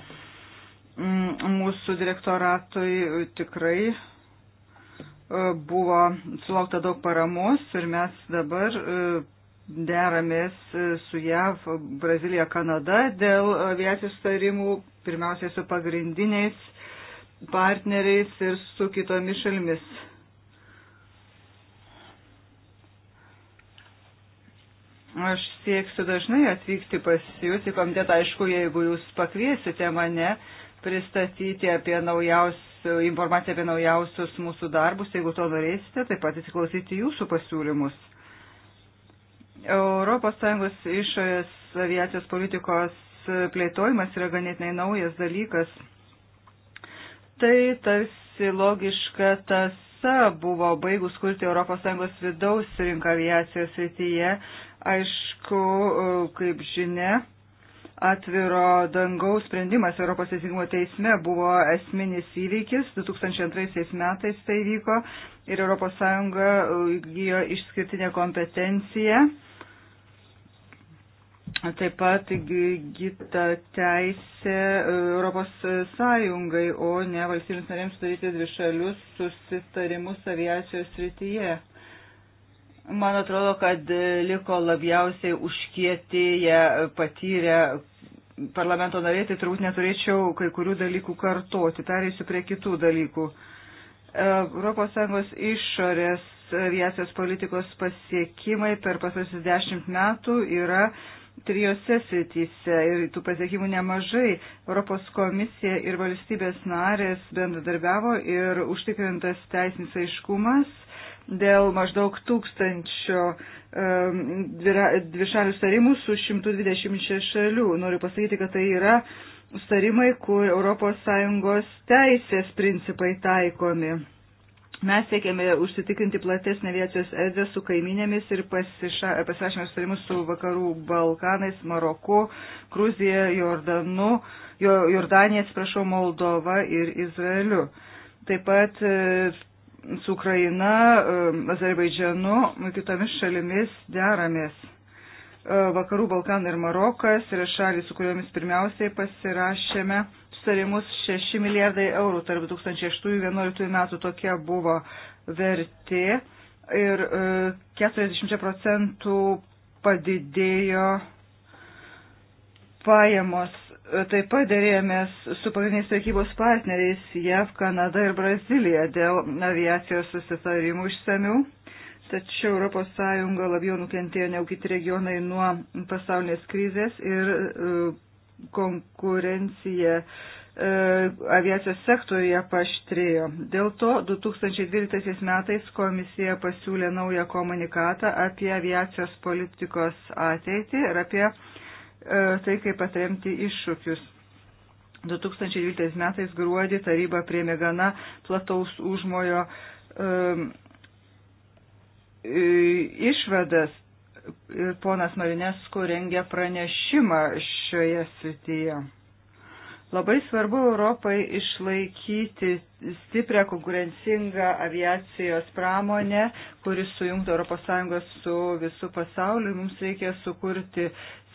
mm, mūsų direktoratui, tikrai e, buvo sulaukta daug paramos ir mes dabar e, deramės su JAV, Brazilija, Kanada dėl aviacijos sutarimų, pirmiausiai su pagrindiniais partneriais ir su kitomis šalimis. Aš sieksiu dažnai atvykti pas jūs į komitetą, aišku, jeigu jūs pakviesite mane pristatyti apie naujausią informaciją apie naujausius mūsų darbus, jeigu to norėsite, taip pat įsiklausyti jūsų pasiūlymus. ES išorės aviacijos politikos plėtojimas yra ganėtinai naujas dalykas. Tai tarsi logiška tasa buvo baigus kurti ES vidaus rinką aviacijos srityje. Aišku, kaip žinia, atviro dangaus sprendimas Europos teisingumo teisme buvo esminis įvykis. 2002 metais tai vyko ir ES įgyjo išskirtinę kompetenciją Taip pat gyta teisė e, Europos Sąjungai, o ne valstybėms narėms sudaryti dvišalius susitarimus aviacijos srityje. Man atrodo, kad liko labiausiai užkietėję patyrę parlamento nariai, tai turbūt neturėčiau kai kurių dalykų kartoti. Pereisiu prie kitų dalykų. E, Europos Sąjungos išorės aviacijos politikos pasiekimai per pasasius dešimt metų yra trijose srityse ir tų pasiekimų nemažai. Europos komisija ir valstybės narės bendradarbiavo ir užtikrintas teisinis aiškumas dėl maždaug tūkstančio um, dvišalių starimų su 126 šalių. Noriu pasakyti, kad tai yra starimai, kur ES teisės principai taikomi Mes siekėme užsitikrinti platesnę aviacijos erdvę su kaiminėmis ir pasirašėme sutarimus su vakarų Balkanais, Maroku, Gruzija, Jordanu, Jordanija, atsiprašau, Moldova ir Izraeliu. Taip pat e, su Ukraina, e, Azerbaidžianu, kitomis šalimis deramės. E, vakarų Balkanai ir Marokas yra šalis, su kuriomis pirmiausiai pasirašėme tarimus 6 milijardai eurų tarp 2008-2011 metų tokia buvo vertė ir 40 e, procentų padidėjo pajamos. Taip pat dėrėjomės su pagrindiniais prekybos partneriais JAV, Kanada ir Brazilija dėl aviacijos susitarimų išsamių. Tačiau ES labiau nukentėjo negu kiti regionai nuo pasaulinės krizės ir e, konkurencija uh, E, aviacijos sektoriuje paštrėjo. Dėl to 2012 metais komisija pasiūlė naują komunikatą apie aviacijos politikos ateitį ir apie e, tai, kaip atremti iššūkius. 2012 metais gruodį taryba priemė gana plataus užmojo um, išvadas ir ponas Marinesko rengia pranešimą šioje srityje. Labai svarbu Europai išlaikyti stiprią konkurencingą aviacijos pramonę, kuris sujungtų ES su visu pasauliu. Mums reikia sukurti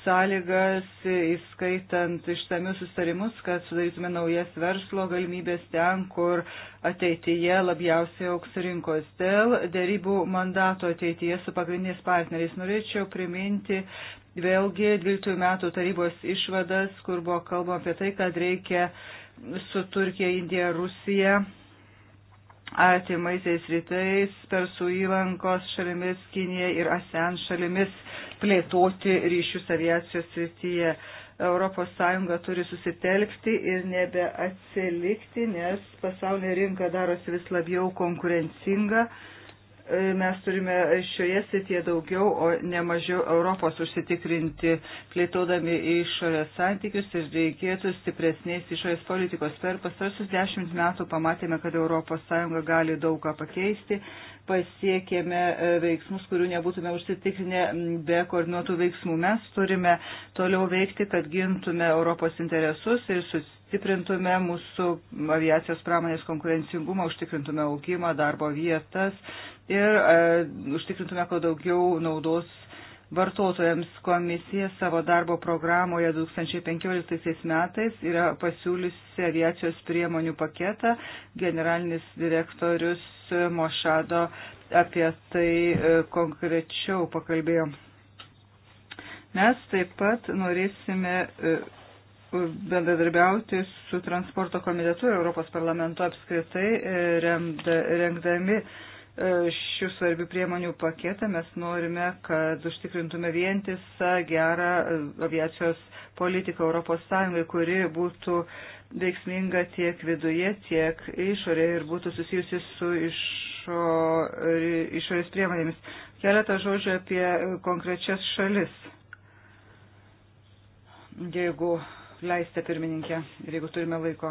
sąlygas, įskaitant ištamius sustarimus, kad sudarytume naujas verslo galimybės ten, kur ateityje labiausiai auks rinkos. Dėl dėrybų mandato ateityje su pagrindiniais partneriais norėčiau priminti vėlgi 12 metų tarybos išvadas, kur buvo kalbama apie tai, kad reikia su Turkija, Indija, Rusija artimaisiais rytais, Persų įlankos šalimis, Kinija ir ASEAN šalimis plėtoti ryšius aviacijos srityje. ES turi susitelkti ir nebeatsilikti, nes pasaulyje rinka darosi vis labiau konkurencinga. E, mes turime šioje srityje daugiau, o ne mažiau Europos užsitikrinti, plėtodami išorės santykius ir reikėtų stipresnės išorės politikos. Per pastarsius dešimt metų pamatėme, kad ES gali daug ką pakeisti, pasiekėme e, veiksmus, kurių nebūtume užsitikrinę be koordinuotų veiksmų. Mes turime toliau veikti, kad gintume Europos interesus ir susitikrinti stiprintume mūsų aviacijos pramonės konkurencingumą, užtikrintume augimą, darbo vietas ir e, užtikrintume, kad daugiau naudos vartotojams komisija savo darbo programoje 2015 metais yra pasiūliusi aviacijos priemonių paketą. Generalinis direktorius Mošado apie tai e, konkrečiau pakalbėjo. Mes taip pat norėsime e, bendradarbiauti su transporto komitetu ir Europos parlamento apskritai, e, remda, rengdami e, šių svarbių priemonių paketą. Mes norime, kad užtikrintume vientisą gerą e, aviacijos politiką Europos Sąjungai, kuri būtų veiksminga tiek viduje, tiek išorėje ir būtų susijusi su išorės priemonėmis. Keletą žodžių apie konkrečias šalis. Jeigu leisite pirmininkę ir jeigu turime laiko.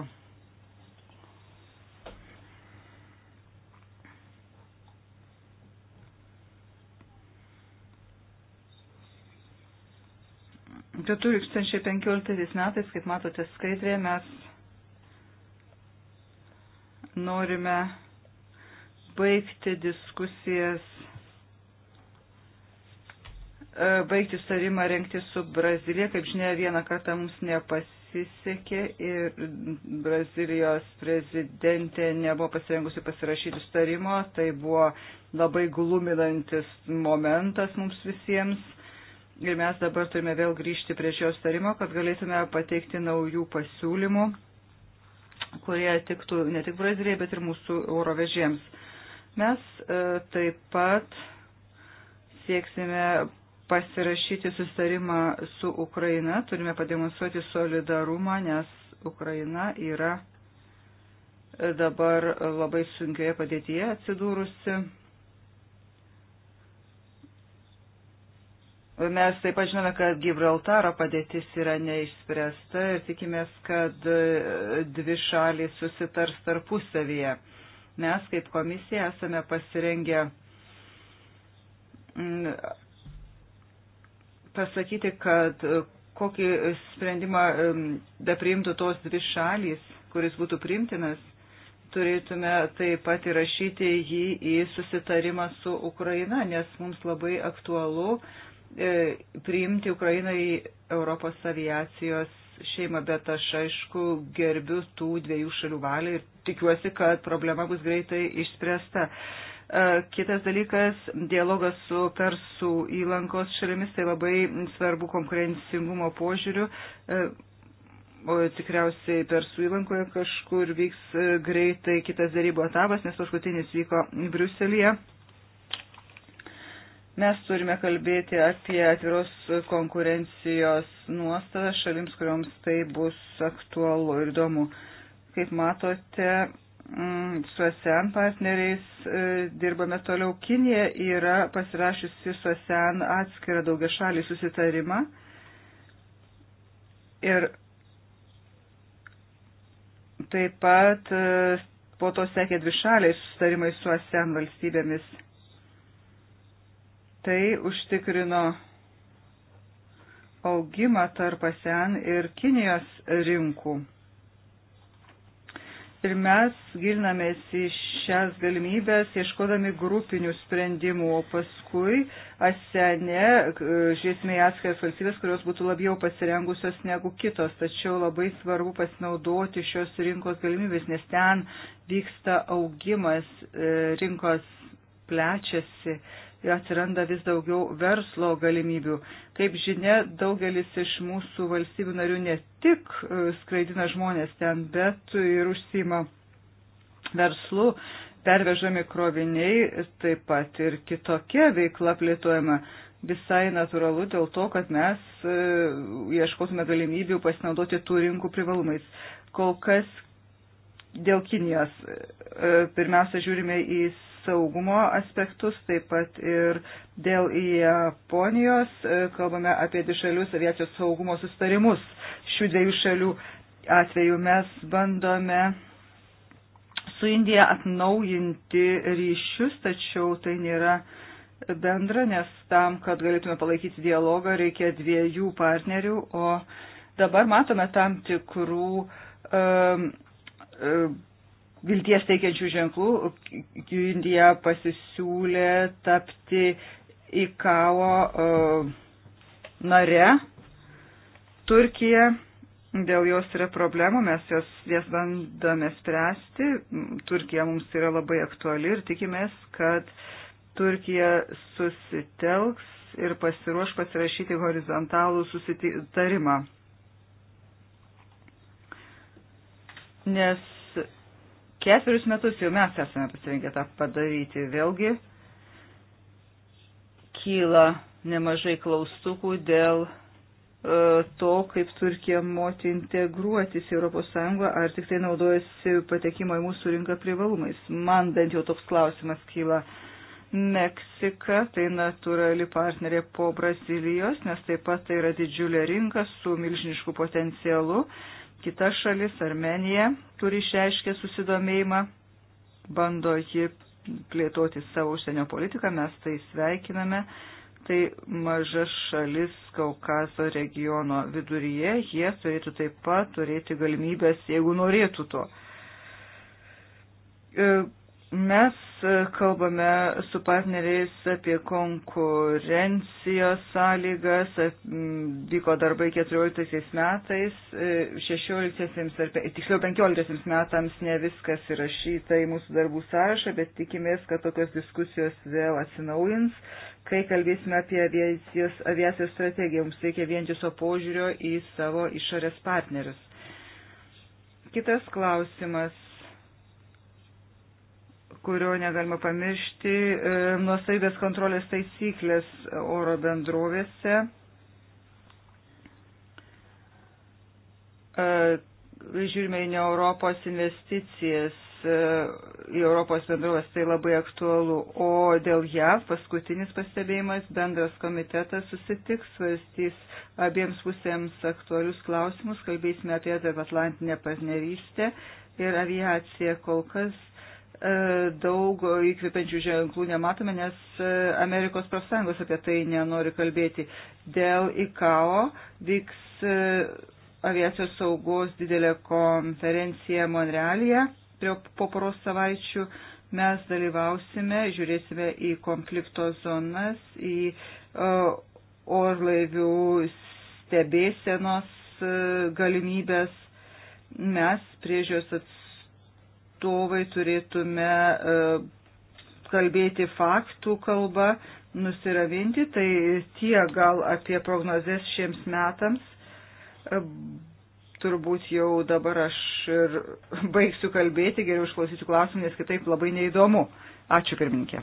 Kad 2015 metais, kaip matote skaidrėje, mes norime baigti diskusijas E, baigti starimą renkti su Brazilija. Kaip žinia, vieną kartą mums nepasisekė ir Brazilijos prezidentė nebuvo pasirengusi pasirašyti starimo. Tai buvo labai gluminantis momentas mums visiems. Ir mes dabar turime vėl grįžti prie šio starimo, kad galėtume pateikti naujų pasiūlymų, kurie tiktų ne tik Brazilijai, bet ir mūsų eurovežėms. Mes e, taip pat sieksime pasirašyti sustarimą su Ukraina, turime pademonstruoti solidarumą, nes Ukraina yra dabar labai sunkioje padėtyje atsidūrusi. Mes taip pat žinome, kad Gibraltaro padėtis yra neišspręsta ir tikimės, kad dvi šalys susitars tarpusavyje. Mes kaip komisija esame pasirengę pasakyti, kad e, kokį sprendimą be priimtų tos dvi šalys, kuris būtų priimtinas, turėtume taip pat įrašyti jį į susitarimą su Ukraina, nes mums labai aktualu e, priimti Ukrainą į Europos aviacijos šeimą, bet aš aišku gerbiu tų dviejų šalių valią ir tikiuosi, kad problema bus greitai išspręsta. E, kitas dalykas - dialogas su Persų įlankos šalimis, tai labai svarbu konkurencingumo požiūriu. E, o tikriausiai Persų įlankoje kažkur vyks e, greitai kitas darybo etapas, nes paskutinis vyko Briuselėje. Mes turime kalbėti apie atviros konkurencijos nuostatą šalims, kuriuoms tai bus aktualu ir įdomu. Kaip matote, Mm, su ASEAN partneriais e, dirbame toliau. Kinija yra pasirašiusi su ASEAN atskirą daugia šalį susitarimą ir taip pat e, po to sekė dvi šaliai susitarimai su ASEAN valstybėmis. Tai užtikrino augimą tarp ASEAN ir Kinijos rinkų. Ir mes gilinamės į šias galimybės, ieškodami grupinių sprendimų, o paskui asene žiūrėsime į atskiras valstybės, kurios būtų labiau pasirengusios negu kitos. Tačiau labai svarbu pasinaudoti šios rinkos galimybės, nes ten vyksta augimas, e, rinkos plečiasi atsiranda vis daugiau verslo galimybių. Kaip žinia, daugelis iš mūsų valstybių narių ne tik e, skraidina žmonės ten, bet ir užsima verslu, pervežami kroviniai, taip pat ir kitokia veikla plėtojama. Visai natūralu dėl to, kad mes e, ieškotume galimybių pasinaudoti tų rinkų privalumais. Kol kas dėl Kinijos. E, pirmiausia, žiūrime į saugumo aspektus, taip pat ir dėl Japonijos. E, kalbame apie dišalius aviacijos saugumo sustarimus. Šių dviejų šalių atveju mes bandome su Indija atnaujinti ryšius, tačiau tai nėra bendra, nes tam, kad galėtume palaikyti dialogą, reikia dviejų partnerių, o dabar matome tam tikrų um, um, vilties teikiančių ženklų. Indija pasisiūlė tapti IKAO e, nare. Turkija dėl jos yra problemų, mes jas, jas bandome spręsti. Turkija mums yra labai aktuali ir tikimės, kad Turkija susitelks ir pasiruoš pasirašyti horizontalų susitarimą. Nes ketverius metus jau mes esame pasirengę tą padaryti. Vėlgi kyla nemažai klaustukų dėl e, to, kaip Turkija moti integruotis į ES, ar tik tai naudojasi patekimo į mūsų rinką privalumais. Man bent jau toks klausimas kyla. Meksika tai natūrali partnerė po Brazilijos, nes taip pat tai yra didžiulė rinka su milžinišku potencialu. Uh, Kita šalis, Armenija, turi išreiškę susidomėjimą, bando ji plėtoti savo užsienio politiką, mes tai sveikiname. Tai maža šalis Kaukazo regiono viduryje, jie turėtų taip pat turėti galimybės, jeigu norėtų to. E, Mes e, kalbame su partneriais apie konkurencijos sąlygas, vyko darbai 14 metais, 16 e, ar tiksliau 15 metams ne viskas įrašyta į mūsų darbų sąrašą, bet tikimės, kad tokios diskusijos vėl atsinaujins. Kai kalbėsime apie aviacijos, aviacijos strategiją, mums reikia vientiso požiūrio į savo išorės partnerius. Kitas klausimas kurio negalima pamiršti, e, nuosaibės kontrolės taisyklės oro bendrovėse. E, žiūrime į ne Europos investicijas, e, į Europos bendrovės tai labai aktualu. O dėl JAV paskutinis pastebėjimas bendras komitetas susitiks, svarstys abiems pusėms aktualius klausimus, kalbėsime apie Atlantinę partnerystę ir aviaciją. Kol kas E, daug įkvepiančių ženklų nematome, nes e, Amerikos profsąjungos apie tai nenori kalbėti. Dėl ICAO vyks e, aviacijos saugos didelė konferencija Monrealija. Po poros savaičių mes dalyvausime, žiūrėsime į konflikto zonas, į orlaivių stebėsenos galimybės. Mes priežios atstovai atstovai turėtume e, kalbėti faktų kalbą, nusiravinti, tai tie gal apie prognozes šiems metams. E, turbūt jau dabar aš ir baigsiu kalbėti, geriau išklausysiu klausimą, nes kitaip labai neįdomu. Ačiū pirmininkė.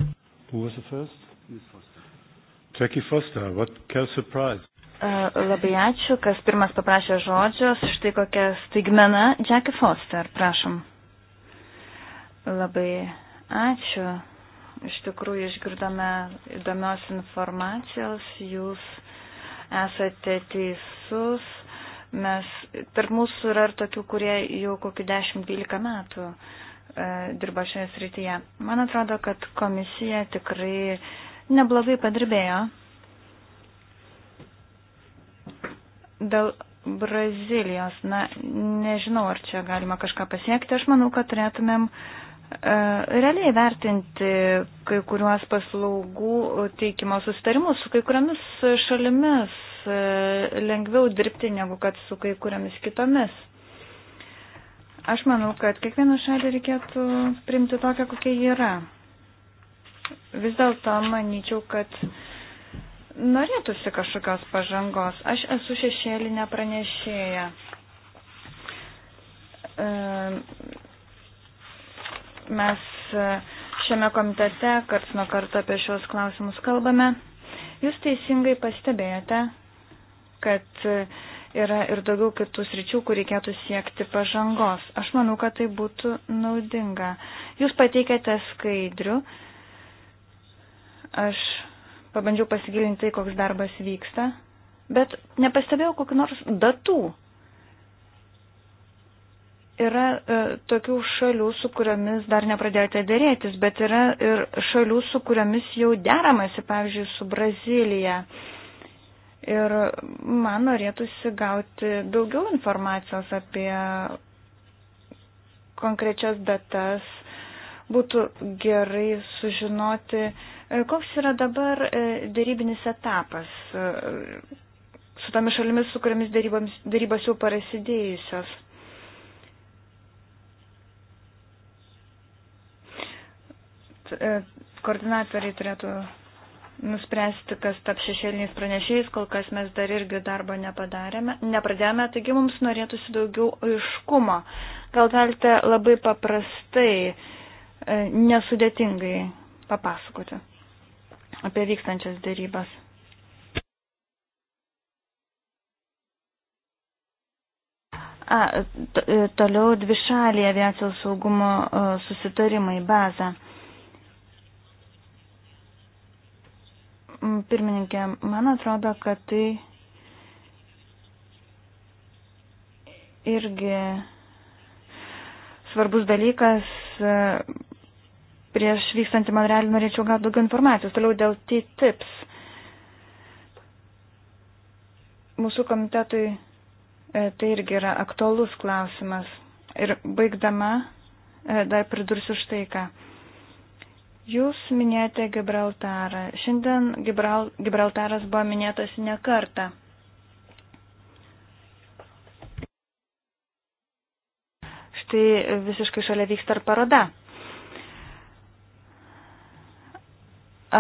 Jackie Foster, what can surprise? Uh, labai ačiū, kas pirmas paprašė žodžios. Štai kokia staigmena. Jackie Foster, prašom. Labai ačiū. Iš tikrųjų išgirdome įdomios informacijos. Jūs esate teisus. Mes, tarp mūsų yra ir tokių, kurie jau kokį 10-12 metų e, dirba šioje srityje. Man atrodo, kad komisija tikrai neblogai padirbėjo. Dėl Brazilijos, na, nežinau, ar čia galima kažką pasiekti, aš manau, kad turėtumėm E, realiai vertinti kai kuriuos paslaugų teikimo sustarimus su kai kuriamis šalimis e, lengviau dirbti negu kad su kai kuriamis kitomis. Aš manau, kad kiekvieną šalį reikėtų priimti tokią, kokia ji yra. Vis dėlto manyčiau, kad norėtųsi kažkokios pažangos. Aš esu šešėlinė pranešėja. E, Mes e, šiame komitete karts nuo karto apie šios klausimus kalbame. Jūs teisingai pastebėjote, kad e, yra ir daugiau kitų sričių, kur reikėtų siekti pažangos. Aš manau, kad tai būtų naudinga. Jūs pateikėte skaidrių. Aš pabandžiau pasigilinti tai, koks darbas vyksta, bet nepastebėjau kokiu nors datų Yra e, tokių šalių, su kuriomis dar nepradėjote dėrėtis, bet yra ir šalių, su kuriomis jau deramasi, pavyzdžiui, su Brazilija. Ir man norėtųsi gauti daugiau informacijos apie konkrečias datas. Būtų gerai sužinoti, e, koks yra dabar e, dėrybinis etapas e, su tomis šalimis, su kuriamis dėrybos jau prasidėjusios. E, koordinatoriai turėtų nuspręsti, kas tap šešėliniais pranešėjais, kol kas mes dar irgi darbo nepadarėme, nepradėjome, taigi mums norėtųsi daugiau aiškumo. Gal galite labai paprastai, e, nesudėtingai papasakoti apie vykstančias dėrybas. A, e, toliau dvišalį aviacijos saugumo susitarimai bazą. Mm, pirmininkė, man atrodo, kad tai irgi svarbus dalykas. E, prieš vykstant į Monrealį norėčiau gauti daugiau informacijos. Toliau dėl T-tips. Mūsų komitetui e, tai irgi yra aktualus klausimas. Ir baigdama e, dar pridursiu štai ką. Jūs minėjote Gibraltarą. Šiandien Gibral Gibraltaras buvo minėtas ne kartą. Štai visiškai šalia vyksta ir paroda.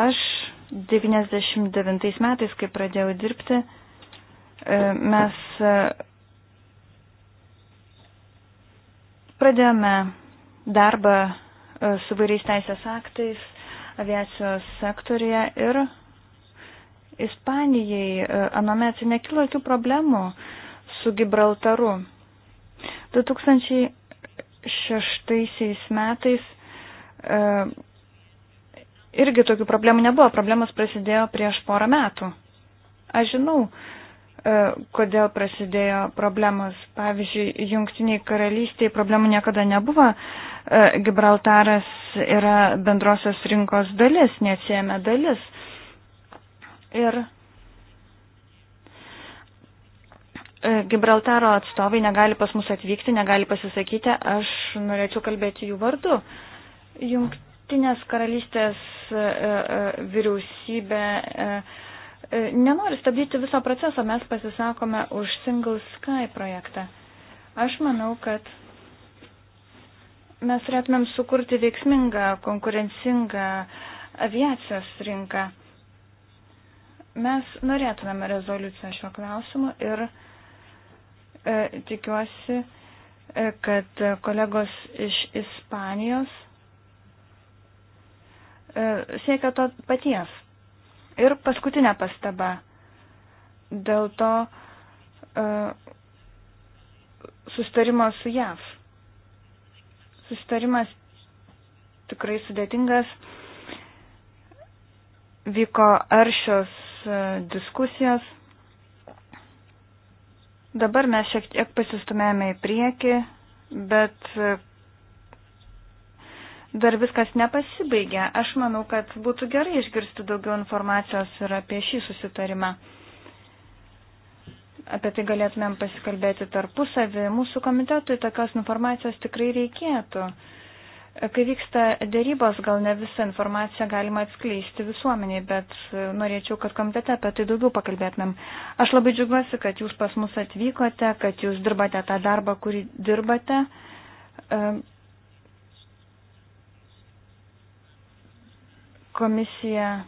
Aš 99 metais, kai pradėjau dirbti, e, mes e, pradėjome darbą su vairiais teisės aktais aviacijos sektorija ir Ispanijai e, anomet nekilo jokių problemų su Gibraltaru. 2006 metais e, irgi tokių problemų nebuvo, problemos prasidėjo prieš porą metų. Aš žinau, E, kodėl prasidėjo problemos. Pavyzdžiui, jungtiniai karalystiai problemų niekada nebuvo. E, Gibraltaras yra bendrosios rinkos dalis, neatsiejame dalis. Ir e, Gibraltaro atstovai negali pas mus atvykti, negali pasisakyti, aš norėčiau kalbėti jų vardu. Jungtinės karalystės vyriausybė E, Nenoriu stabdyti viso proceso, mes pasisakome už Single Sky projektą. Aš manau, kad mes turėtumėm sukurti veiksmingą, konkurencingą aviacijos rinką. Mes norėtumėm rezoliuciją šio klausimu ir e, tikiuosi, e, kad kolegos iš Ispanijos e, siekia to paties Ir paskutinė pastaba. Dėl to uh, sustarimo su JAV. Sustarimas tikrai sudėtingas. Vyko aršios e, diskusijos. Dabar mes šiek tiek pasistumėjome į priekį, bet e, dar viskas nepasibaigė. Aš manau, kad būtų gerai išgirsti daugiau informacijos ir apie šį susitarimą. Apie tai galėtumėm pasikalbėti tarpusavį. Mūsų komitetui tokios informacijos tikrai reikėtų. Kai vyksta dėrybos, gal ne visą informaciją galima atskleisti visuomeniai, bet norėčiau, kad komitete apie tai daugiau pakalbėtumėm. Aš labai džiugiuosi, kad jūs pas mus atvykote, kad jūs dirbate tą darbą, kurį dirbate ehm, Komisija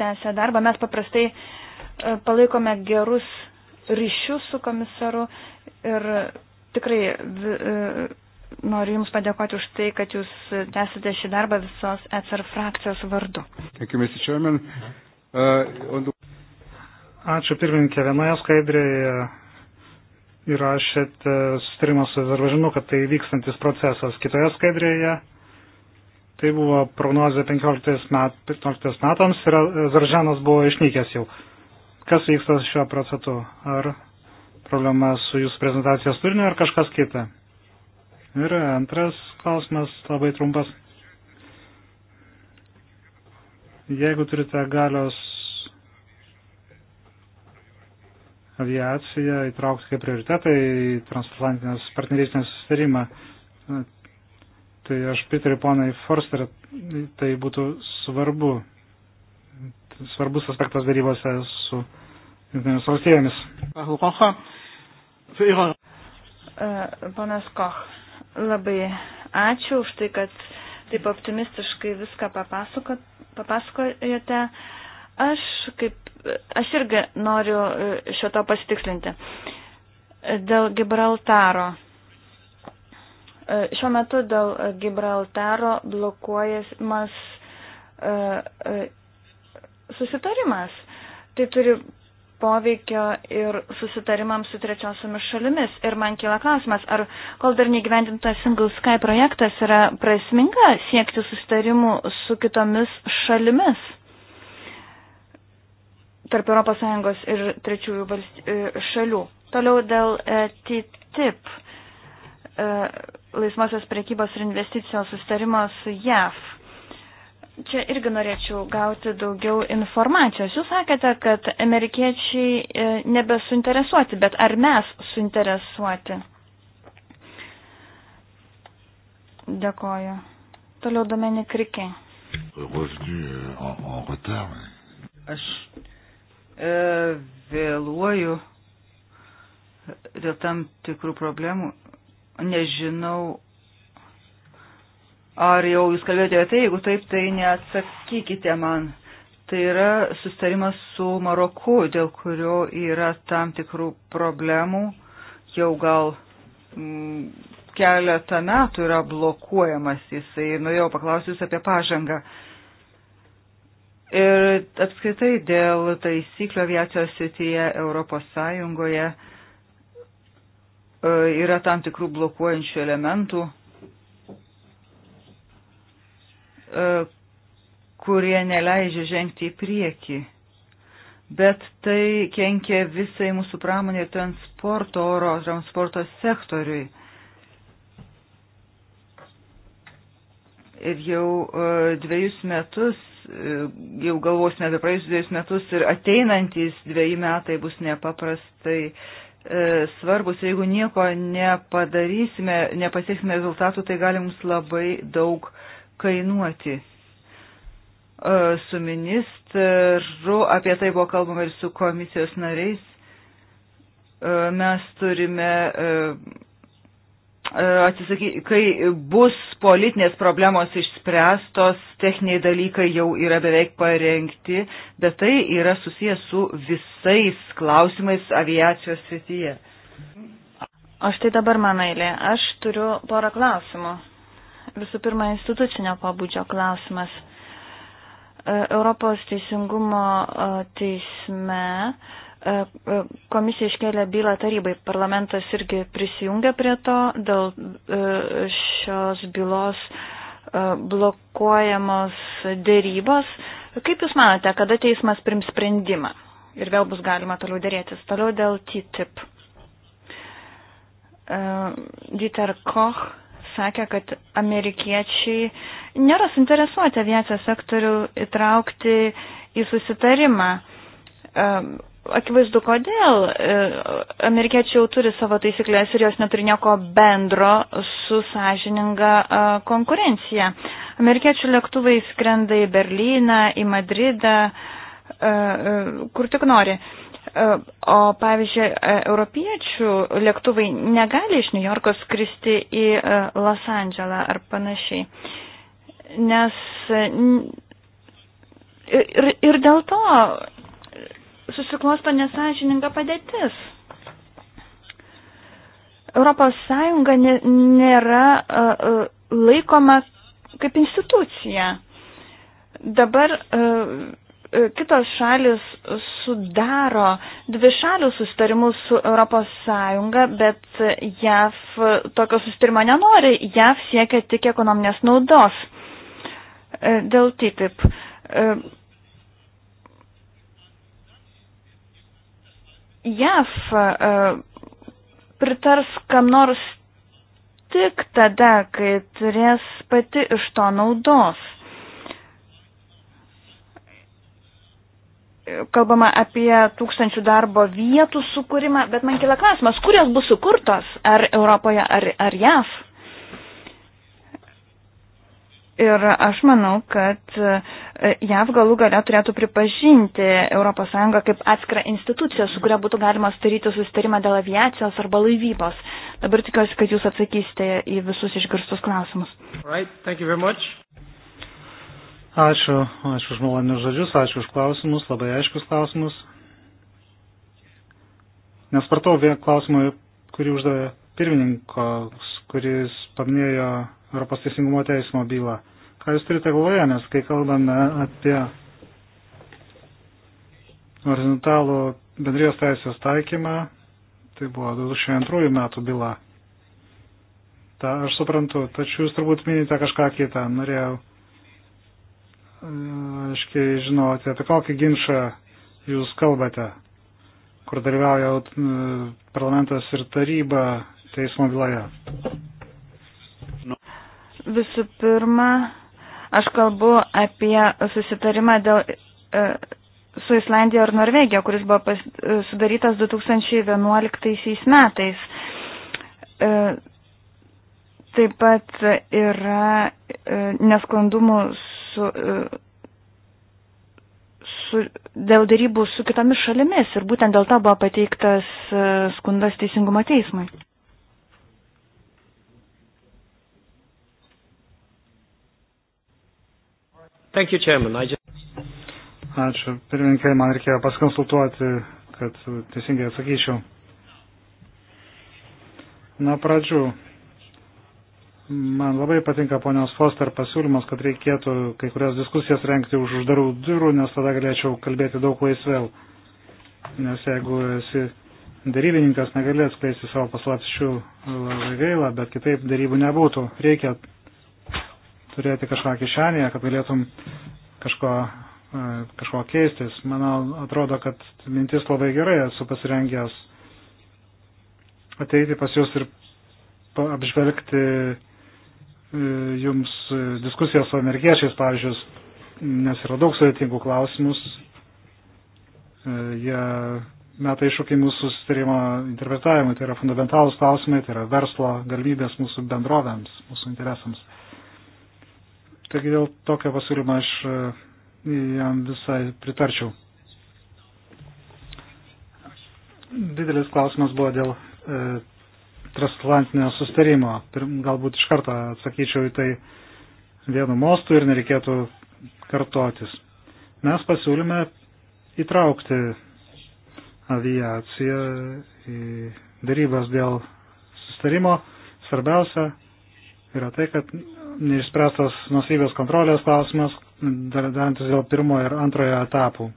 tęsia darbą. Mes paprastai e, palaikome gerus ryšius su komisaru ir tikrai e, noriu Jums padėkoti už tai, kad Jūs tęsite šį darbą visos ECR frakcijos vardu. Uh, Ačiū pirmininkė. Vienoje skaidrėje įrašėte sustarimą su Azerbaidžanu, kad tai vykstantis procesas. Kitoje skaidrėje Tai buvo prognozija 15, met, 15 metams ir e, Zaržanas buvo išnykęs jau. Kas vyksta šiuo procesu? Ar problema su jūsų prezentacijos turiniu ar kažkas kita? Ir antras klausimas labai trumpas. Jeigu turite galios aviaciją įtraukti kaip prioritetą į transatlantinės partnerystės sustarimą, Tai aš pritariu ponai Forster, tai būtų svarbu, svarbus aspektas darybose su Junktinėmis valstybėmis. E, ponas Koch, labai ačiū už tai, kad taip optimistiškai viską papasakojate. Aš, kaip, aš irgi noriu e, šio to pasitikslinti. Dėl Gibraltaro E, šiuo metu dėl Gibraltaro blokuojamas e, e, susitarimas. Tai turi poveikio ir susitarimams su trečiosiomis šalimis. Ir man kyla klausimas, ar kol dar negyvendintas Single Sky projektas yra prasminga siekti susitarimų su kitomis šalimis tarp ES ir trečiųjų valst... šalių. Toliau dėl TTIP laisvosios prekybos ir investicijos sustarimas su JAV. Čia irgi norėčiau gauti daugiau informacijos. Jūs sakėte, kad amerikiečiai e, nebesuinteresuoti, bet ar mes suinteresuoti? Dėkoju. Toliau Domenik Rikė. E, Aš e, vėluoju dėl tam tikrų problemų Nežinau, ar jau jūs kalbėjote apie tai, jeigu taip, tai neatsakykite man. Tai yra sustarimas su Maroku, dėl kurio yra tam tikrų problemų, jau gal m, mm, keletą metų yra blokuojamas jisai, norėjau paklausti jūs apie pažangą. Ir apskritai dėl taisyklių aviacijos srityje Europos Sąjungoje E, yra tam tikrų blokuojančių elementų, e, kurie neleidžia žengti į priekį. Bet tai kenkia visai mūsų pramonė ir transporto, oro transporto sektoriui. Ir jau e, dviejus metus, jau galvosime apie praėjusius dviejus metus ir ateinantys dviejai metai bus nepaprastai E, svarbus. Jeigu nieko nepadarysime, nepasieksime rezultatų, tai gali mums labai daug kainuoti. E, su ministru apie tai buvo kalbama ir su komisijos nariais. E, mes turime E, atsisaky, kai bus politinės problemos išspręstos, techniniai dalykai jau yra beveik parengti, bet tai yra susijęs su visais klausimais aviacijos srityje. O štai dabar mano eilė. Aš turiu porą klausimų. Visų pirma, institucinio pabudžio klausimas. E, Europos teisingumo e, teisme E, e, komisija iškėlė bylą tarybai, parlamentas irgi prisijungia prie to, dėl e, šios bylos blokuojamos dėrybos. Kaip Jūs manote, kada teismas prims sprendimą ir vėl bus galima toliau dėrėtis? Toliau dėl TTIP. Dieter Koch sakė, kad amerikiečiai nėra suinteresuoti aviacijos sektorių įtraukti į susitarimą akivaizdu, kodėl e, amerikiečiai jau turi savo taisyklės ir jos neturi nieko bendro su sąžininga e, konkurencija. Amerikiečių lėktuvai skrenda į Berliną, į Madridą, e, kur tik nori. O pavyzdžiui, europiečių lėktuvai negali iš New Yorko skristi į Los Andželą ar panašiai. Nes ir, ir dėl to susiklosto nesažininga padėtis. Europos Sąjunga nėra laikoma kaip institucija. Dabar kitos šalis sudaro dvi šalių sustarimus su Europos Sąjunga, bet JAV tokio sustarimo nenori. JAV siekia tik ekonominės naudos. E, dėl tai taip e, JAF e, pritars kam nors tik tada, kai turės pati iš to naudos. Kalbama apie tūkstančių darbo vietų sukūrimą, bet man kila klausimas, kurios bus sukurtos, ar Europoje, ar, ar JAF? Ir aš manau, kad e, JAV galų galia turėtų pripažinti ES kaip atskirą instituciją, su kuria būtų galima staryti susitarimą dėl aviacijos arba laivybos. Dabar tikiuosi, kad jūs atsakysite į visus išgirstus klausimus. Right. Ačiū, ačiū už malonius žodžius, ačiū už klausimus, labai aiškius klausimus. Nespartau vien klausimui, kurį uždavė pirmininkas, kuris paminėjo Europos teisingumo teismo bylą. Ką jūs turite galvoje, nes kai kalbame apie horizontalų bendrijos teisės taikymą, tai buvo 2002 metų byla. Ta aš suprantu, tačiau jūs turbūt minite kažką kitą. Norėjau e, aiškiai žinoti, apie kokį ginčą jūs kalbate, kur dalyvauja e, parlamentas ir taryba teismo byloje. Visų pirma, aš kalbu apie susitarimą dėl, e, su Islandija ir Norvegija, kuris buvo pas, e, sudarytas 2011 metais. E, taip pat yra nesklandumų su, su, dėl darybų su kitomis šalimis ir būtent dėl to buvo pateiktas skundas Teisingumo teismui. Thank you, Chairman. I just... Ačiū. Pirmininkai, man reikėjo pasikonsultuoti, kad teisingai atsakyčiau. Na, pradžių. Man labai patinka ponios Foster pasiūlymas, kad reikėtų kai kurias diskusijas renkti už uždarų durų, nes tada galėčiau kalbėti daug laisviau. Nes jeigu esi darybininkas, negali atskleisti savo paslapčių labai gaila, bet kitaip darybų nebūtų. Reikia turėti kažką kišenėje, kad galėtum kažko, e, kažko keistis. Man atrodo, kad mintis labai gerai, esu pasirengęs ateiti pas jūs ir apžvelgti e, jums diskusijas su amerikiečiais, pavyzdžiui, nes yra daug sudėtingų klausimus. E, jie meta iššūkį mūsų sustarimo interpretavimui, tai yra fundamentalus klausimai, tai yra verslo galimybės mūsų bendrovėms, mūsų interesams. Taigi dėl tokio pasiūlymo aš e, jam visai pritarčiau. Didelis klausimas buvo dėl e, transatlantinio sustarimo. Galbūt iš karto atsakyčiau į tai vienu mostu ir nereikėtų kartotis. Mes pasiūlyme įtraukti aviaciją į darybas dėl sustarimo. Svarbiausia yra tai, kad neišspręstas nusavybės kontrolės klausimas, darantis dėl pirmojo ir antrojo etapų,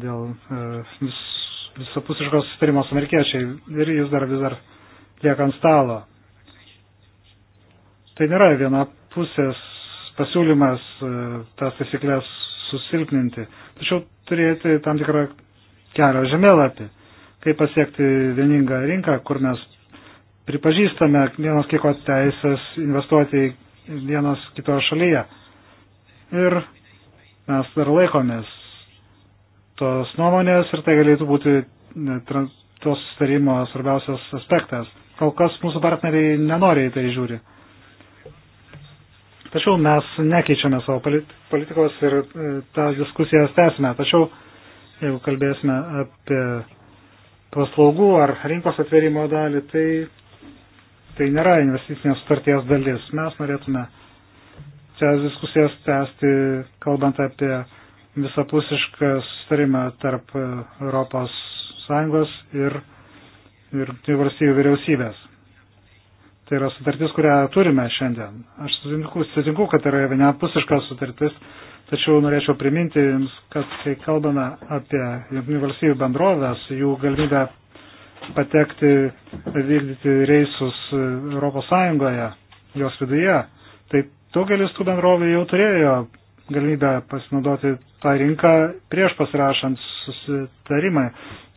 dėl e, vis, visapusiškos sustarimo su amerikiečiai ir jis dar vis dar lieka ant stalo. Tai nėra viena pusės pasiūlymas e, tas taisyklės susilpninti, tačiau turėti tam tikrą kelio žemėlapį, kaip pasiekti vieningą rinką, kur mes pripažįstame vienos kiko teisės investuoti į vienas kitoje šalyje. Ir mes dar laikomės tos nuomonės ir tai galėtų būti tos sustarimo svarbiausias aspektas. Kol kas mūsų partneriai nenori į tai žiūri. Tačiau mes nekeičiame savo politikos ir e, tą diskusiją tęsime. Tačiau jeigu kalbėsime apie paslaugų ar rinkos atverimo dalį, tai tai nėra investicinės sutarties dalis. Mes norėtume šias diskusijas tęsti, kalbant apie visapusišką sustarimą tarp Europos Sąjungos ir, ir valstybių vyriausybės. Tai yra sutartis, kurią turime šiandien. Aš sutinku, sutinku kad yra vienapusiška sutartis, tačiau norėčiau priminti Jums, kad kai kalbame apie jungtinių valstybių bendrovės, jų galimybę patekti, vykdyti reisus ES, jos viduje. Tai daugelis tų bendrovų jau turėjo galimybę pasinaudoti tą rinką prieš pasirašant susitarimą.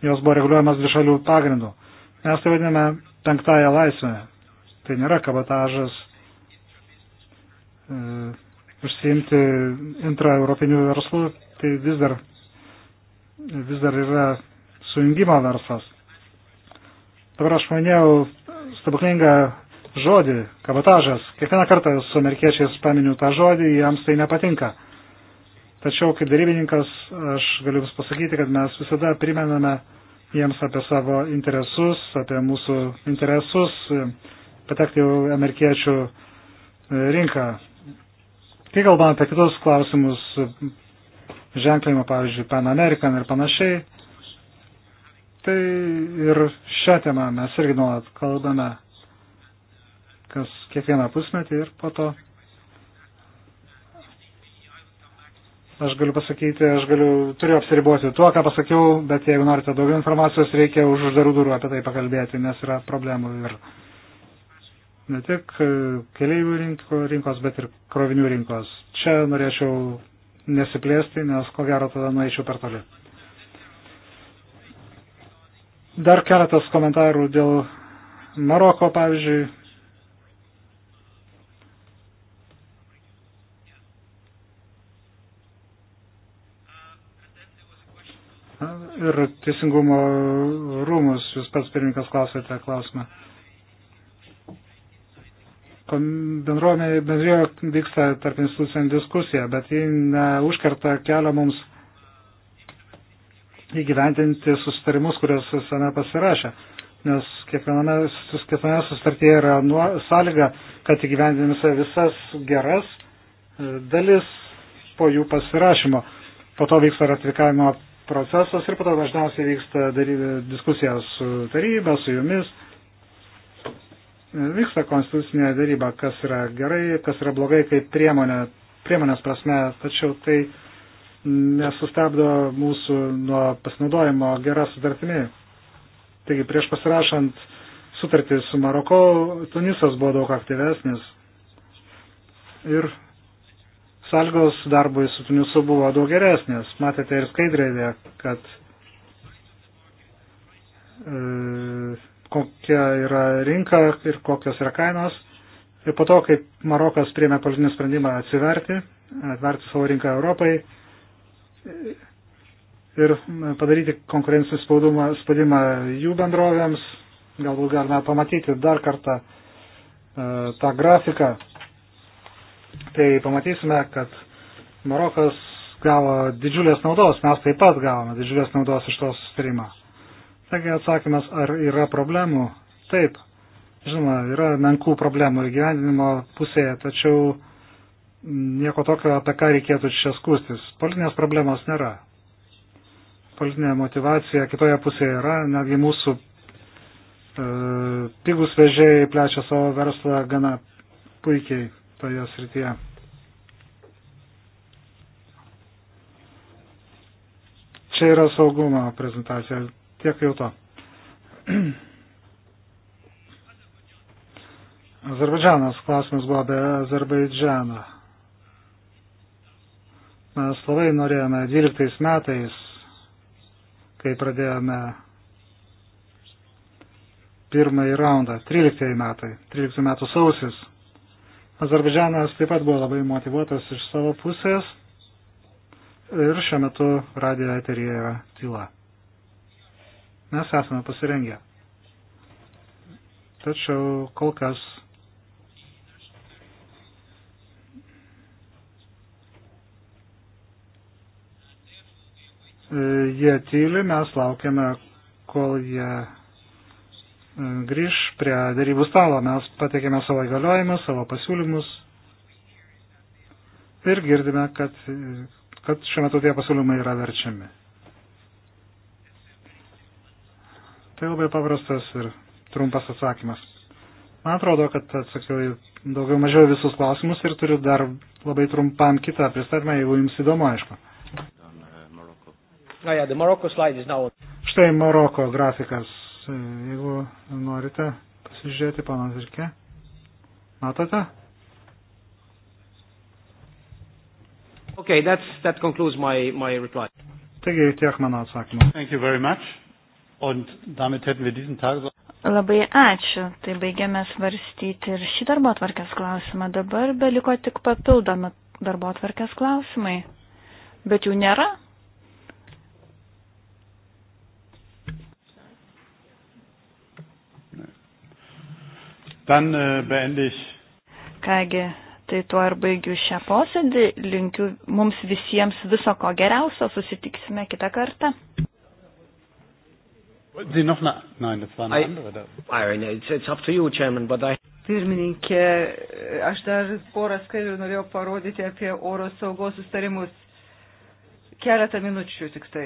Jos buvo reguliuojamas dvišalių pagrindų. Mes tai vadiname penktąją laisvę. Tai nėra kabotažas e, užsiimti intraeuropinių verslų, tai vis dar, vis dar yra sujungimo verslas. Dabar aš maniau stebuklingą žodį, kabotažas. Kiekvieną kartą su amerikiečiais paminiu tą žodį, jiems tai nepatinka. Tačiau kaip darybininkas aš galiu Jums pasakyti, kad mes visada primename jiems apie savo interesus, apie mūsų interesus, patekti į amerikiečių e, rinką. Kai kalbame apie kitus klausimus, ženklinimą, pavyzdžiui, Pan American ir panašiai, Štai ir šią temą mes irgi nuolat kalbame kas kiekvieną pusmetį ir po to. Aš galiu pasakyti, aš galiu, turiu apsiriboti tuo, ką pasakiau, bet jeigu norite daugiau informacijos, reikia už uždarų durų apie tai pakalbėti, nes yra problemų ir ne tik e, keliaivių rinkos, bet ir krovinių rinkos. Čia norėčiau nesiplėsti, nes ko gero tada nueičiau per toli. Dar keletas komentarų dėl Maroko, pavyzdžiui. Ir teisingumo rūmus, jūs pats pirmininkas klausėte klausimą. Bendruomenė vyksta tarp institucijų diskusija, bet ji neužkerta kelio mums įgyventinti sustarimus, kuriuos esame pasirašę. Nes kiekviename, kiekviename sustartyje yra nuo, sąlyga, kad įgyvendinimse visas geras e, dalis po jų pasirašymo. Po to vyksta ratifikavimo procesas ir po to dažniausiai vyksta diskusija su taryba, su jumis. E, vyksta konstitucinė daryba, kas yra gerai, kas yra blogai kaip priemonė, priemonės prasme, tačiau tai nesustabdo mūsų nuo pasinaudojimo gerą sutartimį. Taigi prieš pasirašant sutartį su Maroko, Tunisas buvo daug aktyvesnis ir sąlygos darbui su Tunisu buvo daug geresnės. Matėte ir skaidrėje, kad e, kokia yra rinka ir kokios yra kainos. Ir po to, kaip Marokas priėmė politinį sprendimą atsiverti, atverti savo rinką Europai, ir padaryti konkurencijų spaudimą, spaudimą jų bendrovėms. Galbūt galime pamatyti dar kartą e, tą grafiką. Tai pamatysime, kad Marokas gavo didžiulės naudos, mes taip pat gavome didžiulės naudos iš to sustarimo. Taigi atsakymas, ar yra problemų? Taip, žinoma, yra menkų problemų įgyvendinimo pusėje, tačiau nieko tokio, apie ką reikėtų čia skūstis. Politinės problemos nėra. Politinė motivacija kitoje pusėje yra, netgi mūsų e, pigus vežėjai plečia savo verslą gana puikiai toje srityje. Čia yra saugumo prezentacija. Tiek jau to. Azerbaidžanas klausimas buvo apie Azerbaidžaną mes labai norėjome 12 metais, kai pradėjome pirmąjį raundą, 13 metai, 13 metų sausis. Azerbaidžianas taip pat buvo labai motivuotas iš savo pusės ir šiuo metu radio eterija yra tyla. Mes esame pasirengę. Tačiau kol kas E, jie tyli, mes laukiame, kol jie e, grįž prie darybų stalo. Mes pateikėme savo įgaliojimus, savo pasiūlymus ir girdime, kad, kad šiuo metu tie pasiūlymai yra verčiami. Tai labai paprastas ir trumpas atsakymas. Man atrodo, kad atsakiau daugiau mažiau visus klausimus ir turiu dar labai trumpam kitą pristatymą, jeigu jums įdomu, aišku. Ah, yeah, the Morocco slide is now on. Štai Maroko grafikas. E, jeigu norite pasižiūrėti, panas Irke. Matote? Okay, that's, that concludes my, my reply. Taigi tiek mano atsakymų. Thank you very much. Und damit hätten wir diesen Tag. Labai ačiū. Tai baigiame svarstyti ir šį darbo atvarkės klausimą. Dabar beliko tik papildomi darbo atvarkės klausimai. Bet jų nėra. Dann äh, beende ich. Kągi, tai tuo ir baigiu šią posėdį. Linkiu mums visiems viso ko geriausio. Susitiksime kitą kartą. Sie noch eine, nein, das war eine I, andere. I, it's, it's up to you, Chairman, but I... Pirmininkė, aš dar porą skaidrių norėjau parodyti apie oro saugos sustarimus. Keletą minučių tik tai.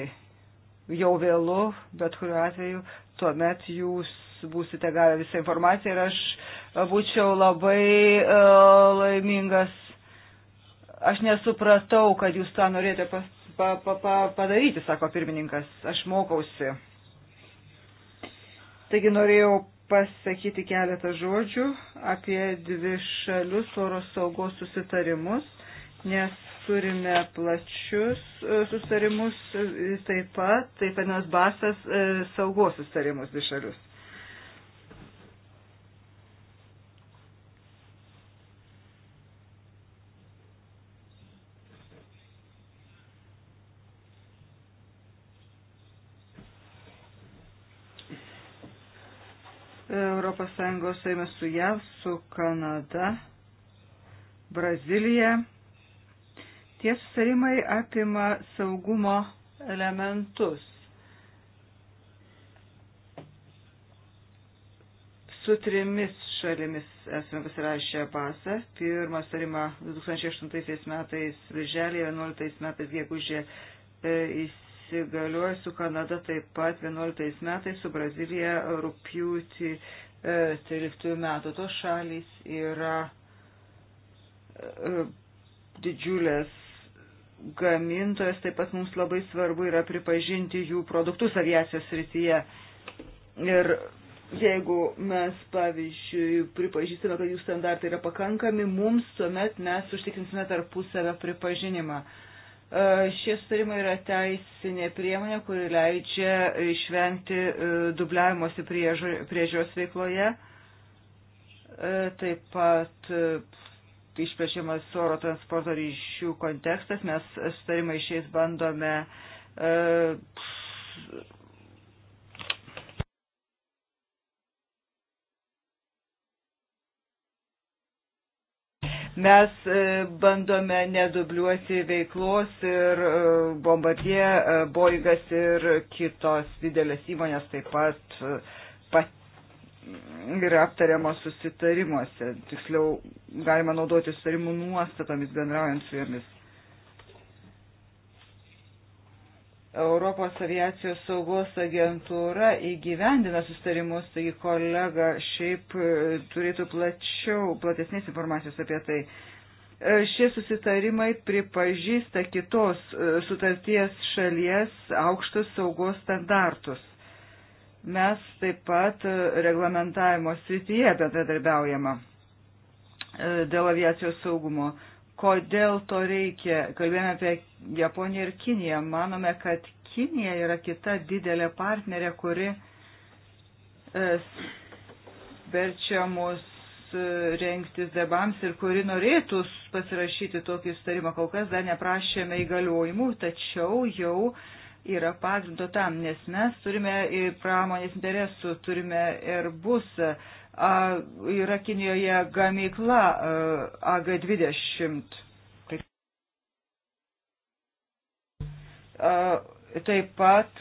Jau vėlu, bet kuriuo atveju, tuomet jūs būsite gavę visą informaciją ir aš būčiau labai e, laimingas. Aš nesupratau, kad jūs tą norėjote pa, pa, pa, padaryti, sako pirmininkas. Aš mokausi. Taigi norėjau pasakyti keletą žodžių apie dvi šalius oro saugos susitarimus, nes turime plačius e, susitarimus e, taip pat, taip pat nes basas saugos susitarimus dvi šalius. ES suėmė su JAV, su Kanada, Brazilija. Tie susarimai apima saugumo elementus. Su trimis šalimis esame pasirašę pasą. Pirmą sarimą 2008 metais virželį, 11 metais gegužė e, įsigaliojo su Kanada taip pat 11 metais, su Brazilija rūpjūti 13 metų. Tos šalys yra e, didžiulės gamintojas, taip pat mums labai svarbu yra pripažinti jų produktus aviacijos srityje. Ir jeigu mes, pavyzdžiui, pripažįstame, kad jų standartai yra pakankami, mums tuomet mes užtikrinsime tarpusavę pripažinimą. Uh, E, šie sutarimai yra teisinė priemonė, kuri leidžia išvengti e, dubliavimuose priežiūros veikloje. E, taip pat išplečiamas oro transporto ryšių kontekstas. Mes sutarimai šiais bandome Mes e, bandome nedubliuoti veiklos ir e, Bombardie, e, Boigas ir kitos didelės įmonės taip pat, pat yra aptariamos susitarimuose. Tiksliau, galima naudoti susitarimų nuostatomis bendraujant su jomis. Europos aviacijos saugos agentūra įgyvendina sustarimus, taigi kolega šiaip e, turėtų plačiau, platesnės informacijos apie tai. E, šie susitarimai pripažįsta kitos e, sutarties šalies aukštus saugos standartus. Mes taip pat reglamentavimo srityje bendradarbiaujama dėl aviacijos saugumo. Kodėl to reikia? Kalbėjome apie Japoniją ir Kiniją. Manome, kad Kinija yra kita didelė partnerė, kuri e, verčia mus e, rengtis debams ir kuri norėtų pasirašyti tokį sustarimą. Kol kas dar neprašėme įgaliojimų, tačiau jau yra pagrindo tam, nes mes turime pramonės interesų, turime ir bus yra Kinijoje gamykla AG20. Tai- taip pat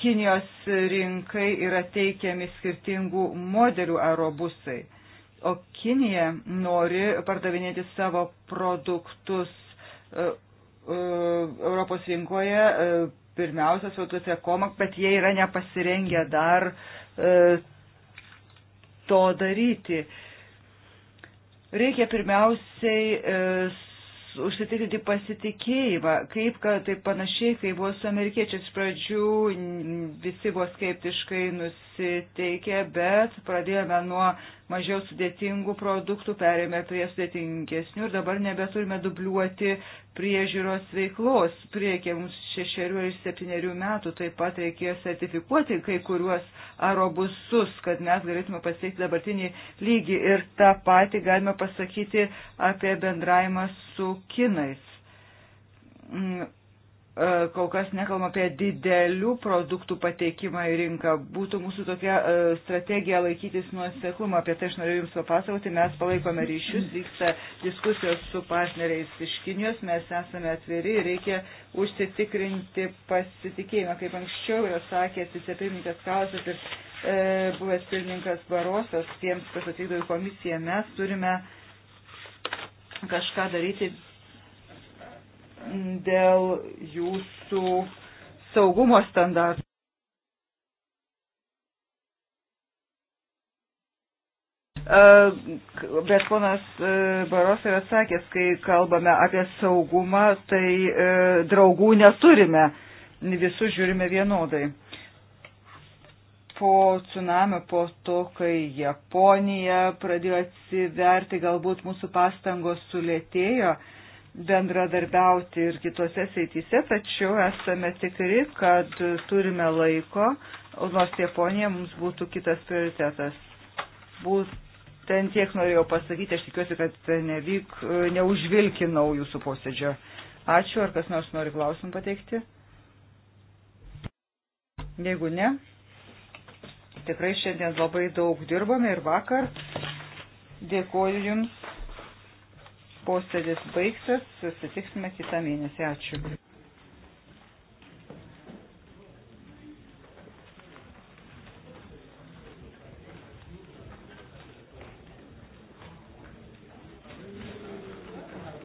Kinijos rinkai yra teikiami skirtingų modelių aerobusai, o Kinija nori pardavinėti savo produktus Europos rinkoje, pirmiausia, su tuose komak, bet jie yra nepasirengę dar to daryti. Reikia pirmiausiai e, užsitikrinti pasitikėjimą, kaip, kad tai panašiai, kai buvo su amerikiečiais pradžių, visi buvo skeptiškai nusiteikę, bet pradėjome nuo mažiau sudėtingų produktų, perėmė prie sudėtingesnių ir dabar nebeturime dubliuoti priežiūros veiklos. Priekia mums šešerių ir septyniarių metų taip pat reikėjo sertifikuoti kai kuriuos arobusus, kad mes galėtume pasiekti dabartinį lygį ir tą patį galime pasakyti apie bendravimą su kinais mm, E, kol kas nekalbam apie didelių produktų pateikimą į rinką. Būtų mūsų tokia e, strategija laikytis nuoseklumą. Apie tai aš noriu Jums papasakoti. Mes palaikome ryšius, vyksta diskusijos su partneriais iš Kinijos, mes esame atviri ir reikia užsitikrinti pasitikėjimą. Kaip anksčiau yra sakęs vicepirmininkas Kalasas ir e, buvęs pirmininkas Barosas, tiems, kas atvykdo į komisiją, mes turime kažką daryti dėl jūsų saugumo standartų. Bet ponas e, Baros yra sakęs, kai kalbame apie saugumą, tai e, draugų neturime, visus žiūrime vienodai. Po tsunami, po to, kai Japonija pradėjo atsiverti, galbūt mūsų pastangos sulėtėjo, uh, bendradarbiauti ir kitose seityse, tačiau esame tikri, kad turime laiko, nors Japonija mums būtų kitas prioritetas. Būtent tiek norėjau pasakyti, aš tikiuosi, kad nevyk, neužvilkinau jūsų posėdžio. Ačiū, ar kas nors nori klausimų pateikti? Jeigu ne, tikrai šiandien labai daug dirbame ir vakar. Dėkuoju Jums posėdis baigtas, susitiksime kitą mėnesį. Ačiū.